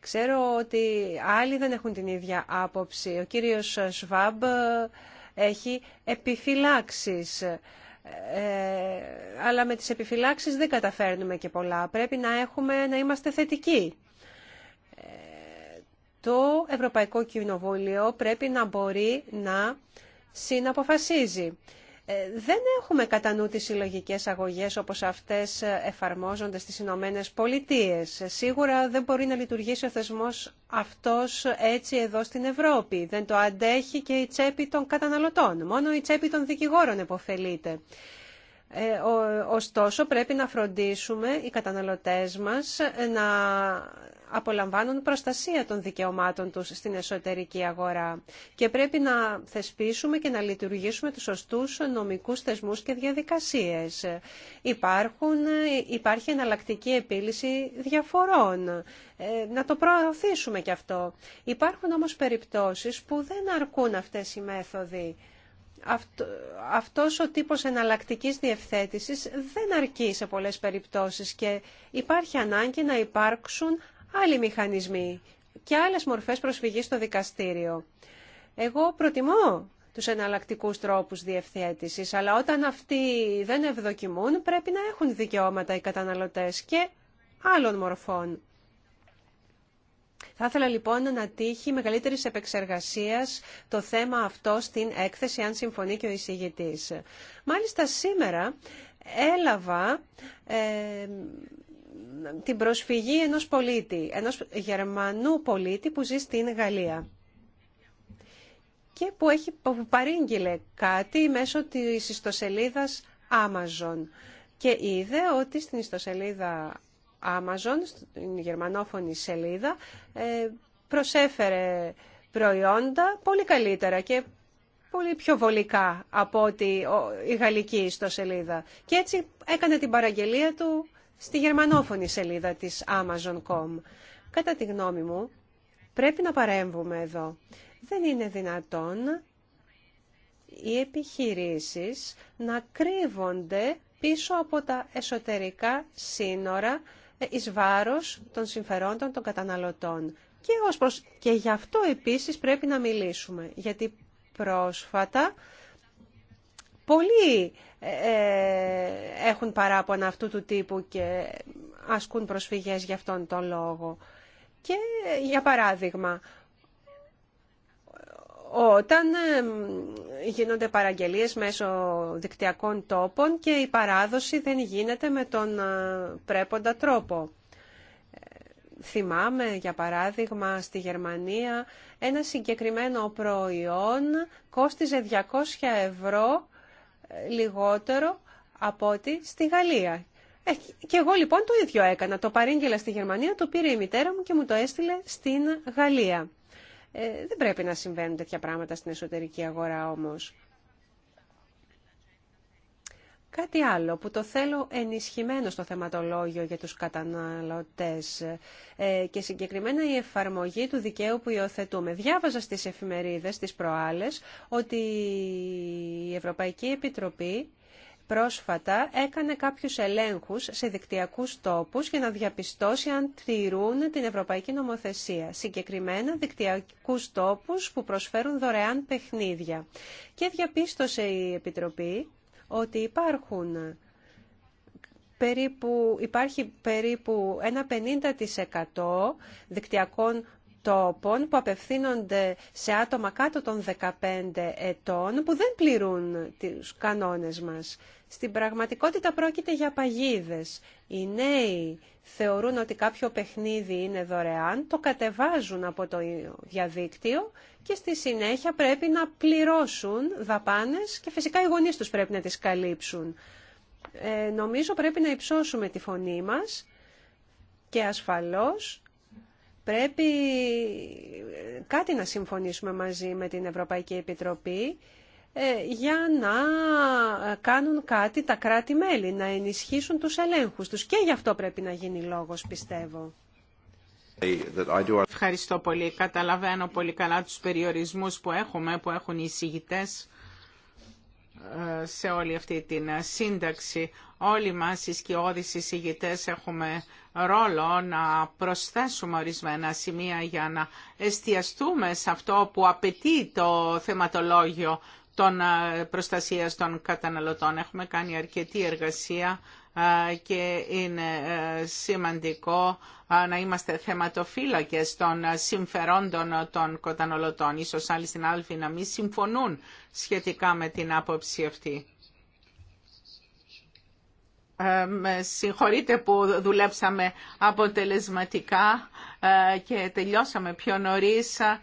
Ξέρω ότι άλλοι δεν έχουν την ίδια άποψη. Ο κύριος Σβάμπ έχει επιφυλάξεις. Ε, αλλά με τις επιφυλάξεις δεν καταφέρνουμε και πολλά. Πρέπει να, έχουμε, να είμαστε θετικοί. Ε, το Ευρωπαϊκό Κοινοβούλιο πρέπει να μπορεί να συναποφασίζει. Ε, δεν έχουμε κατά νου τις συλλογικές αγωγές όπως αυτές εφαρμόζονται στις Ηνωμένε Πολιτείες. Σίγουρα δεν μπορεί να λειτουργήσει ο θεσμός αυτός έτσι εδώ στην Ευρώπη. Δεν το αντέχει και η τσέπη των καταναλωτών. Μόνο η τσέπη των δικηγόρων επωφελείται. Ε, ωστόσο, πρέπει να φροντίσουμε οι καταναλωτές μας ε, να απολαμβάνουν προστασία των δικαιωμάτων τους στην εσωτερική αγορά και πρέπει να θεσπίσουμε και να λειτουργήσουμε τους σωστούς νομικούς θεσμούς και διαδικασίες. Υπάρχουν, ε, υπάρχει εναλλακτική επίλυση διαφορών. να το προωθήσουμε και αυτό. Υπάρχουν όμως περιπτώσεις που δεν αρκούν αυτές οι μέθοδοι αυτός ο τύπος εναλλακτικής διευθέτησης δεν αρκεί σε πολλές περιπτώσεις και υπάρχει ανάγκη να υπάρξουν άλλοι μηχανισμοί και άλλες μορφές προσφυγής στο δικαστήριο. Εγώ προτιμώ τους εναλλακτικού τρόπους διευθέτησης, αλλά όταν αυτοί δεν ευδοκιμούν πρέπει να έχουν δικαιώματα οι καταναλωτές και άλλων μορφών. Θα ήθελα λοιπόν να τύχει μεγαλύτερη επεξεργασία το θέμα αυτό στην έκθεση, αν συμφωνεί και ο εισηγητή. Μάλιστα σήμερα έλαβα ε, την προσφυγή ενός πολίτη, ενός Γερμανού πολίτη που ζει στην Γαλλία και που, έχει, παρήγγειλε κάτι μέσω της ιστοσελίδας Amazon και είδε ότι στην ιστοσελίδα Amazon, στην γερμανόφωνη σελίδα, ε, προσέφερε προϊόντα πολύ καλύτερα και πολύ πιο βολικά από ότι η γαλλική σελίδα. Και έτσι έκανε την παραγγελία του στη γερμανόφωνη σελίδα της Amazon.com. Κατά τη γνώμη μου, πρέπει να παρέμβουμε εδώ. Δεν είναι δυνατόν οι επιχειρήσεις να κρύβονται πίσω από τα εσωτερικά σύνορα εις βάρος των συμφερόντων των καταναλωτών. Και, ως και γι' αυτό επίσης πρέπει να μιλήσουμε, γιατί πρόσφατα πολλοί ε, ε, έχουν παράπονα αυτού του τύπου και ασκούν προσφυγές για αυτόν τον λόγο. Και για παράδειγμα, όταν ε, γίνονται παραγγελίες μέσω δικτυακών τόπων και η παράδοση δεν γίνεται με τον ε, πρέποντα τρόπο. Ε, θυμάμαι, για παράδειγμα, στη Γερμανία ένα συγκεκριμένο προϊόν κόστιζε 200 ευρώ λιγότερο από ό,τι στη Γαλλία. Ε, και εγώ λοιπόν το ίδιο έκανα. Το παρήγγελα στη Γερμανία, το πήρε η μητέρα μου και μου το έστειλε στην Γαλλία. Ε, δεν πρέπει να συμβαίνουν τέτοια πράγματα στην εσωτερική αγορά όμως. Κάτι άλλο που το θέλω ενισχυμένο στο θεματολόγιο για τους καταναλωτές ε, και συγκεκριμένα η εφαρμογή του δικαίου που υιοθετούμε. Διάβαζα στις εφημερίδες τις προάλλες ότι η Ευρωπαϊκή Επιτροπή πρόσφατα έκανε κάποιους ελέγχους σε δικτυακούς τόπους για να διαπιστώσει αν τηρούν την ευρωπαϊκή νομοθεσία, συγκεκριμένα δικτυακούς τόπους που προσφέρουν δωρεάν παιχνίδια. Και διαπίστωσε η Επιτροπή ότι υπάρχουν περίπου, υπάρχει περίπου ένα 50% δικτυακών τόπων που απευθύνονται σε άτομα κάτω των 15 ετών που δεν πληρούν τους κανόνες μας. Στην πραγματικότητα πρόκειται για παγίδες. Οι νέοι θεωρούν ότι κάποιο παιχνίδι είναι δωρεάν, το κατεβάζουν από το διαδίκτυο και στη συνέχεια πρέπει να πληρώσουν δαπάνες και φυσικά οι γονείς τους πρέπει να τις καλύψουν. Ε, νομίζω πρέπει να υψώσουμε τη φωνή μας και ασφαλώς Πρέπει ε, κάτι να συμφωνήσουμε μαζί με την Ευρωπαϊκή Επιτροπή ε, για να ε, κάνουν κάτι τα κράτη-μέλη, να ενισχύσουν τους ελέγχους τους. Και γι' αυτό πρέπει να γίνει λόγος, πιστεύω. Ευχαριστώ πολύ. Καταλαβαίνω πολύ καλά τους περιορισμούς που έχουμε, που έχουν οι εισηγητές σε όλη αυτή την σύνταξη. Όλοι μας οι σκιώδεις εισηγητές έχουμε ρόλο να προσθέσουμε ορισμένα σημεία για να εστιαστούμε σε αυτό που απαιτεί το θεματολόγιο των ε, προστασίας των καταναλωτών. Έχουμε κάνει αρκετή εργασία ε, και είναι ε, σημαντικό να είμαστε θεματοφύλακες των συμφερόντων των καταναλωτών. Ίσως άλλοι άλλη να μην συμφωνούν σχετικά με την άποψη αυτή με συγχωρείτε που δουλέψαμε αποτελεσματικά ε, και τελειώσαμε πιο νωρίς ε,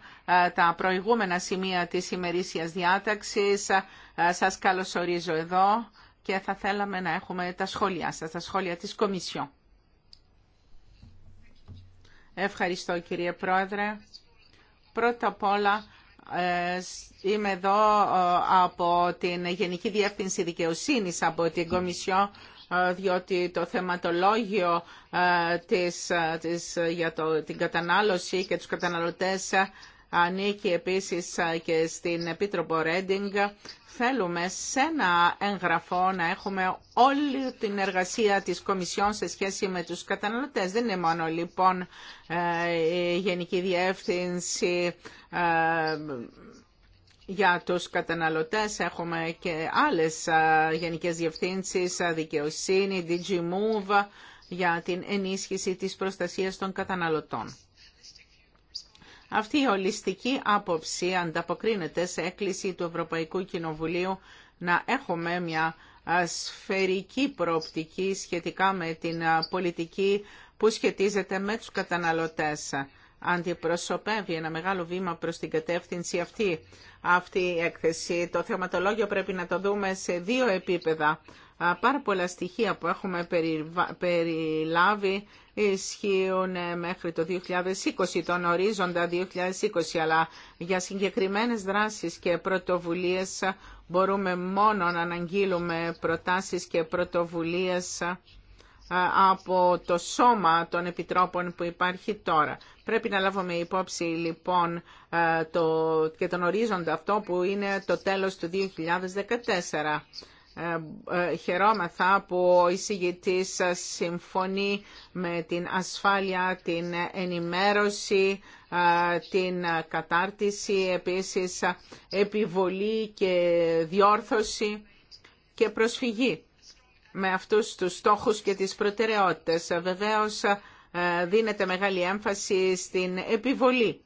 τα προηγούμενα σημεία της ημερήσιας διάταξης. Ε, σας καλωσορίζω εδώ και θα θέλαμε να έχουμε τα σχόλια σας, τα σχόλια της Κομισιόν. Ευχαριστώ κύριε Πρόεδρε. Πρώτα απ' όλα είμαι εδώ από την Γενική Διεύθυνση Δικαιοσύνης από την Κομισιόν ε, διότι το θεματολόγιο ε, της, ε, της, για την κατανάλωση και τους καταναλωτές ανήκει επίσης και στην Επίτροπο Ρέντινγκ. Θέλουμε σε ένα έγγραφο να έχουμε όλη την εργασία της Κομισιόν σε σχέση με τους καταναλωτές. Δεν είναι μόνο λοιπόν η Γενική Διεύθυνση για τους καταναλωτές έχουμε και άλλες γενικές διευθύνσεις, δικαιοσύνη, DigiMove, για την ενίσχυση της προστασίας των καταναλωτών. Αυτή η ολιστική άποψη ανταποκρίνεται σε έκκληση του Ευρωπαϊκού Κοινοβουλίου να έχουμε μια σφαιρική προοπτική σχετικά με την πολιτική που σχετίζεται με τους καταναλωτές αντιπροσωπεύει ένα μεγάλο βήμα προς την κατεύθυνση αυτή. Αυτή η έκθεση, το θεματολόγιο πρέπει να το δούμε σε δύο επίπεδα. Πάρα πολλά στοιχεία που έχουμε περιλάβει ισχύουν ε, μέχρι το 2020, τον ορίζοντα 2020, αλλά για συγκεκριμένες δράσεις και πρωτοβουλίες μπορούμε μόνο να αναγγείλουμε προτάσεις και πρωτοβουλίες από το σώμα των επιτρόπων που υπάρχει τώρα. Πρέπει να λάβουμε υπόψη λοιπόν το, και τον ορίζοντα αυτό που είναι το τέλος του 2014. Ε, ε, χαιρόμεθα που ο εισηγητής συμφωνεί με την ασφάλεια, την ενημέρωση, την κατάρτιση, επίσης επιβολή και διόρθωση και προσφυγή με αυτούς τους στόχους και τις προτεραιότητες. Βεβαίως ε, δίνεται μεγάλη έμφαση στην επιβολή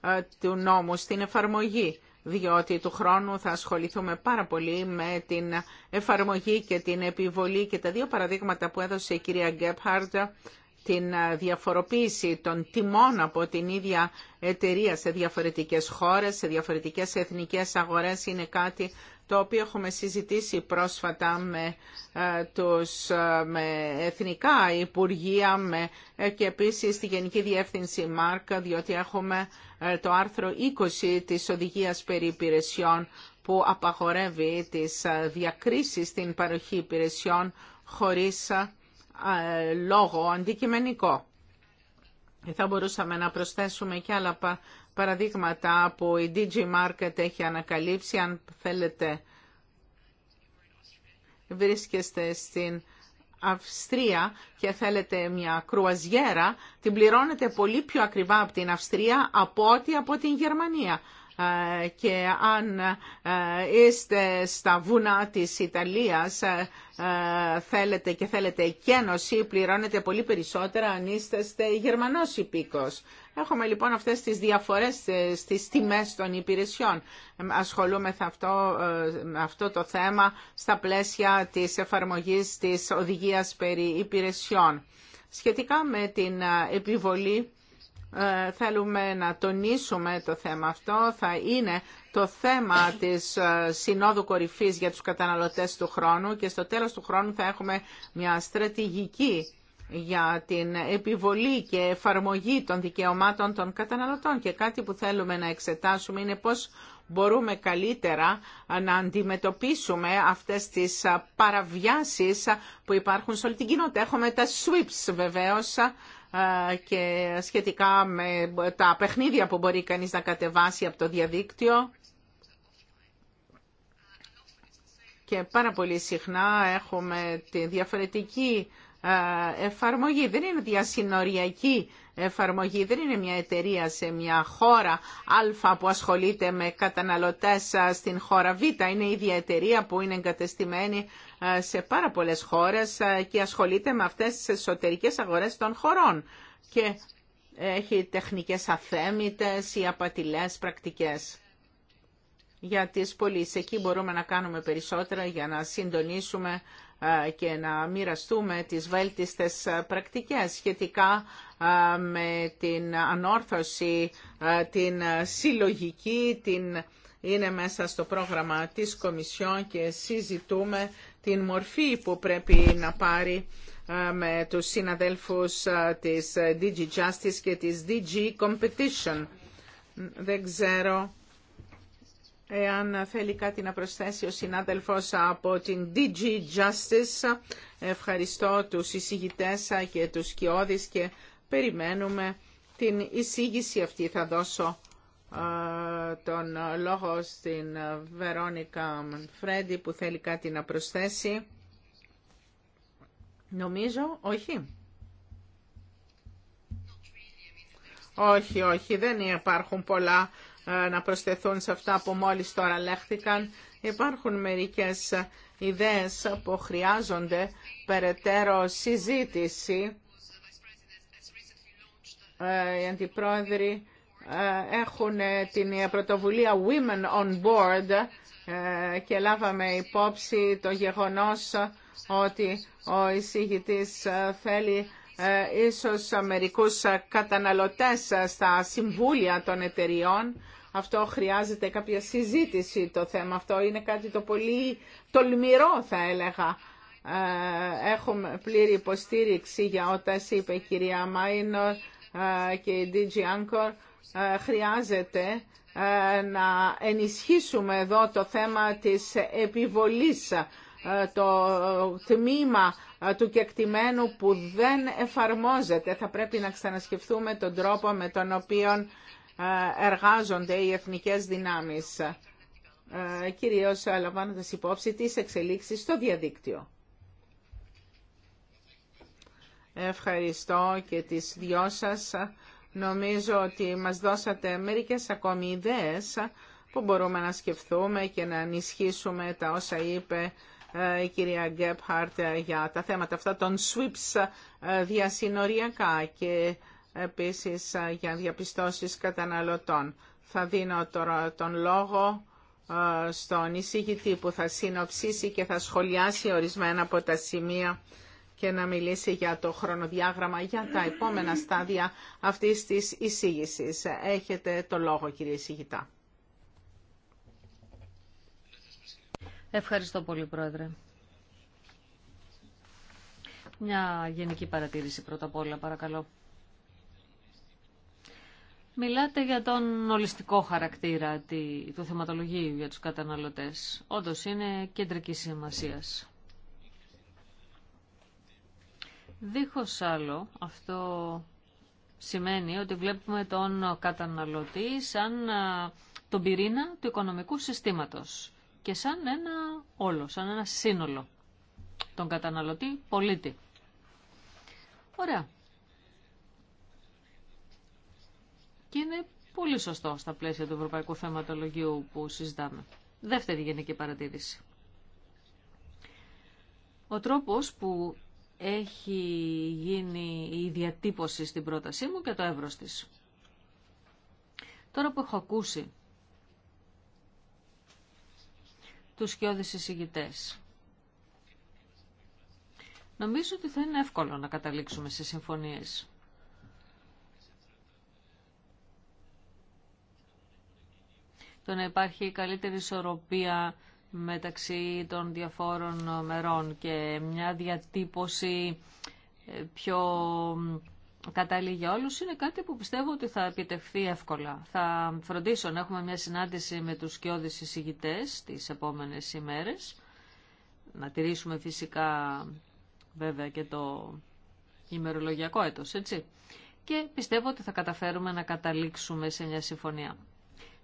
ε, του νόμου, στην εφαρμογή, διότι του χρόνου θα ασχοληθούμε πάρα πολύ με την εφαρμογή και την επιβολή και τα δύο παραδείγματα που έδωσε η κυρία Γκέπχαρντ την ε, διαφοροποίηση των τιμών από την ίδια εταιρεία σε διαφορετικές χώρες, σε διαφορετικές εθνικές αγορές είναι κάτι το οποίο έχουμε συζητήσει πρόσφατα με, ε, τους, ε, με εθνικά υπουργεία ε, και επίσης τη Γενική Διεύθυνση ΜΑΡΚ, διότι έχουμε το άρθρο 20 της Οδηγίας περί υπηρεσιών που απαγορεύει τις διακρίσεις στην παροχή υπηρεσιών χωρίς λόγο αντικειμενικό. Θα μπορούσαμε να προσθέσουμε και άλλα παραδείγματα που η DG Market έχει ανακαλύψει, αν θέλετε βρίσκεστε στην Αυστρία και θέλετε μια κρουαζιέρα, την πληρώνετε πολύ πιο ακριβά από την Αυστρία από ό,τι από την Γερμανία. Ε, και αν ε, είστε στα βουνά της Ιταλίας ε, θέλετε και θέλετε εκένωση, πληρώνετε πολύ περισσότερα αν είστε Γερμανός υπήκος. Έχουμε λοιπόν αυτές τις διαφορές στις τιμές των υπηρεσιών. Ασχολούμε αυτό, αυτό το θέμα στα πλαίσια της εφαρμογής της οδηγίας περί υπηρεσιών. Σχετικά με την επιβολή ε, θέλουμε να τονίσουμε το θέμα αυτό θα είναι το θέμα της ε, Συνόδου Κορυφής για τους καταναλωτές του χρόνου και στο τέλος του χρόνου θα έχουμε μια στρατηγική για την επιβολή και εφαρμογή των δικαιωμάτων των καταναλωτών και κάτι που θέλουμε να εξετάσουμε είναι πώς μπορούμε καλύτερα να αντιμετωπίσουμε αυτές τις παραβιάσεις που υπάρχουν σε όλη την κοινότητα. Έχουμε τα SWIPS βεβαίως και σχετικά με τα παιχνίδια που μπορεί κανείς να κατεβάσει από το διαδίκτυο. Και πάρα πολύ συχνά έχουμε τη διαφορετική εφαρμογή. Δεν είναι διασυνοριακή εφαρμογή, δεν είναι μια εταιρεία σε μια χώρα Α που ασχολείται με καταναλωτές στην χώρα Β. Είναι η ίδια εταιρεία που είναι εγκατεστημένη σε πάρα πολλές χώρες ε, και ασχολείται με αυτές τις εσωτερικές αγορές των χωρών και έχει τεχνικές αθέμητες ή απατηλές πρακτικές για τις πωλήσει. Εκεί μπορούμε να κάνουμε περισσότερα για να συντονίσουμε ε, και να μοιραστούμε τις βέλτιστες ε, πρακτικές σχετικά με την ανόρθωση, την συλλογική, την... είναι μέσα στο πρόγραμμα της Κομισιόν και συζητούμε την μορφή που πρέπει να πάρει ε, με τους συναδέλφους ε, της ε, DG Justice και της DG Competition. Δεν ξέρω εάν θέλει κάτι να προσθέσει ο συνάδελφος από την DG Justice. Ευχαριστώ τους εισηγητές και τους κοιόδης και περιμένουμε την εισήγηση αυτή. Θα δώσω τον λόγο στην Βερόνικα Φρέντι που θέλει κάτι να προσθέσει. Νομίζω, όχι. Όχι, όχι, δεν υπάρχουν πολλά ε, να προσθεθούν σε αυτά που μόλις τώρα λέχθηκαν. Υπάρχουν μερικές ιδέες που χρειάζονται περαιτέρω συζήτηση. Ε, οι αντιπρόεδροι ε, έχουν ε, την ε, πρωτοβουλία Women on Board και λάβαμε υπόψη το γεγονός ότι ο εισηγητής θέλει ίσως μερικούς καταναλωτές στα συμβούλια των εταιριών. Αυτό χρειάζεται κάποια συζήτηση το θέμα. Αυτό είναι κάτι το πολύ τολμηρό θα έλεγα. Έχουμε πλήρη υποστήριξη για ό,τι είπε η κυρία Μάινορ και η DG Anchor ε, χρειάζεται ε, να ενισχύσουμε εδώ το θέμα της επιβολής ε, το τμήμα του κεκτημένου που δεν εφαρμόζεται. Θα πρέπει να ξανασκεφτούμε τον τρόπο με τον οποίο εργάζονται οι εθνικές δυνάμεις, κυρίως λαμβάνοντα υπόψη τις εξελίξεις στο διαδίκτυο. Ευχαριστώ και τις δυο σας. Νομίζω ότι μας δώσατε μερικές ακόμη ιδέες που μπορούμε να σκεφτούμε και να ενισχύσουμε τα όσα είπε ε, η κυρία Γκέπχαρτ ε, για τα θέματα αυτά των SWIPs ε, διασυνοριακά και επίσης για διαπιστώσεις καταναλωτών. Θα δίνω τώρα τον λόγο στον εισηγητή που θα συνοψίσει και θα σχολιάσει ορισμένα από τα σημεία και να μιλήσει για το χρονοδιάγραμμα για τα επόμενα στάδια αυτής της εισήγησης. Έχετε το λόγο κύριε εισηγητά. Ευχαριστώ πολύ πρόεδρε. Μια γενική παρατήρηση πρώτα απ' όλα παρακαλώ. Μιλάτε για τον ολιστικό χαρακτήρα του θεματολογίου για τους καταναλωτές. Όντως είναι κεντρική σημασίας Δίχως άλλο, αυτό σημαίνει ότι βλέπουμε τον καταναλωτή σαν τον πυρήνα του οικονομικού συστήματος και σαν ένα όλο, σαν ένα σύνολο. Τον καταναλωτή πολίτη. Ωραία. Και είναι πολύ σωστό στα πλαίσια του Ευρωπαϊκού Θεματολογίου που συζητάμε. Δεύτερη γενική παρατήρηση. Ο τρόπος που έχει γίνει η διατύπωση στην πρότασή μου και το εύρος της. Τώρα που έχω ακούσει τους σκιώδεις εισηγητές, νομίζω ότι θα είναι εύκολο να καταλήξουμε σε συμφωνίες. Το να υπάρχει καλύτερη ισορροπία μεταξύ των διαφόρων μερών και μια διατύπωση ε, πιο κατάλληλη για όλους είναι κάτι που πιστεύω ότι θα επιτευχθεί εύκολα. Θα φροντίσω να έχουμε μια συνάντηση με τους σκιώδεις εισηγητές τις επόμενες ημέρες. Να τηρήσουμε φυσικά βέβαια και το ημερολογιακό έτος, έτσι. Και πιστεύω ότι θα καταφέρουμε να καταλήξουμε σε μια συμφωνία.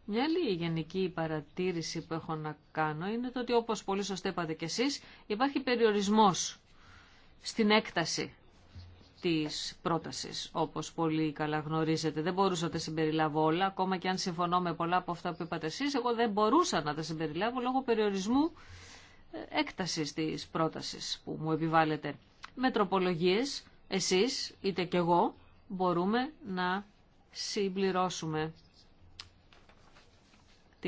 Μια άλλη γενική παρατήρηση που έχω να κάνω είναι το ότι όπως πολύ σωστά είπατε κι εσείς υπάρχει περιορισμός στην έκταση της πρότασης όπως πολύ καλά γνωρίζετε. Δεν μπορούσα να τα συμπεριλάβω όλα, ακόμα και αν συμφωνώ με πολλά από αυτά που είπατε εσείς, εγώ δεν μπορούσα να τα συμπεριλάβω λόγω περιορισμού ε, έκτασης της πρότασης που μου επιβάλλεται. Με τροπολογίες, εσείς είτε κι εγώ μπορούμε να συμπληρώσουμε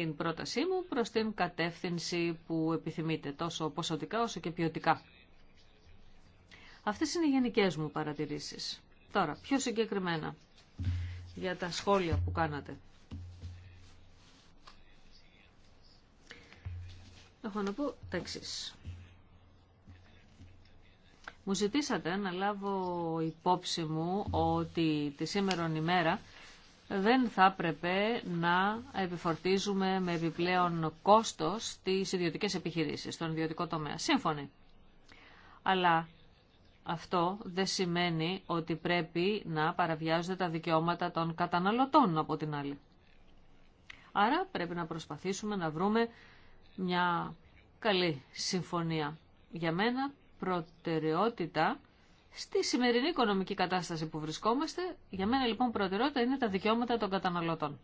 την πρότασή μου προς την κατεύθυνση που επιθυμείτε, τόσο ποσοτικά όσο και ποιοτικά. Αυτές είναι οι γενικές μου παρατηρήσεις. Τώρα, πιο συγκεκριμένα για τα σχόλια που κάνατε. Έχω να πω τα Μου ζητήσατε να λάβω υπόψη μου ότι τη σήμερον ημέρα δεν θα έπρεπε να επιφορτίζουμε με επιπλέον κόστος τις ιδιωτικές επιχειρήσεις, τον ιδιωτικό τομέα. Σύμφωνοι. Αλλά αυτό δεν σημαίνει ότι πρέπει να παραβιάζονται τα δικαιώματα των καταναλωτών από την άλλη. Άρα πρέπει να προσπαθήσουμε να βρούμε μια καλή συμφωνία. Για μένα προτεραιότητα Στη σημερινή οικονομική κατάσταση που βρισκόμαστε, για μένα λοιπόν προτεραιότητα είναι τα δικαιώματα των καταναλωτών.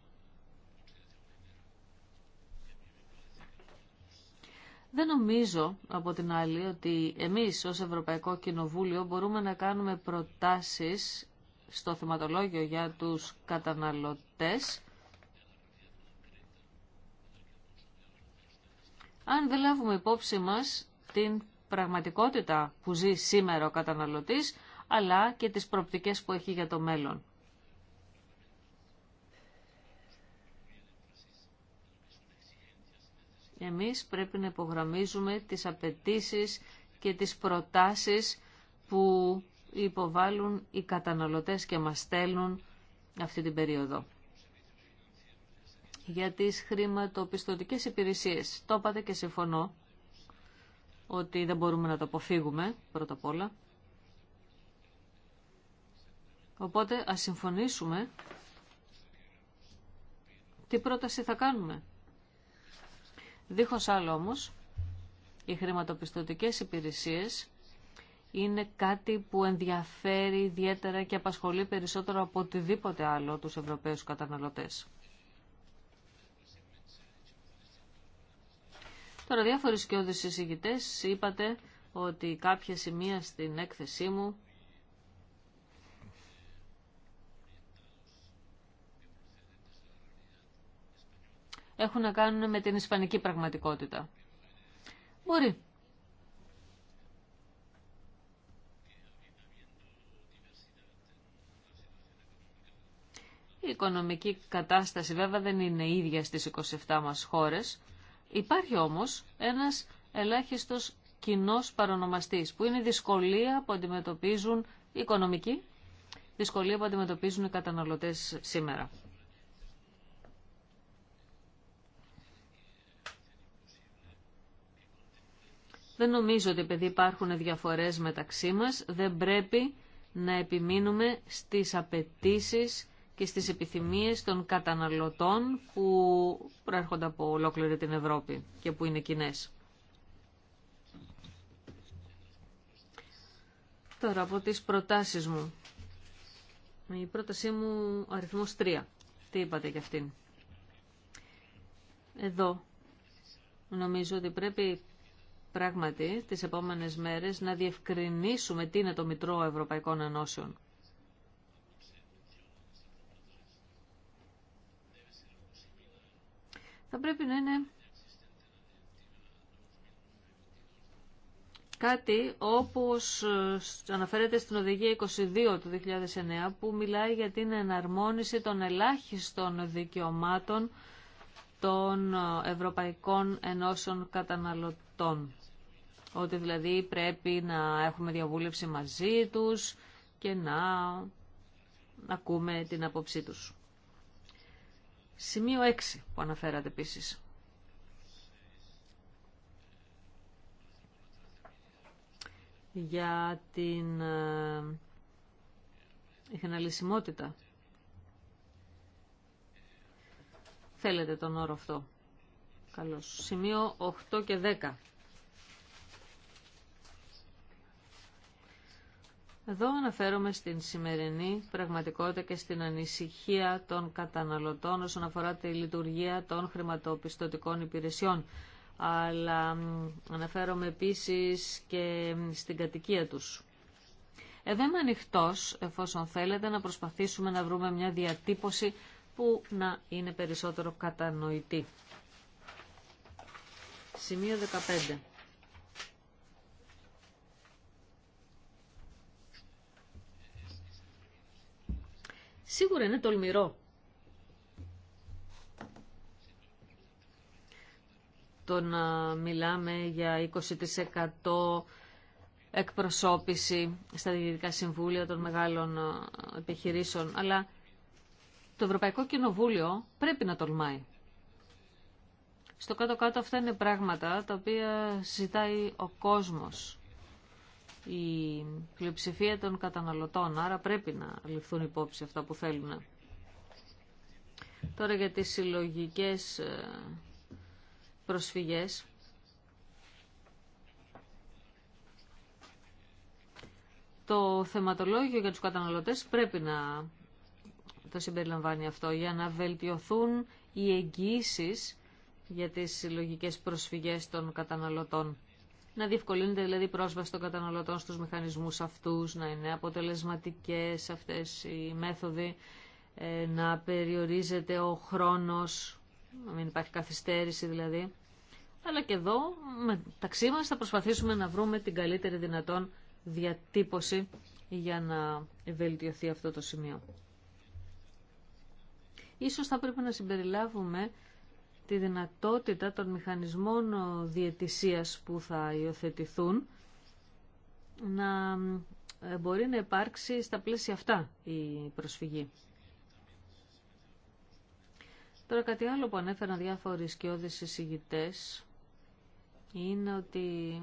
Δεν νομίζω, από την άλλη, ότι εμείς ως Ευρωπαϊκό Κοινοβούλιο μπορούμε να κάνουμε προτάσεις στο θεματολόγιο για τους καταναλωτές, αν δεν λάβουμε υπόψη μας την πραγματικότητα που ζει σήμερα ο καταναλωτής, αλλά και τις προοπτικές που έχει για το μέλλον. Εμείς πρέπει να υπογραμμίζουμε τις απαιτήσεις και τις προτάσεις που υποβάλλουν οι καταναλωτές και μας στέλνουν αυτή την περίοδο. Για τις χρηματοπιστωτικές υπηρεσίες, το είπατε και συμφωνώ, ότι δεν μπορούμε να το αποφύγουμε πρώτα απ' όλα. Οπότε ας συμφωνήσουμε τι πρόταση θα κάνουμε. Δίχως άλλο όμως, οι χρηματοπιστωτικές υπηρεσίες είναι κάτι που ενδιαφέρει ιδιαίτερα και απασχολεί περισσότερο από οτιδήποτε άλλο τους Ευρωπαίους καταναλωτές. Τώρα διάφοροι σκιώδεις εισηγητές είπατε ότι κάποια σημεία στην έκθεσή μου έχουν να κάνουν με την ισπανική πραγματικότητα. Μπορεί. Η οικονομική κατάσταση βέβαια δεν είναι ίδια στις 27 μας χώρες Υπάρχει όμως ένας ελάχιστος κοινό παρονομαστής, που είναι η δυσκολία που αντιμετωπίζουν οι οικονομικοί, δυσκολία που αντιμετωπίζουν οι καταναλωτές σήμερα. Δεν νομίζω ότι επειδή υπάρχουν διαφορές μεταξύ μας, δεν πρέπει να επιμείνουμε στις απαιτήσει και στις επιθυμίες των καταναλωτών που προέρχονται από ολόκληρη την Ευρώπη και που είναι κοινέ. Τώρα από τις προτάσεις μου. Η πρότασή μου αριθμός 3. Τι είπατε για αυτήν. Εδώ νομίζω ότι πρέπει πράγματι τις επόμενες μέρες να διευκρινίσουμε τι είναι το Μητρό Ευρωπαϊκών Ενώσεων. θα πρέπει να είναι κάτι όπως ε, αναφέρεται στην οδηγία 22 του 2009 που μιλάει για την εναρμόνιση των ελάχιστων δικαιωμάτων των ε, Ευρωπαϊκών Ενώσεων Καταναλωτών. Ότι δηλαδή πρέπει να έχουμε διαβούλευση μαζί τους και να ακούμε την απόψή τους. Σημείο 6 που αναφέρατε επίσης. για την εχναλυσιμότητα. Θέλετε τον όρο αυτό. Καλώς. Σημείο 8 και 10. Εδώ αναφέρομαι στην σημερινή πραγματικότητα και στην ανησυχία των καταναλωτών όσον αφορά τη λειτουργία των χρηματοπιστωτικών υπηρεσιών. Αλλά αναφέρομαι επίσης και στην κατοικία τους. Εδώ είμαι ανοιχτό, εφόσον θέλετε, να προσπαθήσουμε να βρούμε μια διατύπωση που να είναι περισσότερο κατανοητή. Σημείο 15. Σίγουρα είναι τολμηρό. Το να μιλάμε για 20% εκπροσώπηση στα διοικητικά συμβούλια των μεγάλων επιχειρήσεων, αλλά το Ευρωπαϊκό Κοινοβούλιο πρέπει να τολμάει. Στο κάτω-κάτω αυτά είναι πράγματα τα οποία ζητάει ο κόσμος η πλειοψηφία των καταναλωτών, άρα πρέπει να ληφθούν υπόψη αυτά που θέλουν. Τώρα για τις συλλογικές ε, προσφυγές. Το θεματολόγιο για τους καταναλωτές πρέπει να το συμπεριλαμβάνει αυτό για να βελτιωθούν οι εγγύησει για τις συλλογικές προσφυγές των καταναλωτών να διευκολύνεται δηλαδή η πρόσβαση των καταναλωτών στους μηχανισμούς αυτούς, να είναι αποτελεσματικές αυτές οι μέθοδοι, ε, να περιορίζεται ο χρόνος, να μην υπάρχει καθυστέρηση δηλαδή. Αλλά και εδώ μεταξύ μας θα προσπαθήσουμε να βρούμε την καλύτερη δυνατόν διατύπωση για να βελτιωθεί αυτό το σημείο. Ίσως θα πρέπει να συμπεριλάβουμε τη δυνατότητα των μηχανισμών διαιτησίας που θα υιοθετηθούν να ε, μπορεί να υπάρξει στα πλαίσια αυτά η προσφυγή. Τώρα κάτι άλλο που ανέφεραν διάφοροι σκιώδεις εισηγητές είναι ότι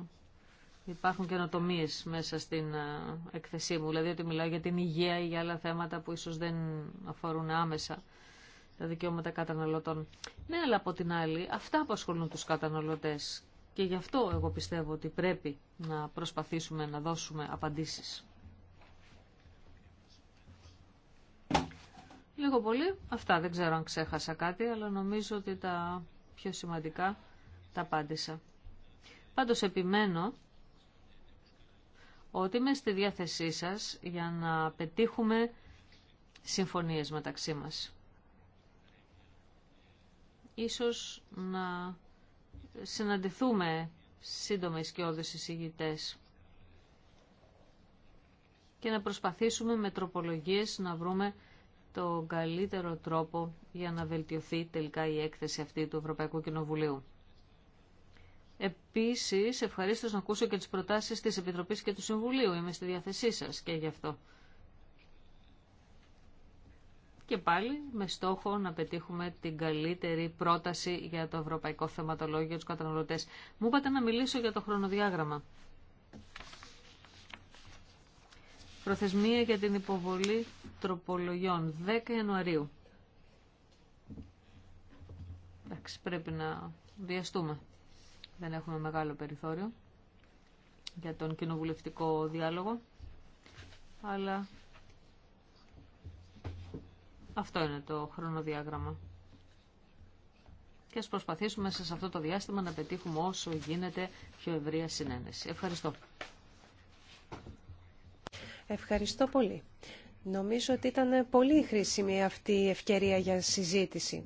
υπάρχουν καινοτομίε μέσα στην ε, εκθεσή μου, δηλαδή ότι μιλάω για την υγεία ή για άλλα θέματα που ίσως δεν αφορούν άμεσα τα δικαιώματα καταναλωτών. Ναι, αλλά από την άλλη, αυτά απασχολούν τους καταναλωτές και γι' αυτό εγώ πιστεύω ότι πρέπει να προσπαθήσουμε να δώσουμε απαντήσεις. Λίγο πολύ, αυτά δεν ξέρω αν ξέχασα κάτι, αλλά νομίζω ότι τα πιο σημαντικά τα απάντησα. Πάντως επιμένω ότι είμαι στη διάθεσή σας για να πετύχουμε συμφωνίες μεταξύ μας ίσως να συναντηθούμε σύντομα οι σκιώδες εισηγητές και να προσπαθήσουμε με τροπολογίες να βρούμε το καλύτερο τρόπο για να βελτιωθεί τελικά η έκθεση αυτή του Ευρωπαϊκού Κοινοβουλίου. Επίσης, ευχαρίστω να ακούσω και τις προτάσεις της Επιτροπής και του Συμβουλίου. Είμαι στη διάθεσή σας και γι' αυτό και πάλι με στόχο να πετύχουμε την καλύτερη πρόταση για το ευρωπαϊκό θεματολόγιο του τους Μου είπατε να μιλήσω για το χρονοδιάγραμμα. Προθεσμία για την υποβολή τροπολογιών 10 Ιανουαρίου. Εντάξει, πρέπει να βιαστούμε. Δεν έχουμε μεγάλο περιθώριο για τον κοινοβουλευτικό διάλογο, αλλά αυτό είναι το χρονοδιάγραμμα. Και ας προσπαθήσουμε σε αυτό το διάστημα να πετύχουμε όσο γίνεται πιο ευρεία συνένεση. Ευχαριστώ. Ευχαριστώ πολύ. Νομίζω ότι ήταν πολύ χρήσιμη αυτή η ευκαιρία για συζήτηση.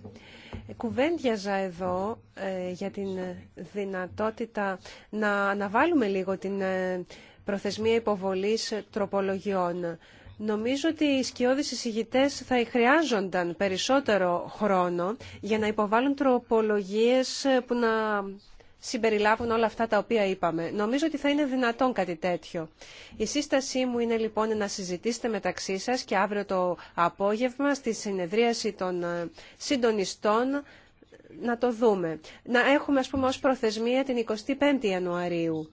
Κουβέντιαζα εδώ ε, για την δυνατότητα να αναβάλουμε λίγο την ε, προθεσμία υποβολής τροπολογιών. Νομίζω ότι οι σκιώδεις εισηγητές θα χρειάζονταν περισσότερο χρόνο για να υποβάλουν τροπολογίες που να συμπεριλάβουν όλα αυτά τα οποία είπαμε. Νομίζω ότι θα είναι δυνατόν κάτι τέτοιο. Η σύστασή μου είναι λοιπόν να συζητήσετε μεταξύ σας και αύριο το απόγευμα στη συνεδρίαση των ε, συντονιστών να το δούμε. Να έχουμε ας πούμε ως προθεσμία την 25η Ιανουαρίου.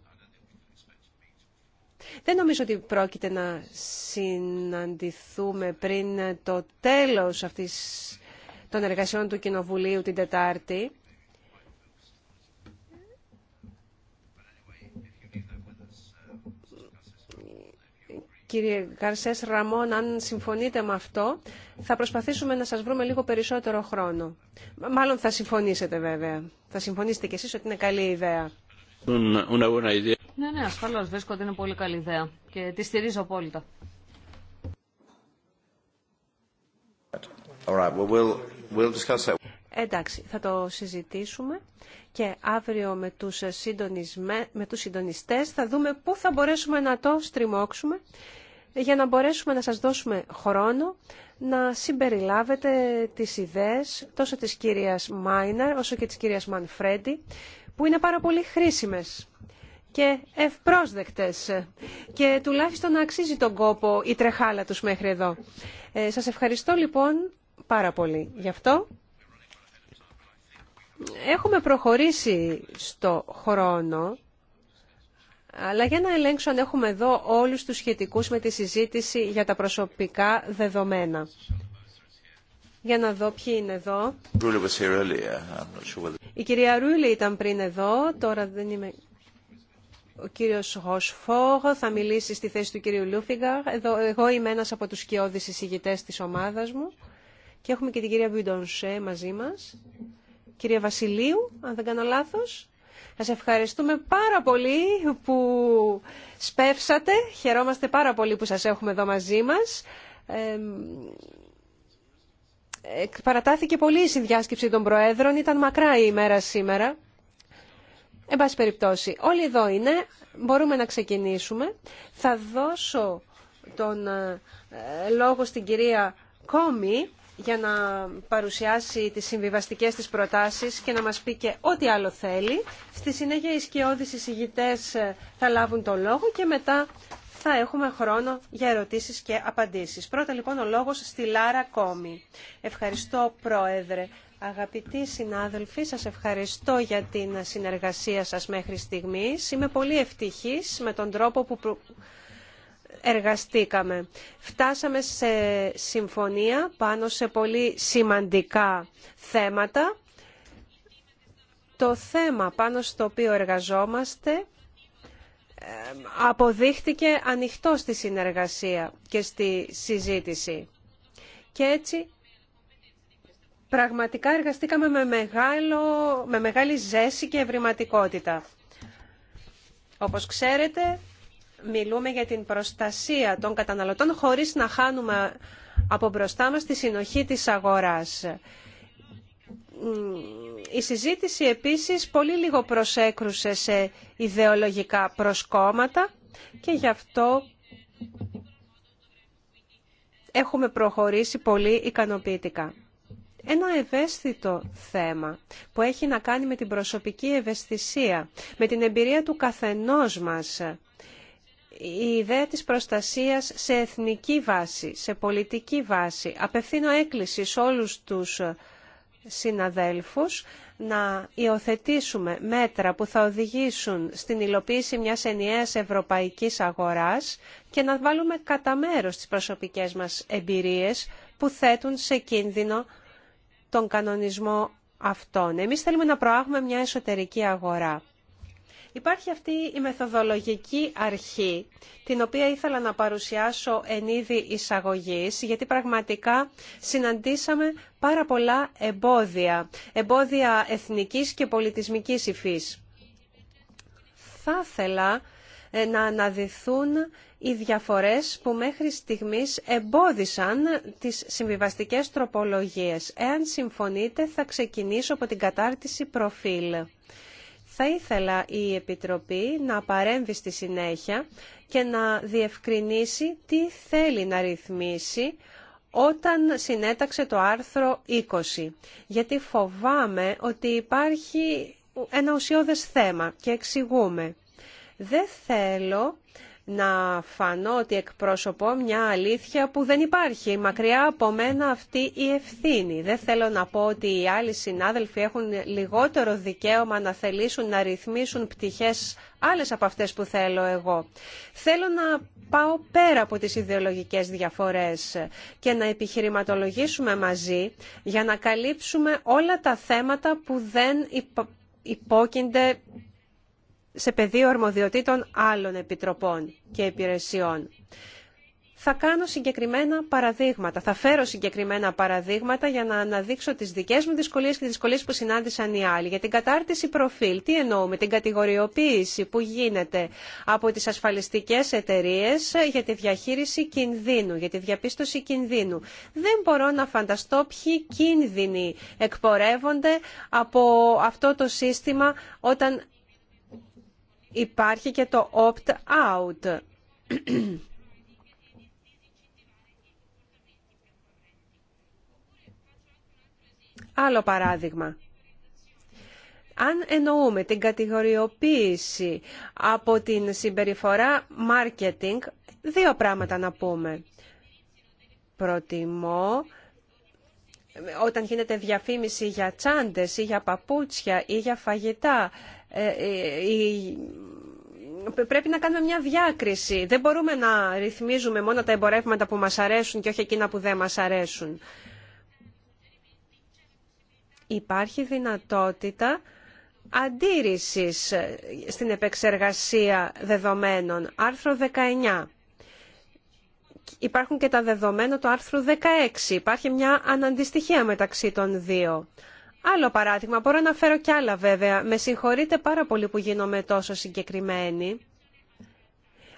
Δεν νομίζω ότι πρόκειται να συναντηθούμε πριν το τέλος αυτής των εργασιών του Κοινοβουλίου την Τετάρτη. Κύριε Γκαρσές Ραμόν, αν συμφωνείτε με αυτό, θα προσπαθήσουμε να σας βρούμε λίγο περισσότερο χρόνο. Μάλλον θα συμφωνήσετε βέβαια. Θα συμφωνήσετε κι εσείς ότι είναι καλή ιδέα. Ναι, ναι, ασφαλώς βρίσκω ότι είναι πολύ καλή ιδέα και τη στηρίζω απόλυτα. Εντάξει, θα το συζητήσουμε και αύριο με τους, συντονισμέ, με τους συντονιστές θα δούμε πού θα μπορέσουμε να το στριμώξουμε για να μπορέσουμε να σας δώσουμε χρόνο να συμπεριλάβετε τις ιδέες τόσο της κυρίας Μάιναρ όσο και της κυρίας Μανφρέντι που είναι πάρα πολύ χρήσιμες και ευπρόσδεκτες και τουλάχιστον να αξίζει τον κόπο η τρεχάλα τους μέχρι εδώ. Ε, σας ευχαριστώ λοιπόν πάρα πολύ γι' αυτό. Έχουμε προχωρήσει στο χρόνο, αλλά για να ελέγξω αν έχουμε εδώ όλους τους σχετικούς με τη συζήτηση για τα προσωπικά δεδομένα. Για να δω ποιοι είναι εδώ. Η κυρία Ρούλη ήταν πριν εδώ, τώρα δεν είμαι... Ο κύριος Ροσφόρ θα μιλήσει στη θέση του κύριου Λούφιγκα. Εδώ, εγώ είμαι ένας από τους σκιώδεις εισηγητές της ομάδας μου. Και έχουμε και την κυρία Βιντονσέ μαζί μας. Κυρία Βασιλείου, αν δεν κάνω λάθος. Σας ευχαριστούμε πάρα πολύ που σπεύσατε. Χαιρόμαστε πάρα πολύ που σας έχουμε εδώ μαζί μας παρατάθηκε πολύ η συνδιάσκεψη των Προέδρων, ήταν μακρά η ημέρα σήμερα. Εν πάση περιπτώσει, όλοι εδώ είναι, μπορούμε να ξεκινήσουμε. Θα δώσω τον ε, λόγο στην κυρία Κόμη για να παρουσιάσει τις συμβιβαστικές της προτάσεις και να μας πει και ό,τι άλλο θέλει. Στη συνέχεια οι σκιώδεις εισηγητές ε, θα λάβουν τον λόγο και μετά θα έχουμε χρόνο για ερωτήσεις και απαντήσεις. Πρώτα λοιπόν ο λόγος στη Λάρα Κόμη. Ευχαριστώ Πρόεδρε. Αγαπητοί συνάδελφοι, σας ευχαριστώ για την συνεργασία σας μέχρι στιγμής. Είμαι πολύ ευτυχής με τον τρόπο που εργαστήκαμε. Φτάσαμε σε συμφωνία πάνω σε πολύ σημαντικά θέματα. Το θέμα πάνω στο οποίο εργαζόμαστε αποδείχτηκε ανοιχτό στη συνεργασία και στη συζήτηση. Και έτσι πραγματικά εργαστήκαμε με, μεγάλο, με μεγάλη ζέση και ευρηματικότητα. Όπως ξέρετε, μιλούμε για την προστασία των καταναλωτών χωρίς να χάνουμε από μπροστά μας τη συνοχή της αγοράς η συζήτηση επίσης πολύ λίγο προσέκρουσε σε ιδεολογικά προσκόμματα και γι' αυτό έχουμε προχωρήσει πολύ ικανοποιητικά. Ένα ευαίσθητο θέμα που έχει να κάνει με την προσωπική ευαισθησία, με την εμπειρία του καθενός μας, η ιδέα της προστασίας σε εθνική βάση, σε πολιτική βάση. Απευθύνω έκκληση σε όλους τους συναδέλφους να υιοθετήσουμε μέτρα που θα οδηγήσουν στην υλοποίηση μιας ενιαίας ευρωπαϊκής αγοράς και να βάλουμε κατά μέρο τις προσωπικές μας εμπειρίες που θέτουν σε κίνδυνο τον κανονισμό αυτόν. Εμείς θέλουμε να προάγουμε μια εσωτερική αγορά. Υπάρχει αυτή η μεθοδολογική αρχή, την οποία ήθελα να παρουσιάσω εν είδη εισαγωγής, γιατί πραγματικά συναντήσαμε πάρα πολλά εμπόδια, εμπόδια εθνικής και πολιτισμικής υφής. Θα ήθελα ε, να αναδυθούν οι διαφορές που μέχρι στιγμής εμπόδισαν τις συμβιβαστικές τροπολογίες. Εάν συμφωνείτε θα ξεκινήσω από την κατάρτιση προφίλ. Θα ήθελα η Επιτροπή να παρέμβει στη συνέχεια και να διευκρινίσει τι θέλει να ρυθμίσει όταν συνέταξε το άρθρο 20. Γιατί φοβάμαι ότι υπάρχει ένα ουσιώδες θέμα και εξηγούμε. Δεν θέλω να φανώ ότι εκπροσωπώ μια αλήθεια που δεν υπάρχει. Μακριά από μένα αυτή η ευθύνη. Δεν θέλω να πω ότι οι άλλοι συνάδελφοι έχουν λιγότερο δικαίωμα να θελήσουν να ρυθμίσουν πτυχές άλλες από αυτές που θέλω εγώ. Θέλω να πάω πέρα από τις ιδεολογικές διαφορές και να επιχειρηματολογήσουμε μαζί για να καλύψουμε όλα τα θέματα που δεν υπόκεινται σε πεδίο αρμοδιοτήτων άλλων επιτροπών και υπηρεσιών. Θα κάνω συγκεκριμένα παραδείγματα, θα φέρω συγκεκριμένα παραδείγματα για να αναδείξω τις δικές μου δυσκολίες και τις δυσκολίες που συνάντησαν οι άλλοι. Για την κατάρτιση προφίλ, τι εννοούμε, την κατηγοριοποίηση που γίνεται από τις ασφαλιστικές εταιρείες για τη διαχείριση κινδύνου, για τη διαπίστωση κινδύνου. Δεν μπορώ να φανταστώ ποιοι κίνδυνοι εκπορεύονται από αυτό το σύστημα όταν υπάρχει και το opt-out. Άλλο παράδειγμα. Αν εννοούμε την κατηγοριοποίηση από την συμπεριφορά marketing, δύο πράγματα να πούμε. Προτιμώ όταν γίνεται διαφήμιση για τσάντες ή για παπούτσια ή για φαγητά ε, ε, πρέπει να κάνουμε μια διάκριση. Δεν μπορούμε να ρυθμίζουμε μόνο τα εμπορεύματα που μας αρέσουν και όχι εκείνα που δεν μας αρέσουν. Υπάρχει δυνατότητα αντίρρησης στην επεξεργασία δεδομένων. Άρθρο 19. Υπάρχουν και τα δεδομένα του άρθρου 16. Υπάρχει μια αναντιστοιχία μεταξύ των δύο. Άλλο παράδειγμα, μπορώ να φέρω κι άλλα βέβαια. Με συγχωρείτε πάρα πολύ που γίνομαι τόσο συγκεκριμένη,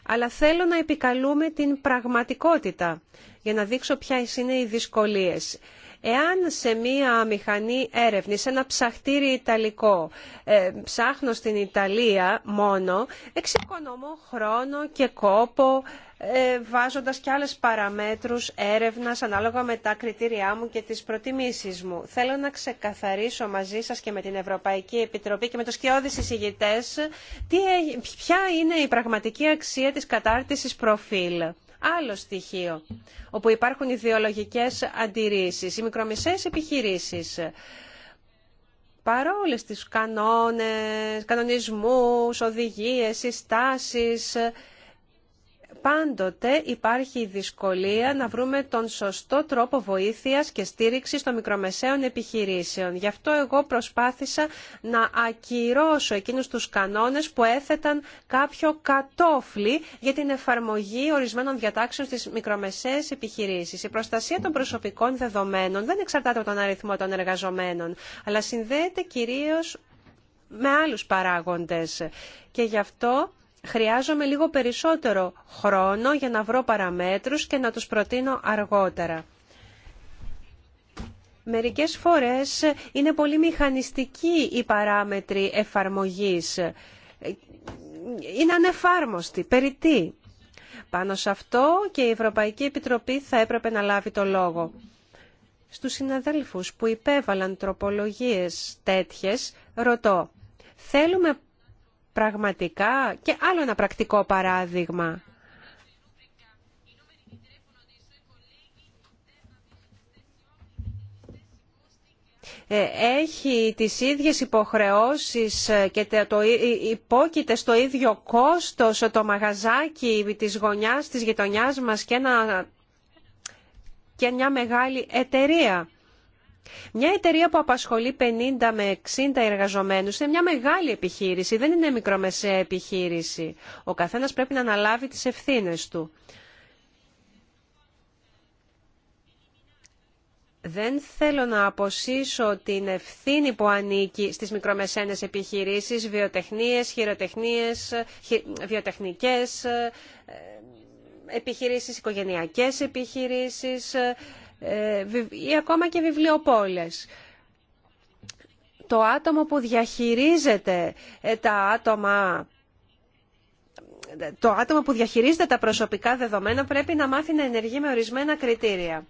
αλλά θέλω να επικαλούμε την πραγματικότητα για να δείξω ποιες είναι οι δυσκολίες. Εάν σε μία μηχανή έρευνη, σε ένα ψαχτήρι ιταλικό, ε, ψάχνω στην Ιταλία μόνο, εξοικονομώ χρόνο και κόπο, ε, βάζοντας και άλλες παραμέτρους έρευνας ανάλογα με τα κριτήριά μου και τις προτιμήσεις μου. Θέλω να ξεκαθαρίσω μαζί σας και με την Ευρωπαϊκή Επιτροπή και με τους κοιόδης εισηγητές ποια είναι η πραγματική αξία της κατάρτισης προφίλ άλλο στοιχείο, όπου υπάρχουν ιδεολογικές αντιρρήσεις, οι μικρομεσαίες επιχειρήσεις. παρόλες τις κανόνες, κανονισμούς, οδηγίες, συστάσεις, πάντοτε υπάρχει η δυσκολία να βρούμε τον σωστό τρόπο βοήθειας και στήριξης των μικρομεσαίων επιχειρήσεων. Γι' αυτό εγώ προσπάθησα να ακυρώσω εκείνους τους κανόνες που έθεταν κάποιο κατόφλι για την εφαρμογή ορισμένων διατάξεων στις μικρομεσαίες επιχειρήσεις. Η προστασία των προσωπικών δεδομένων δεν εξαρτάται από τον αριθμό των εργαζομένων, αλλά συνδέεται κυρίως με άλλους παράγοντες. Και γι' αυτό Χρειάζομαι λίγο περισσότερο χρόνο για να βρω παραμέτρους και να τους προτείνω αργότερα. Μερικές φορές είναι πολύ μηχανιστικοί οι παράμετροι εφαρμογής. Είναι ανεφάρμοστη, τι. Πάνω σε αυτό και η Ευρωπαϊκή Επιτροπή θα έπρεπε να λάβει το λόγο. Στους συναδέλφους που υπέβαλαν τροπολογίες τέτοιες, ρωτώ, θέλουμε πραγματικά και άλλο ένα πρακτικό παράδειγμα. Ε, έχει τις ίδιες υποχρεώσεις ε, και το υπόκειται στο ίδιο κόστος το μαγαζάκι της γωνιάς της γειτονιάς μας και, και μια μεγάλη εταιρεία. Μια εταιρεία που απασχολεί 50 με 60 εργαζομένους είναι μια μεγάλη επιχείρηση, δεν είναι μικρομεσαία επιχείρηση. Ο καθένας πρέπει να αναλάβει τις ευθύνες του. δεν θέλω να αποσύσω την ευθύνη που ανήκει στις μικρομεσαίες επιχειρήσεις, βιοτεχνίες, χειροτεχνίες, βιοτεχνικές ε, επιχειρήσεις, οικογενειακές επιχειρήσεις, ε, ή ακόμα και βιβλιοπόλες. Το άτομο που διαχειρίζεται ε, τα άτομα το άτομο που διαχειρίζεται τα προσωπικά δεδομένα πρέπει να μάθει να ενεργεί με ορισμένα κριτήρια.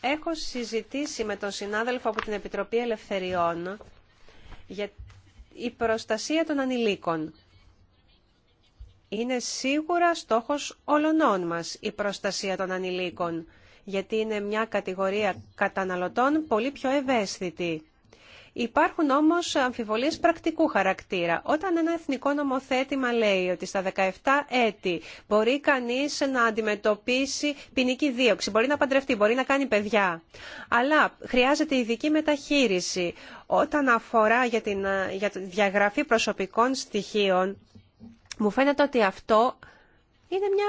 Έχω συζητήσει με τον συνάδελφο από την Επιτροπή Ελευθεριών για η προστασία των ανηλίκων είναι σίγουρα στόχος όλων μας η προστασία των ανηλίκων, γιατί είναι μια κατηγορία καταναλωτών πολύ πιο ευαίσθητη. Υπάρχουν όμως αμφιβολίες πρακτικού χαρακτήρα. Όταν ένα εθνικό νομοθέτημα λέει ότι στα 17 έτη μπορεί κανείς να αντιμετωπίσει ποινική δίωξη, μπορεί να παντρευτεί, μπορεί να κάνει παιδιά, αλλά χρειάζεται ειδική μεταχείριση όταν αφορά για, την, για τη διαγραφή προσωπικών στοιχείων, μου φαίνεται ότι αυτό είναι μια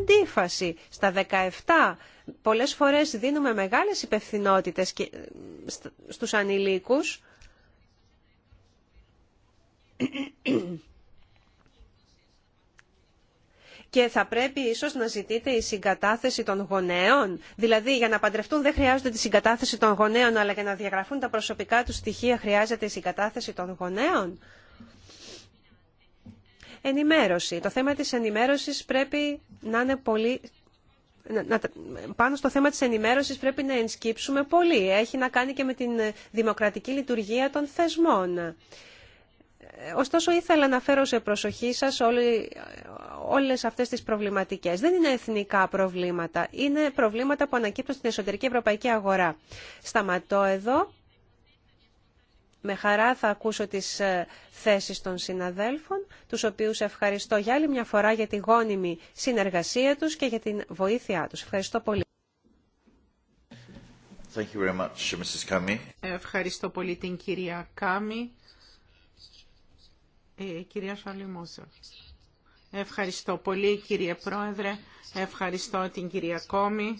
αντίφαση. Στα 17 πολλές φορές δίνουμε μεγάλες υπευθυνότητες στους ανηλίκους. Και θα πρέπει ίσως να ζητείτε η συγκατάθεση των γονέων. Δηλαδή για να παντρευτούν δεν χρειάζονται τη συγκατάθεση των γονέων, αλλά για να διαγραφούν τα προσωπικά του στοιχεία χρειάζεται η συγκατάθεση των γονέων ενημέρωση. Το θέμα της ενημέρωσης πρέπει να είναι πολύ... πάνω στο θέμα της ενημέρωσης πρέπει να ενσκύψουμε πολύ. Έχει να κάνει και με την δημοκρατική λειτουργία των θεσμών. Ωστόσο, ήθελα να φέρω σε προσοχή σας όλες αυτές τις προβληματικές. Δεν είναι εθνικά προβλήματα. Είναι προβλήματα που ανακύπτουν στην εσωτερική ευρωπαϊκή αγορά. Σταματώ εδώ με χαρά θα ακούσω τις ε, θέσεις των συναδέλφων, τους οποίους ευχαριστώ για άλλη μια φορά για τη γόνιμη συνεργασία τους και για την βοήθειά τους. Ευχαριστώ πολύ. Thank you very much, Mrs. Kami. Ευχαριστώ πολύ την κυρία Κάμι. Ε, κυρία Ευχαριστώ πολύ κύριε Πρόεδρε. Ευχαριστώ την κυρία Κόμη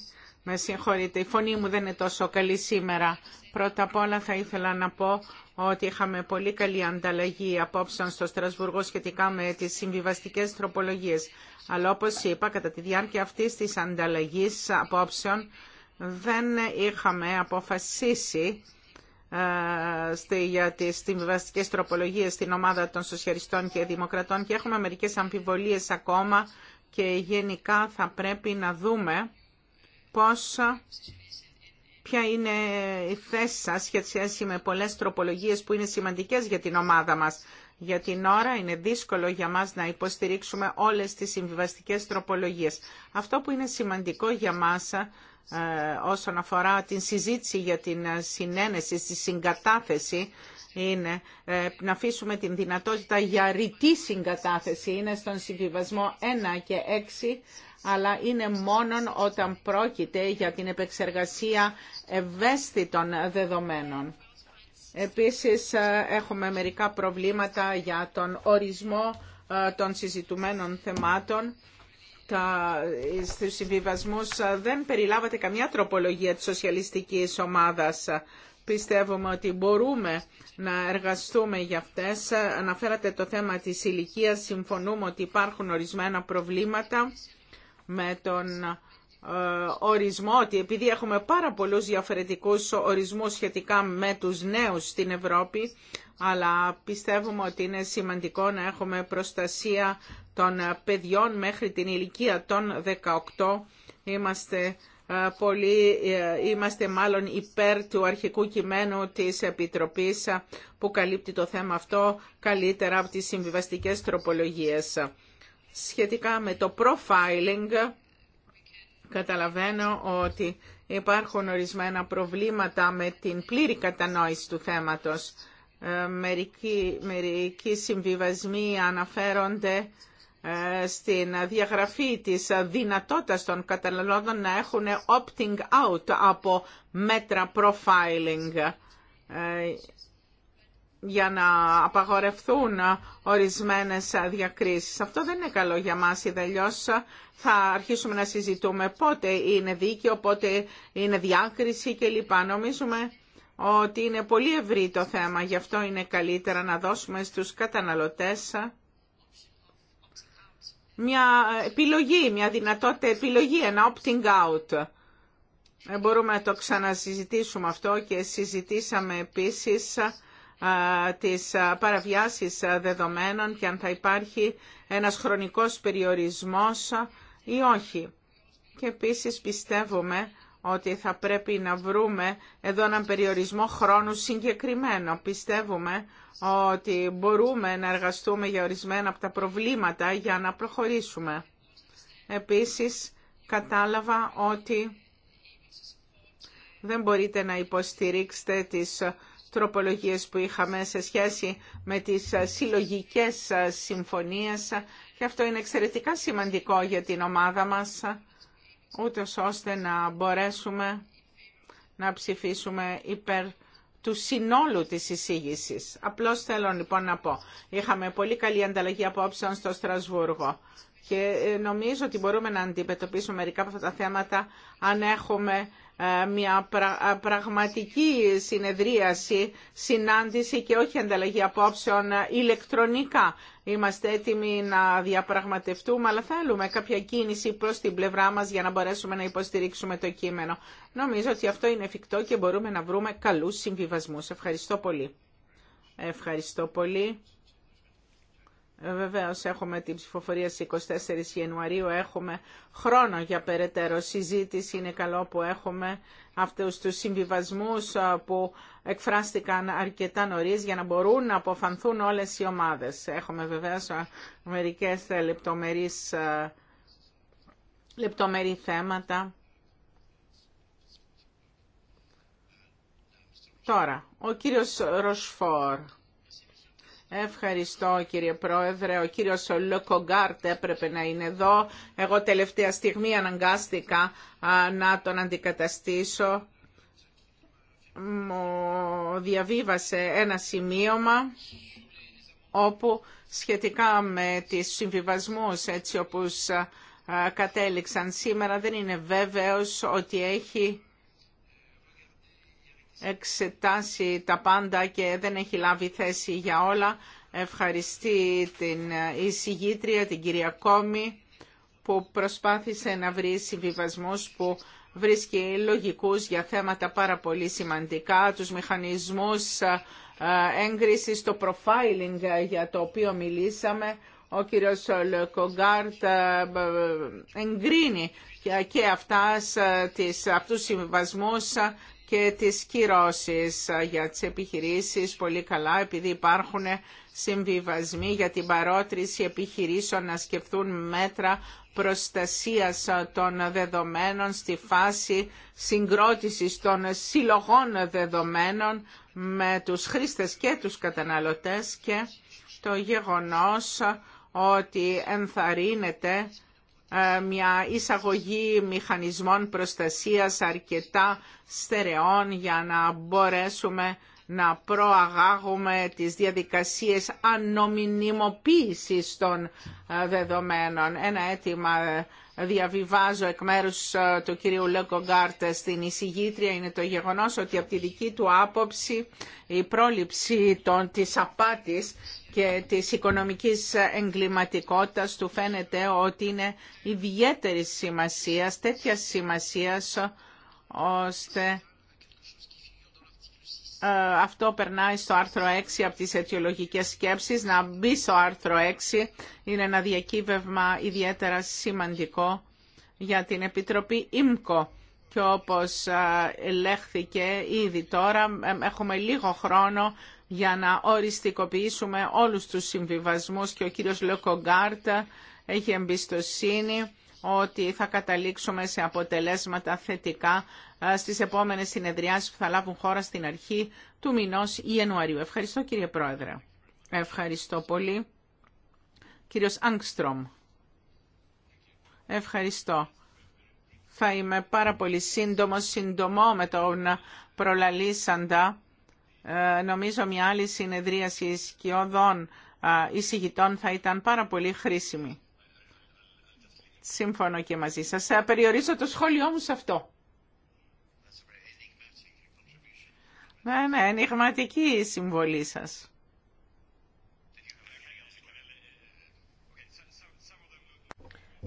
με συγχωρείτε, η φωνή μου δεν είναι τόσο καλή σήμερα. Πρώτα απ' όλα θα ήθελα να πω ότι είχαμε πολύ καλή ανταλλαγή απόψεων στο Στρασβουργό σχετικά με τις συμβιβαστικές τροπολογίες. Αλλά όπως είπα, κατά τη διάρκεια αυτής της ανταλλαγής απόψεων δεν είχαμε αποφασίσει ε, για τις συμβιβαστικές τροπολογίες στην ομάδα των Σοσιαλιστών και Δημοκρατών και έχουμε μερικές αμφιβολίες ακόμα και γενικά θα πρέπει να δούμε πώς, ποια είναι η θέση σας σχετικά με πολλές τροπολογίες που είναι σημαντικές για την ομάδα μας. Για την ώρα είναι δύσκολο για μας να υποστηρίξουμε όλες τις συμβιβαστικές τροπολογίες. Αυτό που είναι σημαντικό για μας ε, όσον αφορά την συζήτηση για την συνένεση, τη συγκατάθεση, είναι ε, να αφήσουμε την δυνατότητα για ρητή συγκατάθεση. Είναι στον συμβιβασμό 1 και 6 αλλά είναι μόνον όταν πρόκειται για την επεξεργασία ευαίσθητων δεδομένων. Επίσης ε, έχουμε μερικά προβλήματα για τον ορισμό ε, των συζητουμένων θεμάτων. Τα, ε, στους δεν περιλάβατε καμιά τροπολογία της σοσιαλιστικής ομάδας. Πιστεύουμε ότι μπορούμε να εργαστούμε για αυτές. Αναφέρατε το θέμα της ηλικίας. Συμφωνούμε ότι υπάρχουν ορισμένα προβλήματα με τον ε, ορισμό ότι επειδή έχουμε πάρα πολλούς διαφορετικούς ορισμούς σχετικά με τους νέους στην Ευρώπη, αλλά πιστεύουμε ότι είναι σημαντικό να έχουμε προστασία των παιδιών μέχρι την ηλικία των 18. Είμαστε, ε, πολύ, ε, είμαστε μάλλον υπέρ του αρχικού κειμένου της Επιτροπής που καλύπτει το θέμα αυτό καλύτερα από τις συμβιβαστικές τροπολογίες. Σχετικά με το profiling, καταλαβαίνω ότι υπάρχουν ορισμένα προβλήματα με την πλήρη κατανόηση του θέματος. Ε, μερικοί, συμβιβασμοί αναφέρονται ε, στην διαγραφή της δυνατότητας των καταναλώδων να έχουν opting out από μέτρα profiling ε, για να απαγορευθούν ορισμένες διακρίσεις. Αυτό δεν είναι καλό για μας, αλλιώς θα αρχίσουμε να συζητούμε πότε είναι δίκαιο, πότε είναι διάκριση κλπ. Νομίζουμε ότι είναι πολύ ευρύ το θέμα, γι' αυτό είναι καλύτερα να δώσουμε στους καταναλωτές μια επιλογή, μια δυνατότητα επιλογή, ένα opting out. Ε, μπορούμε να το ξανασυζητήσουμε αυτό και συζητήσαμε επίσης τις παραβιάσεις δεδομένων και αν θα υπάρχει ένας χρονικός περιορισμός ή όχι. Και επίσης πιστεύουμε ότι θα πρέπει να βρούμε εδώ έναν περιορισμό χρόνου συγκεκριμένο. Πιστεύουμε ότι μπορούμε να εργαστούμε για ορισμένα από τα προβλήματα για να προχωρήσουμε. Επίσης, κατάλαβα ότι δεν μπορείτε να υποστηρίξετε τις τροπολογίες που είχαμε σε σχέση με τις ε, συλλογικές ε, συμφωνίες και αυτό είναι εξαιρετικά σημαντικό για την ομάδα μας, ούτε ώστε να μπορέσουμε να ψηφίσουμε υπέρ του συνόλου της εισήγησης. Απλώς θέλω λοιπόν να πω, είχαμε πολύ καλή ανταλλαγή απόψεων στο Στρασβούργο και ε, νομίζω ότι μπορούμε να αντιμετωπίσουμε μερικά από αυτά τα θέματα αν έχουμε ε, μια ε, πραγματική συνεδρίαση, συνάντηση και όχι ανταλλαγή απόψεων ε, ηλεκτρονικά. Είμαστε έτοιμοι να διαπραγματευτούμε, αλλά θέλουμε κάποια κίνηση προς την πλευρά μας για να μπορέσουμε να υποστηρίξουμε το κείμενο. Νομίζω ότι αυτό είναι εφικτό και μπορούμε να βρούμε καλούς συμβιβασμούς. Ευχαριστώ πολύ. Ευχαριστώ πολύ. Ε, βεβαίω έχουμε την ψηφοφορία στις 24 Ιανουαρίου, έχουμε χρόνο για περαιτέρω συζήτηση. Είναι καλό που έχουμε αυτούς του συμβιβασμούς ε, που εκφράστηκαν αρκετά νωρί για να μπορούν να αποφανθούν όλες οι ομάδες. Έχουμε βεβαίω ε, μερικέ λεπτομερείς, θέματα. Τώρα, ο κύριος Ροσφόρ. Ευχαριστώ κύριε Πρόεδρε. Ο κύριος Λοκογκάρτ έπρεπε να είναι εδώ. Εγώ τελευταία στιγμή αναγκάστηκα να τον αντικαταστήσω. Μου διαβίβασε ένα σημείωμα όπου σχετικά με τις συμβιβασμούς έτσι όπως κατέληξαν σήμερα δεν είναι βέβαιος ότι έχει εξετάσει τα πάντα και δεν έχει λάβει θέση για όλα. Ευχαριστεί την εισηγήτρια, την κυρία Κόμη, που προσπάθησε να βρει συμβιβασμούς που βρίσκει λογικούς για θέματα πάρα πολύ σημαντικά, τους μηχανισμούς ε, έγκρισης, το profiling για το οποίο μιλήσαμε, ο κύριος Λεκογκάρτ ε, ε, εγκρίνει και αυτά τις, αυτούς τους συμβασμούς και τις κυρώσεις ε, για τις επιχειρήσεις πολύ καλά επειδή υπάρχουν συμβιβασμοί για την παρότριση επιχειρήσεων να σκεφτούν μέτρα προστασίας ε, των δεδομένων στη φάση συγκρότησης των συλλογών δεδομένων με τους χρήστες και τους καταναλωτές και το γεγονός ότι ενθαρρύνεται ε, μια εισαγωγή μηχανισμών προστασίας αρκετά στερεών για να μπορέσουμε να προαγάγουμε τις διαδικασίες ανομινιμοποίησης των ε, δεδομένων. Ένα αίτημα ε, διαβιβάζω εκ μέρους του κυρίου Λεκογκάρτ στην εισηγήτρια είναι το γεγονός ότι από τη δική του άποψη η πρόληψη των, της απάτης και της οικονομικής εγκληματικότητας του φαίνεται ότι είναι ιδιαίτερη σημασία τέτοια σημασία, ώστε ε, αυτό περνάει στο άρθρο 6 από τις αιτιολογικές σκέψεις. Να μπει στο άρθρο 6 είναι ένα διακύβευμα ιδιαίτερα σημαντικό για την Επιτροπή ΙΜΚΟ. Και όπως ε, ελέγχθηκε ήδη τώρα, ε, έχουμε λίγο χρόνο για να οριστικοποιήσουμε όλους τους συμβιβασμούς και ο κύριος Λεκογκάρτ έχει εμπιστοσύνη ότι θα καταλήξουμε σε αποτελέσματα θετικά ε, στις επόμενες συνεδριάσεις που θα λάβουν χώρα στην αρχή του μηνός Ιανουαρίου. Ευχαριστώ κύριε Πρόεδρε. Ευχαριστώ πολύ. Κύριος Άγκστρομ. Ευχαριστώ. Θα είμαι πάρα πολύ σύντομο, σύντομο με τον προλαλήσαντα ε, νομίζω μια άλλη συνεδρίαση ή ε, εισηγητών θα ήταν πάρα πολύ χρήσιμη. Σύμφωνο και μαζί σας. Ε, περιορίζω το σχόλιο μου σε αυτό. Ναι, ναι, ενηγματική η συμβολή σας.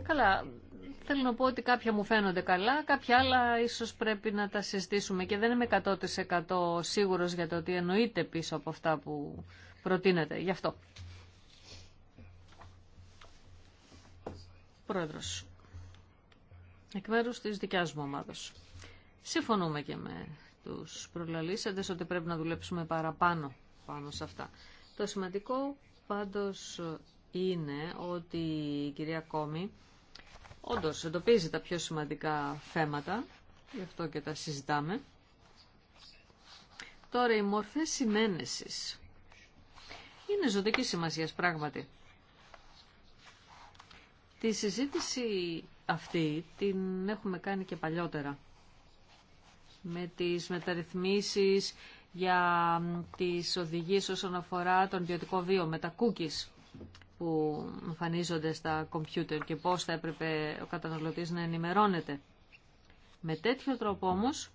Καλά, θέλω να πω ότι κάποια μου φαίνονται καλά, κάποια άλλα ίσως πρέπει να τα συζητήσουμε και δεν είμαι 100% σίγουρος για το ότι εννοείται πίσω από αυτά που προτείνεται. Γι' αυτό. Πρόεδρος. Εκ μέρους της δικιάς μου ομάδος. Συμφωνούμε και με τους προλαλήσαντες ότι πρέπει να δουλέψουμε παραπάνω πάνω σε αυτά. Το σημαντικό πάντως είναι ότι η κυρία Κόμη όντως εντοπίζει τα πιο σημαντικά θέματα, γι' αυτό και τα συζητάμε. Τώρα οι μορφές συνένεσης. Είναι ζωτική σημασία πράγματι. Τη συζήτηση αυτή την έχουμε κάνει και παλιότερα. Με τις μεταρρυθμίσεις για τις οδηγίες όσον αφορά τον ιδιωτικό βίο, με cookies που εμφανίζονται στα κομπιούτερ και πώς θα έπρεπε ο καταναλωτής να ενημερώνεται. Με τέτοιο τρόπο όμως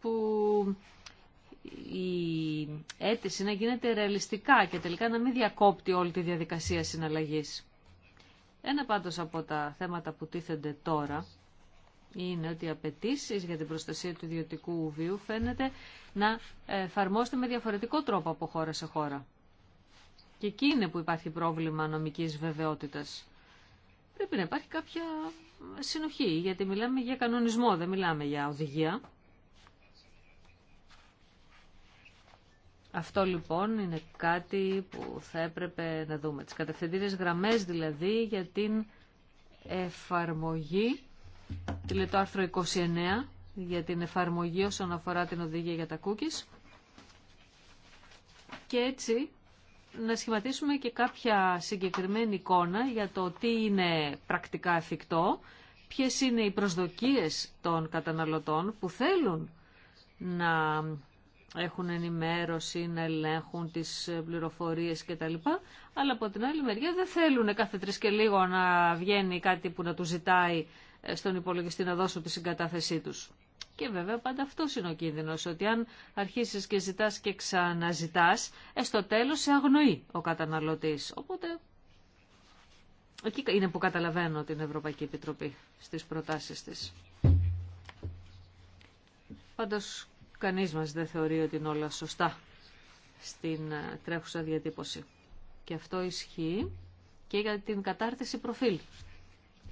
που η αίτηση να γίνεται ρεαλιστικά και τελικά να μην διακόπτει όλη τη διαδικασία συναλλαγής. Ένα πάντως από τα θέματα που τίθενται τώρα είναι ότι οι απαιτήσει για την προστασία του ιδιωτικού βίου φαίνεται να εφαρμόζονται με διαφορετικό τρόπο από χώρα σε χώρα. Και εκεί είναι που υπάρχει πρόβλημα νομικής βεβαιότητας. Πρέπει να υπάρχει κάποια συνοχή, γιατί μιλάμε για κανονισμό, δεν μιλάμε για οδηγία. Αυτό λοιπόν είναι κάτι που θα έπρεπε να δούμε. Τις κατευθυντήρες γραμμές δηλαδή για την εφαρμογή το άρθρο 29 για την εφαρμογή όσον αφορά την οδηγία για τα cookies και έτσι να σχηματίσουμε και κάποια συγκεκριμένη εικόνα για το τι είναι πρακτικά εφικτό, ποιες είναι οι προσδοκίες των καταναλωτών που θέλουν να έχουν ενημέρωση, να ελέγχουν τις πληροφορίες κτλ. Αλλά από την άλλη μεριά δεν θέλουν κάθε τρεις και λίγο να βγαίνει κάτι που να του ζητάει ε, στον υπολογιστή να δώσουν τη συγκατάθεσή τους. Και βέβαια πάντα αυτό είναι ο κίνδυνος, ότι αν αρχίσεις και ζητάς και ξαναζητάς, ε, στο τέλος σε αγνοεί ο καταναλωτής. Οπότε εκεί είναι που καταλαβαίνω την Ευρωπαϊκή Επιτροπή στις προτάσεις της. Πάντως κανείς μας δεν θεωρεί ότι είναι όλα σωστά στην ε, τρέχουσα διατύπωση. Και αυτό ισχύει και για την κατάρτιση προφίλ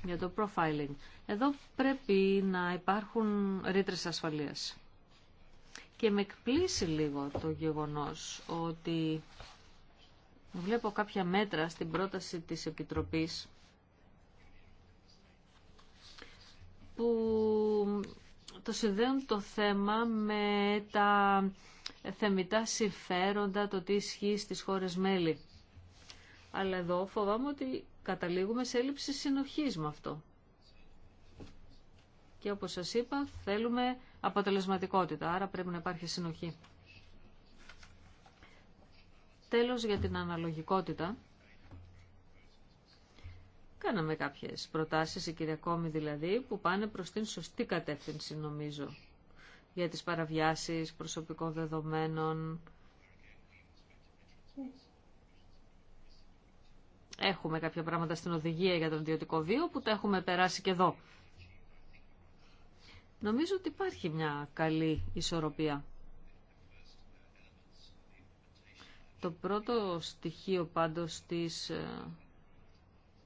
για το profiling. Εδώ πρέπει να υπάρχουν ρήτρες ασφαλείας. Και με εκπλήσει λίγο το γεγονός ότι βλέπω κάποια μέτρα στην πρόταση της Επιτροπής που το συνδέουν το θέμα με τα θεμητά συμφέροντα, το τι ισχύει στις χώρες μέλη. Αλλά εδώ φοβάμαι ότι καταλήγουμε σε έλλειψη συνοχής με αυτό. Και όπως σας είπα, θέλουμε αποτελεσματικότητα, άρα πρέπει να υπάρχει συνοχή. Τέλος, για την αναλογικότητα. Κάναμε κάποιες προτάσεις, η κυρία δηλαδή, που πάνε προς την σωστή κατεύθυνση, νομίζω, για τις παραβιάσεις προσωπικών δεδομένων Έχουμε κάποια πράγματα στην οδηγία για τον ιδιωτικό βίο που τα έχουμε περάσει και εδώ. Νομίζω ότι υπάρχει μια καλή ισορροπία. Το πρώτο στοιχείο πάντως της ε,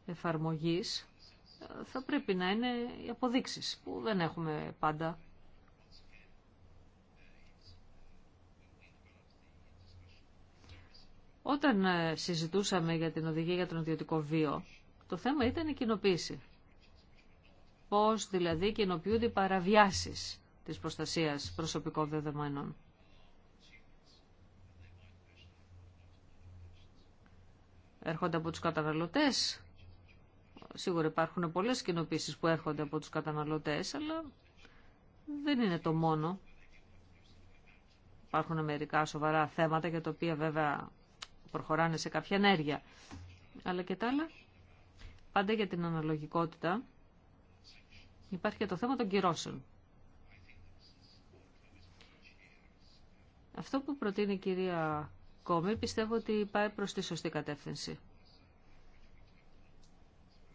εφαρμογής ε, θα πρέπει να είναι οι αποδείξεις που δεν έχουμε πάντα Όταν ε, συζητούσαμε για την οδηγία για τον ιδιωτικό βίο, το θέμα ήταν η κοινοποίηση. Πώς δηλαδή κοινοποιούνται οι παραβιάσεις της προστασίας προσωπικών δεδομένων. Έρχονται από τους καταναλωτές. Σίγουρα υπάρχουν πολλές κοινοποίησεις που έρχονται από τους καταναλωτές, αλλά δεν είναι το μόνο. Υπάρχουν μερικά σοβαρά θέματα για τα οποία βέβαια προχωράνε σε κάποια ενέργεια. Αλλά και τα άλλα, πάντα για την αναλογικότητα, υπάρχει και το θέμα των κυρώσεων. Αυτό που προτείνει η κυρία Κόμη πιστεύω ότι πάει προς τη σωστή κατεύθυνση.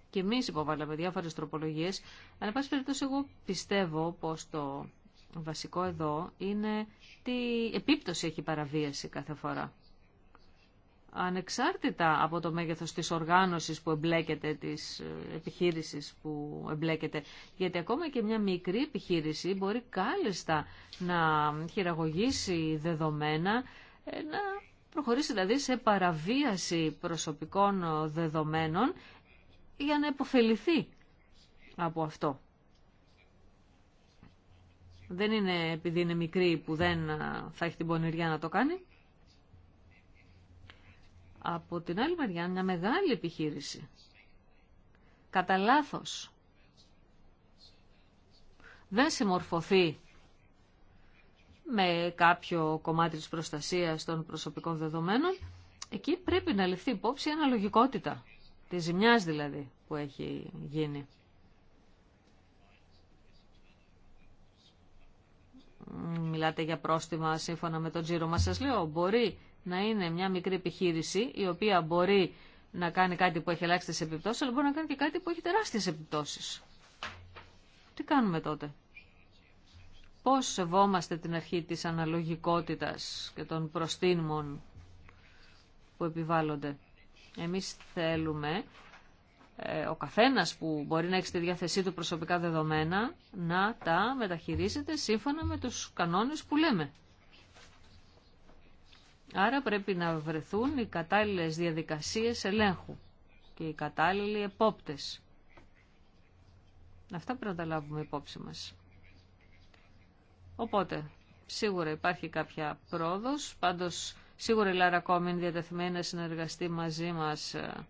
Και εμεί υποβάλαμε διάφορες τροπολογίες, αλλά πάση περιπτώσει εγώ πιστεύω πως το βασικό εδώ είναι τι επίπτωση έχει η παραβίαση κάθε φορά ανεξάρτητα από το μέγεθος της οργάνωσης που εμπλέκεται, της ε, επιχείρησης που εμπλέκεται. Γιατί ακόμα και μια μικρή επιχείρηση μπορεί κάλλιστα να χειραγωγήσει δεδομένα, ε, να προχωρήσει δηλαδή σε παραβίαση προσωπικών δεδομένων για να υποφεληθεί από αυτό. Δεν είναι επειδή είναι μικρή που δεν ε, θα έχει την πονηριά να το κάνει από την άλλη μεριά μια μεγάλη επιχείρηση. Κατά λάθο. Δεν συμμορφωθεί με κάποιο κομμάτι της προστασίας των προσωπικών δεδομένων, εκεί πρέπει να ληφθεί υπόψη η αναλογικότητα, τη ζημιάς δηλαδή που έχει γίνει. Μιλάτε για πρόστιμα σύμφωνα με τον τζίρο μας, σας λέω, μπορεί να είναι μια μικρή επιχείρηση η οποία μπορεί να κάνει κάτι που έχει ελάχιστε επιπτώσει, αλλά μπορεί να κάνει και κάτι που έχει τεράστιε επιπτώσει. Τι κάνουμε τότε. Πώς σεβόμαστε την αρχή της αναλογικότητας και των προστίμων που επιβάλλονται. Εμείς θέλουμε ε, ο καθένας που μπορεί να έχει στη διάθεσή του προσωπικά δεδομένα να τα μεταχειρίζεται σύμφωνα με τους κανόνες που λέμε. Άρα πρέπει να βρεθούν οι κατάλληλες διαδικασίες ελέγχου και οι κατάλληλοι επόπτες. Αυτά πρέπει να τα λάβουμε υπόψη μας. Οπότε, σίγουρα υπάρχει κάποια πρόοδος, πάντως σίγουρα η Λάρα Κόμιν διατεθειμένη να συνεργαστεί μαζί μας ε,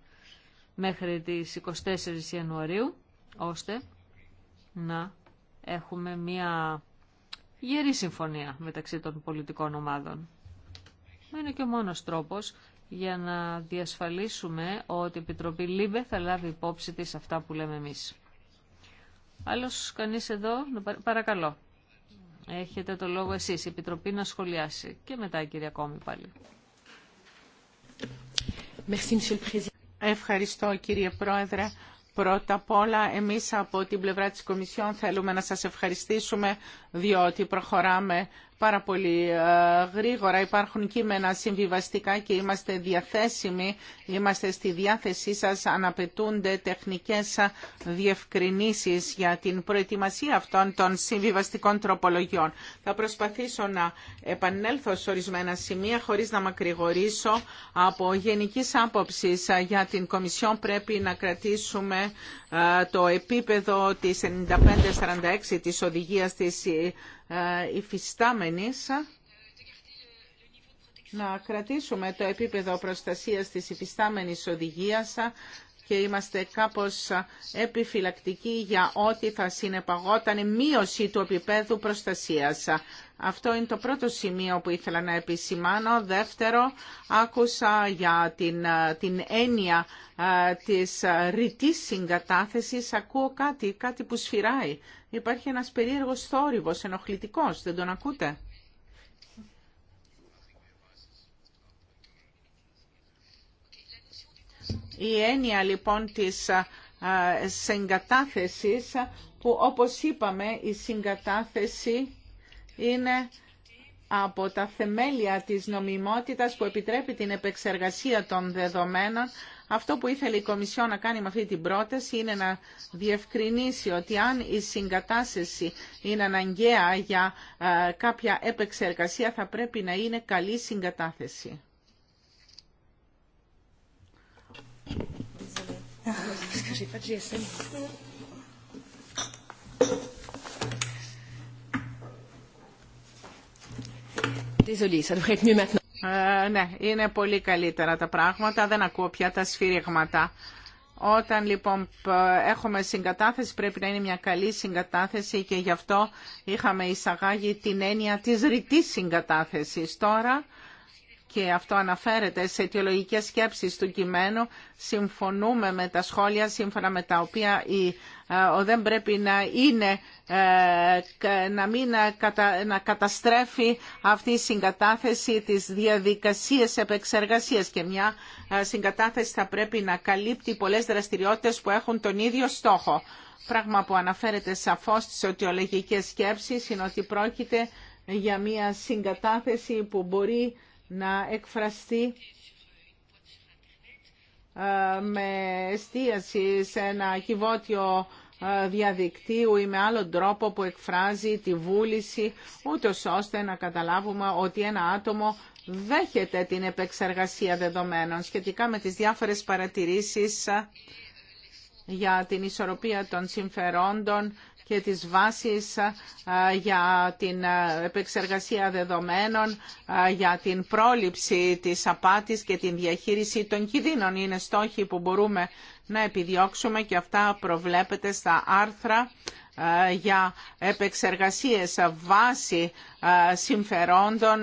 μέχρι τις 24 Ιανουαρίου, ώστε να έχουμε μια γερή συμφωνία μεταξύ των πολιτικών ομάδων είναι και ο μόνος τρόπος για να διασφαλίσουμε ότι η Επιτροπή ΛΥΜΠΕ θα λάβει υπόψη της αυτά που λέμε εμείς. Άλλος κανείς εδώ, παρακαλώ. Έχετε το λόγο εσείς, η Επιτροπή να σχολιάσει. Και μετά η κυρία Κόμη πάλι. Ευχαριστώ κύριε Πρόεδρε. Πρώτα απ' όλα, εμείς από την πλευρά της Κομισιόν θέλουμε να σας ευχαριστήσουμε διότι προχωράμε πάρα πολύ ε, γρήγορα. Υπάρχουν κείμενα συμβιβαστικά και είμαστε διαθέσιμοι, είμαστε στη διάθεσή σας. Αναπαιτούνται τεχνικές διευκρινήσεις για την προετοιμασία αυτών των συμβιβαστικών τροπολογιών. Θα προσπαθήσω να επανέλθω σε ορισμένα σημεία χωρίς να μακρηγορήσω. Από γενικής άποψης ε, για την Κομισιόν πρέπει να κρατήσουμε το επίπεδο της 9546 της οδηγίας της ε, υφιστάμενης να κρατήσουμε το επίπεδο προστασίας της υφιστάμενης οδηγίας και είμαστε κάπως επιφυλακτικοί για ό,τι θα συνεπαγόταν μείωση του επίπεδου προστασίας. Αυτό είναι το πρώτο σημείο που ήθελα να επισημάνω. Δεύτερο, άκουσα για την, την έννοια α, ε, της ρητής συγκατάθεσης. Ακούω κάτι, κάτι που σφυράει. Υπάρχει ένας περίεργος θόρυβος, ενοχλητικός. Δεν τον ακούτε. Η έννοια λοιπόν της συγκατάθεσης που όπως είπαμε η συγκατάθεση είναι από τα θεμέλια της νομιμότητας που επιτρέπει την επεξεργασία των δεδομένων. Αυτό που ήθελε η Κομισιό να κάνει με αυτή την πρόταση είναι να διευκρινίσει ότι αν η συγκατάσταση είναι αναγκαία για κάποια επεξεργασία θα πρέπει να είναι καλή συγκατάθεση. Ε, ναι, είναι πολύ καλύτερα τα πράγματα, δεν ακούω πια τα σφύριγματα. Όταν λοιπόν έχουμε συγκατάθεση πρέπει να είναι μια καλή συγκατάθεση και γι' αυτό είχαμε εισαγάγει την έννοια της ρητής συγκατάθεσης. Τώρα και αυτό αναφέρεται σε αιτιολογικές σκέψεις του κειμένου, συμφωνούμε με τα σχόλια σύμφωνα με τα οποία η, ε, ο, δεν πρέπει να είναι ε, να μην ε, να καταστρέφει αυτή η συγκατάθεση της διαδικασίας επεξεργασίας και μια συγκατάθεση θα πρέπει να καλύπτει πολλές δραστηριότητες που έχουν τον ίδιο στόχο. Πράγμα που αναφέρεται σαφώς στις αιτιολογικές σκέψεις είναι ότι πρόκειται για μια συγκατάθεση που μπορεί να εκφραστεί ε, με εστίαση σε ένα κυβότιο ε, διαδικτύου ή με άλλο τρόπο που εκφράζει τη βούληση, ούτω ώστε να καταλάβουμε ότι ένα άτομο δέχεται την επεξεργασία δεδομένων σχετικά με τις διάφορες παρατηρήσεις ε, για την ισορροπία των συμφερόντων και τις βάσεις για την επεξεργασία δεδομένων, για την πρόληψη της απάτης και την διαχείριση των κινδύνων. Είναι στόχοι που μπορούμε να επιδιώξουμε και αυτά προβλέπεται στα άρθρα για επεξεργασίες βάση συμφερόντων,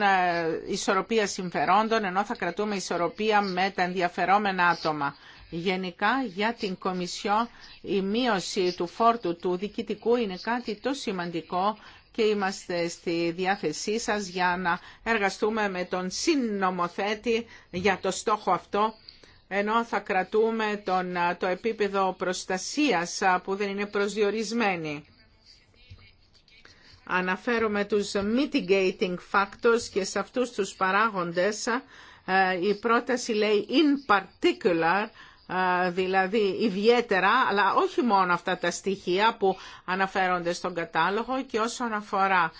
ισορροπία συμφερόντων, ενώ θα κρατούμε ισορροπία με τα ενδιαφερόμενα άτομα. Γενικά για την Κομισιό η μείωση του φόρτου του διοικητικού είναι κάτι το σημαντικό και είμαστε στη διάθεσή σας για να εργαστούμε με τον συννομοθέτη για το στόχο αυτό ενώ θα κρατούμε τον, το επίπεδο προστασίας που δεν είναι προσδιορισμένη. Αναφέρομαι τους mitigating factors και σε αυτούς τους παράγοντες ε, η πρόταση λέει in particular δηλαδή ιδιαίτερα, αλλά όχι μόνο αυτά τα στοιχεία που αναφέρονται στον κατάλογο και όσον αφορά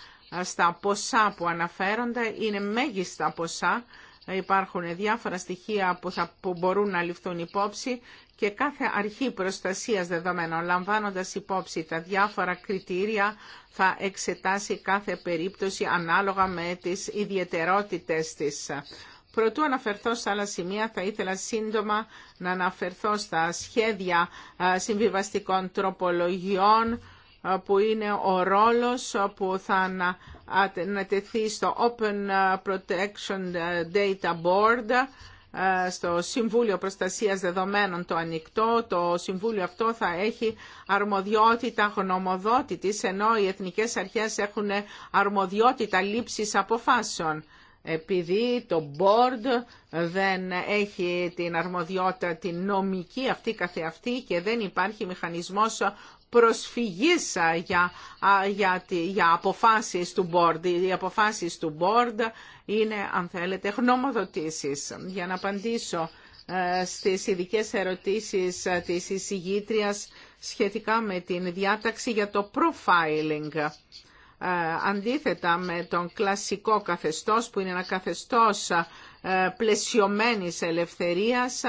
στα ποσά που αναφέρονται, είναι μέγιστα ποσά. Υπάρχουν διάφορα στοιχεία που, θα, μπορούν να ληφθούν υπόψη και κάθε αρχή προστασίας δεδομένων, λαμβάνοντας υπόψη τα διάφορα κριτήρια, θα εξετάσει κάθε περίπτωση ανάλογα με τις ιδιαιτερότητες της. Προτού αναφερθώ σε άλλα σημεία, θα ήθελα σύντομα να αναφερθώ στα σχέδια συμβιβαστικών τροπολογιών, που είναι ο ρόλος που θα ανατεθεί στο Open Protection Data Board, στο Συμβούλιο Προστασίας Δεδομένων το ανοιχτό. Το Συμβούλιο αυτό θα έχει αρμοδιότητα γνωμοδότητης, ενώ οι εθνικές αρχές έχουν αρμοδιότητα λήψης αποφάσεων επειδή το board δεν έχει την αρμοδιότητα την νομική αυτή καθεαυτή και δεν υπάρχει μηχανισμός προσφυγής για, για, για αποφάσεις του board. Οι αποφάσεις του board είναι, αν θέλετε, γνωμοδοτήσεις. Για να απαντήσω ε, στις ειδικέ ερωτήσεις ε, της εισηγήτριας σχετικά με την διάταξη για το profiling. Ε, αντίθετα με τον κλασικό καθεστώς που είναι ένα καθεστώς ε, πλαισιωμένης ελευθερίας,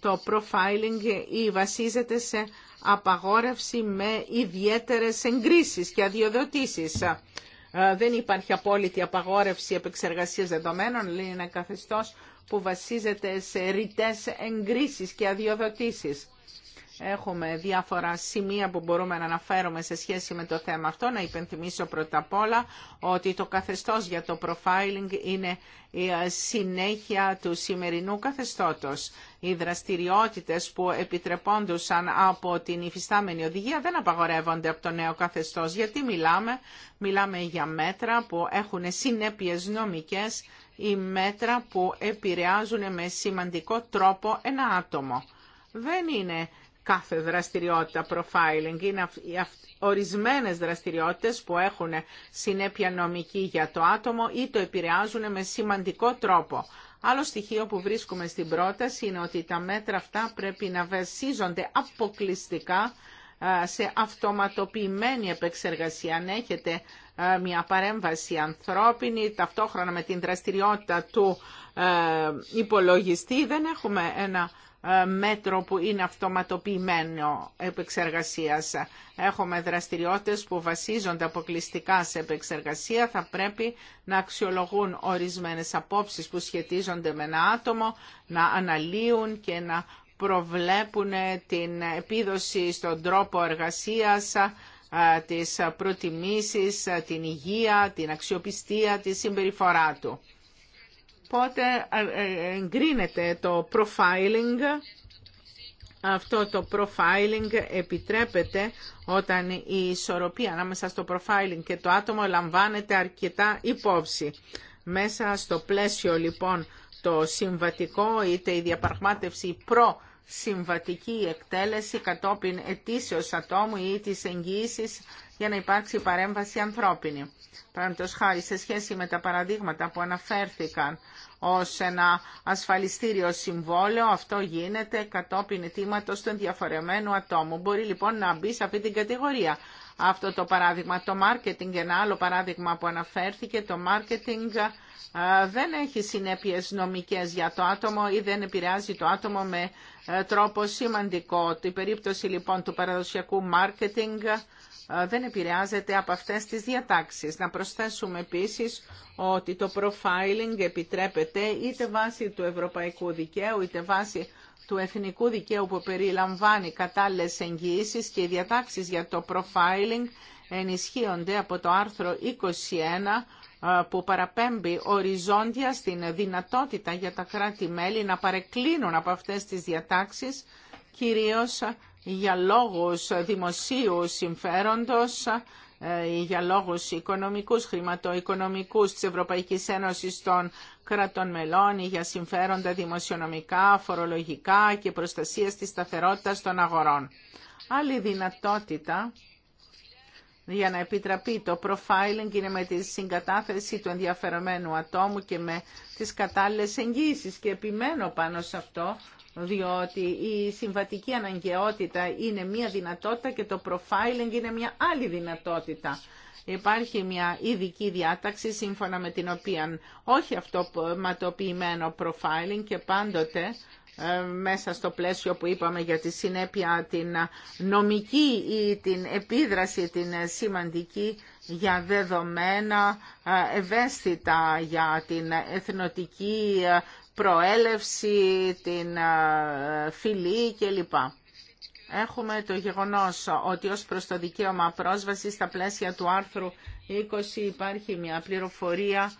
το profiling ή ε, βασίζεται σε απαγόρευση με ιδιαίτερες εγκρίσεις και αδειοδοτήσεις. Δεν υπάρχει απόλυτη απαγόρευση επεξεργασίας δεδομένων, είναι ένα καθεστώς που βασίζεται σε ρητές εγκρίσεις και αδειοδοτήσεις. Έχουμε διάφορα σημεία που μπορούμε να αναφέρουμε σε σχέση με το θέμα αυτό. Να υπενθυμίσω πρώτα απ' όλα ότι το καθεστώς για το profiling είναι η ε, συνέχεια του σημερινού καθεστώτος. Οι δραστηριότητες που επιτρεπόντουσαν από την υφιστάμενη οδηγία δεν απαγορεύονται από το νέο καθεστώς. Γιατί μιλάμε, μιλάμε για μέτρα που έχουν συνέπειες νομικές ή μέτρα που επηρεάζουν με σημαντικό τρόπο ένα άτομο. Δεν είναι κάθε δραστηριότητα profiling. Είναι ορισμένες δραστηριότητες που έχουν συνέπεια νομική για το άτομο ή το επηρεάζουν με σημαντικό τρόπο. Άλλο στοιχείο που βρίσκουμε στην πρόταση είναι ότι τα μέτρα αυτά πρέπει να βασίζονται αποκλειστικά σε αυτοματοποιημένη επεξεργασία. Αν έχετε μια παρέμβαση ανθρώπινη ταυτόχρονα με την δραστηριότητα του υπολογιστή, δεν έχουμε ένα ε, μέτρο που είναι αυτοματοποιημένο επεξεργασίας. Έχουμε δραστηριότητες που βασίζονται αποκλειστικά σε επεξεργασία. Θα πρέπει να αξιολογούν ορισμένες απόψεις που σχετίζονται με ένα άτομο, να αναλύουν και να προβλέπουν την επίδοση στον τρόπο εργασίας, ε, τις προτιμήσεις, ε, την υγεία, την αξιοπιστία, τη συμπεριφορά του. Πότε ε, ε, εγκρίνεται το profiling. Αυτό το profiling επιτρέπεται όταν η ισορροπία ανάμεσα στο profiling και το άτομο λαμβάνεται αρκετά υπόψη. Μέσα στο πλαίσιο λοιπόν το συμβατικό είτε η διαπραγμάτευση προ συμβατική εκτέλεση κατόπιν ετήσεως ατόμου ή της εγγύησης για να υπάρξει παρέμβαση ανθρώπινη. Παραδείγματος χάρη σε σχέση με τα παραδείγματα που αναφέρθηκαν ως ένα ασφαλιστήριο συμβόλαιο. Αυτό γίνεται κατόπιν αιτήματος του ενδιαφορεμένου ατόμου. Μπορεί λοιπόν να μπει σε αυτή την κατηγορία. Αυτό το παράδειγμα, το marketing, ένα άλλο παράδειγμα που αναφέρθηκε, το marketing ε, δεν έχει συνέπειες νομικές για το άτομο ή δεν επηρεάζει το άτομο με ε, τρόπο σημαντικό. Η περίπτωση λοιπόν του παραδοσιακού marketing ε, δεν επηρεάζεται από αυτές τις διατάξεις. Να προσθέσουμε επίσης ότι το profiling επιτρέπεται είτε βάσει του ευρωπαϊκού δικαίου είτε βάσει του εθνικού δικαίου που περιλαμβάνει κατάλληλες εγγυήσεις και οι διατάξεις για το profiling ενισχύονται από το άρθρο 21 ε, που παραπέμπει οριζόντια στην δυνατότητα για τα κράτη-μέλη να παρεκκλίνουν από αυτές τις διατάξεις, κυρίως για λόγους δημοσίου συμφέροντος ε, για λόγους οικονομικούς, χρηματοοικονομικούς της Ευρωπαϊκής Ένωσης των κρατών μελών για συμφέροντα δημοσιονομικά, φορολογικά και προστασίας της σταθερότητας των αγορών. Άλλη δυνατότητα για να επιτραπεί το profiling είναι με τη συγκατάθεση του ενδιαφερομένου ατόμου και με τις κατάλληλες εγγύησεις. Και επιμένω πάνω σε αυτό διότι η συμβατική αναγκαιότητα είναι μία δυνατότητα και το profiling είναι μία άλλη δυνατότητα. Υπάρχει μια ειδική διάταξη σύμφωνα με την οποία όχι αυτοματοποιημένο profiling και πάντοτε ε, μέσα στο πλαίσιο που είπαμε για τη συνέπεια την νομική ή την επίδραση την σημαντική για δεδομένα ε, ευαίσθητα για την εθνοτική ε, προέλευση, την φιλή κλπ. Έχουμε το γεγονός ότι ως προς το δικαίωμα πρόσβαση στα πλαίσια του άρθρου 20 υπάρχει μια πληροφορία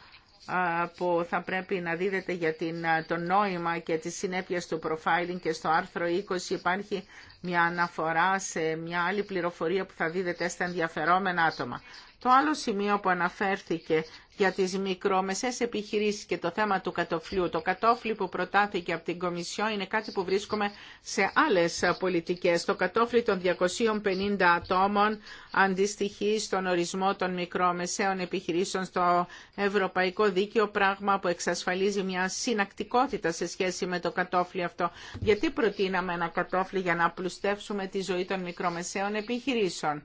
που θα πρέπει να δίδεται για την, το νόημα και τις συνέπειες του profiling και στο άρθρο 20 υπάρχει μια αναφορά σε μια άλλη πληροφορία που θα δίδεται στα ενδιαφερόμενα άτομα. Το άλλο σημείο που αναφέρθηκε για τις μικρόμεσες επιχειρήσεις και το θέμα του κατοφλιού. Το κατόφλι που προτάθηκε από την Κομισιό είναι κάτι που βρίσκουμε σε άλλες πολιτικές. Το κατόφλι των 250 ατόμων αντιστοιχεί στον ορισμό των μικρόμεσαίων επιχειρήσεων στο Ευρωπαϊκό Δίκαιο, πράγμα που εξασφαλίζει μια συνακτικότητα σε σχέση με το κατόφλι αυτό. Γιατί προτείναμε ένα κατόφλι για να απλουστεύσουμε τη ζωή των μικρομεσαίων επιχειρήσεων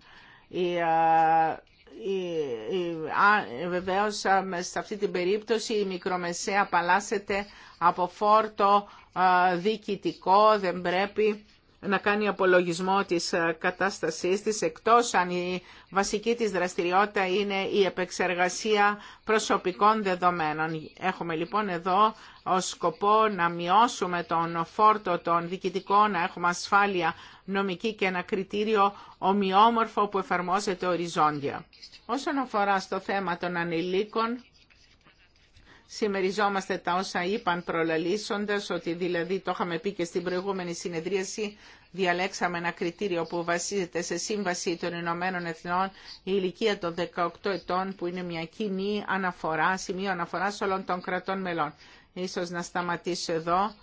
βεβαίως σε αυτή την περίπτωση η μικρομεσαία απαλλάσσεται από φόρτο διοικητικό, δεν πρέπει να κάνει απολογισμό της ε, κατάστασής της, εκτός αν η βασική της δραστηριότητα είναι η επεξεργασία προσωπικών δεδομένων. Έχουμε λοιπόν εδώ ως σκοπό να μειώσουμε τον φόρτο των διοικητικών, να έχουμε ασφάλεια νομική και ένα κριτήριο ομοιόμορφο που εφαρμόζεται οριζόντια. Όσον αφορά στο θέμα των ανηλίκων, Σημεριζόμαστε τα όσα είπαν προλαλήσοντας ότι δηλαδή το είχαμε πει και στην προηγούμενη συνεδρίαση διαλέξαμε ένα κριτήριο που βασίζεται σε σύμβαση των Ηνωμένων Εθνών η ηλικία των 18 ετών που είναι μια κοινή αναφορά, σημείο αναφορά όλων των κρατών μελών. Ίσως να σταματήσω εδώ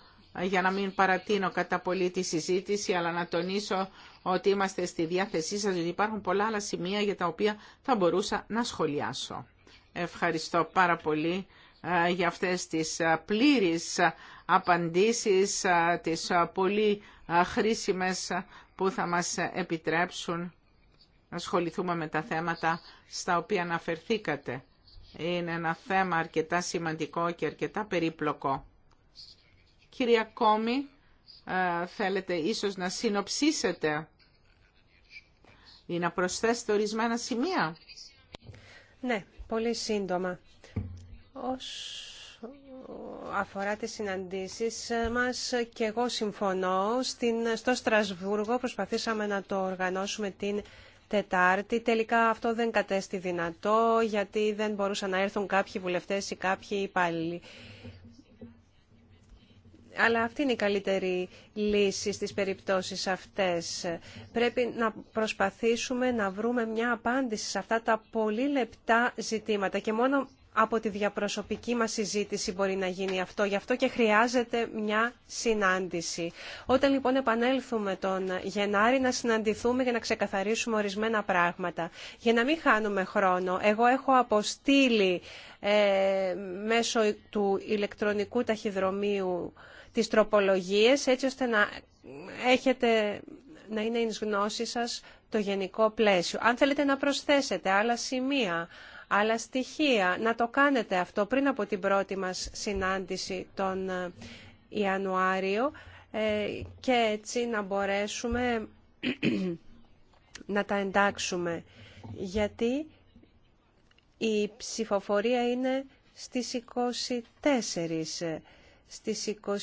για να μην παρατείνω κατά πολύ τη συζήτηση, αλλά να τονίσω ότι είμαστε στη διάθεσή σας, γιατί υπάρχουν πολλά άλλα σημεία για τα οποία θα μπορούσα να σχολιάσω. Ευχαριστώ πάρα πολύ. Ε, για αυτές τις ε, πλήρεις ε, απαντήσεις, τις πολύ χρήσιμες που θα μας επιτρέψουν να ασχοληθούμε με τα θέματα στα οποία αναφερθήκατε. Είναι ένα θέμα αρκετά σημαντικό και αρκετά περίπλοκο. Κυρία Κόμη, θέλετε ίσως να συνοψίσετε ή να προσθέσετε ορισμένα σημεία. Ναι, πολύ σύντομα. Ως αφορά τις συναντήσεις μας και εγώ συμφωνώ. Στην, στο Στρασβούργο προσπαθήσαμε να το οργανώσουμε την Τετάρτη. Τελικά αυτό δεν κατέστη δυνατό γιατί δεν μπορούσαν να έρθουν κάποιοι βουλευτές ή κάποιοι υπάλληλοι. Αλλά αυτή είναι η καλύτερη λύση στις περιπτώσεις αυτές. Πρέπει να προσπαθήσουμε να βρούμε μια απάντηση σε αυτά τα πολύ λεπτά ζητήματα και μόνο από τη διαπροσωπική μας συζήτηση μπορεί να γίνει αυτό. Γι' αυτό και χρειάζεται μια συνάντηση. Όταν λοιπόν επανέλθουμε τον Γενάρη να συναντηθούμε για να ξεκαθαρίσουμε ορισμένα πράγματα. Για να μην χάνουμε χρόνο, εγώ έχω αποστείλει ε, μέσω του ηλεκτρονικού ταχυδρομείου τις τροπολογίες έτσι ώστε να έχετε να είναι εις γνώση σας το γενικό πλαίσιο. Αν θέλετε να προσθέσετε άλλα σημεία, άλλα στοιχεία. Να το κάνετε αυτό πριν από την πρώτη μας συνάντηση τον ε, Ιανουάριο ε, και έτσι να μπορέσουμε να τα εντάξουμε. Γιατί η ψηφοφορία είναι στις 24. Στις 23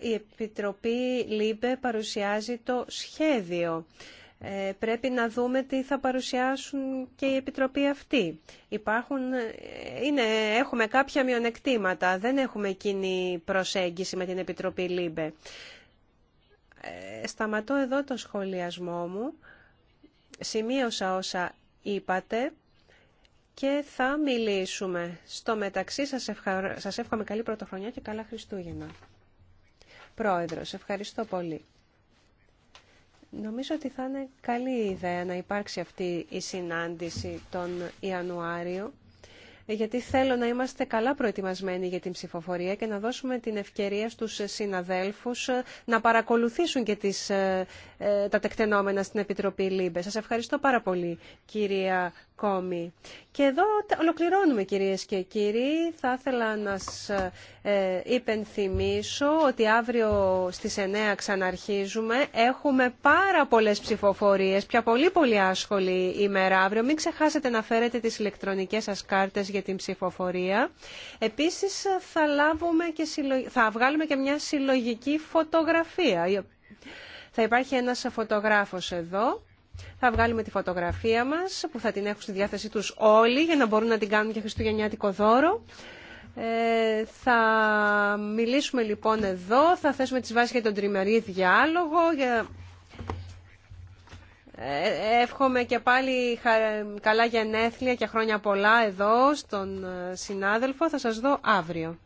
η Επιτροπή ΛΥΜΠΕ παρουσιάζει το σχέδιο ε, πρέπει να δούμε τι θα παρουσιάσουν και η Επιτροπή αυτή. Υπάρχουν, ε, είναι, έχουμε κάποια μειονεκτήματα, δεν έχουμε κοινή προσέγγιση με την Επιτροπή ΛΥΜΠΕ. Ε, σταματώ εδώ το σχολιασμό μου. Σημείωσα όσα είπατε και θα μιλήσουμε. Στο μεταξύ σας, ευχα... σας εύχομαι καλή πρωτοχρονιά και καλά Χριστούγεννα. Πρόεδρος, ευχαριστώ πολύ. Νομίζω ότι θα είναι καλή ιδέα να υπάρξει αυτή η συνάντηση τον Ιανουάριο, γιατί θέλω να είμαστε καλά προετοιμασμένοι για την ψηφοφορία και να δώσουμε την ευκαιρία στους συναδέλφους ε, να παρακολουθήσουν και τις, ε, ε, τα τεκτενόμενα στην Επιτροπή ΛΥΜΠΕ. Σας ευχαριστώ πάρα πολύ, κυρία και εδώ ολοκληρώνουμε κυρίες και κύριοι. Θα ήθελα να σας ε, υπενθυμίσω ότι αύριο στις 9 ξαναρχίζουμε. Έχουμε πάρα πολλές ψηφοφορίες, πια πολύ πολύ άσχολη ημέρα αύριο. Μην ξεχάσετε να φέρετε τις ηλεκτρονικές σας κάρτες για την ψηφοφορία. Επίσης θα, λάβουμε και θα βγάλουμε και μια συλλογική φωτογραφία. Θα υπάρχει ένας φωτογράφος εδώ θα βγάλουμε τη φωτογραφία μας που θα την έχουν στη διάθεσή τους όλοι για να μπορούν να την κάνουν και χριστουγεννιάτικο δώρο. Ε, θα μιλήσουμε λοιπόν εδώ, θα θέσουμε τις βάσεις για τον τριμερή διάλογο. Για... Ε, εύχομαι και πάλι καλά γενέθλια και χρόνια πολλά εδώ στον ε, συνάδελφο. Θα σας δω αύριο.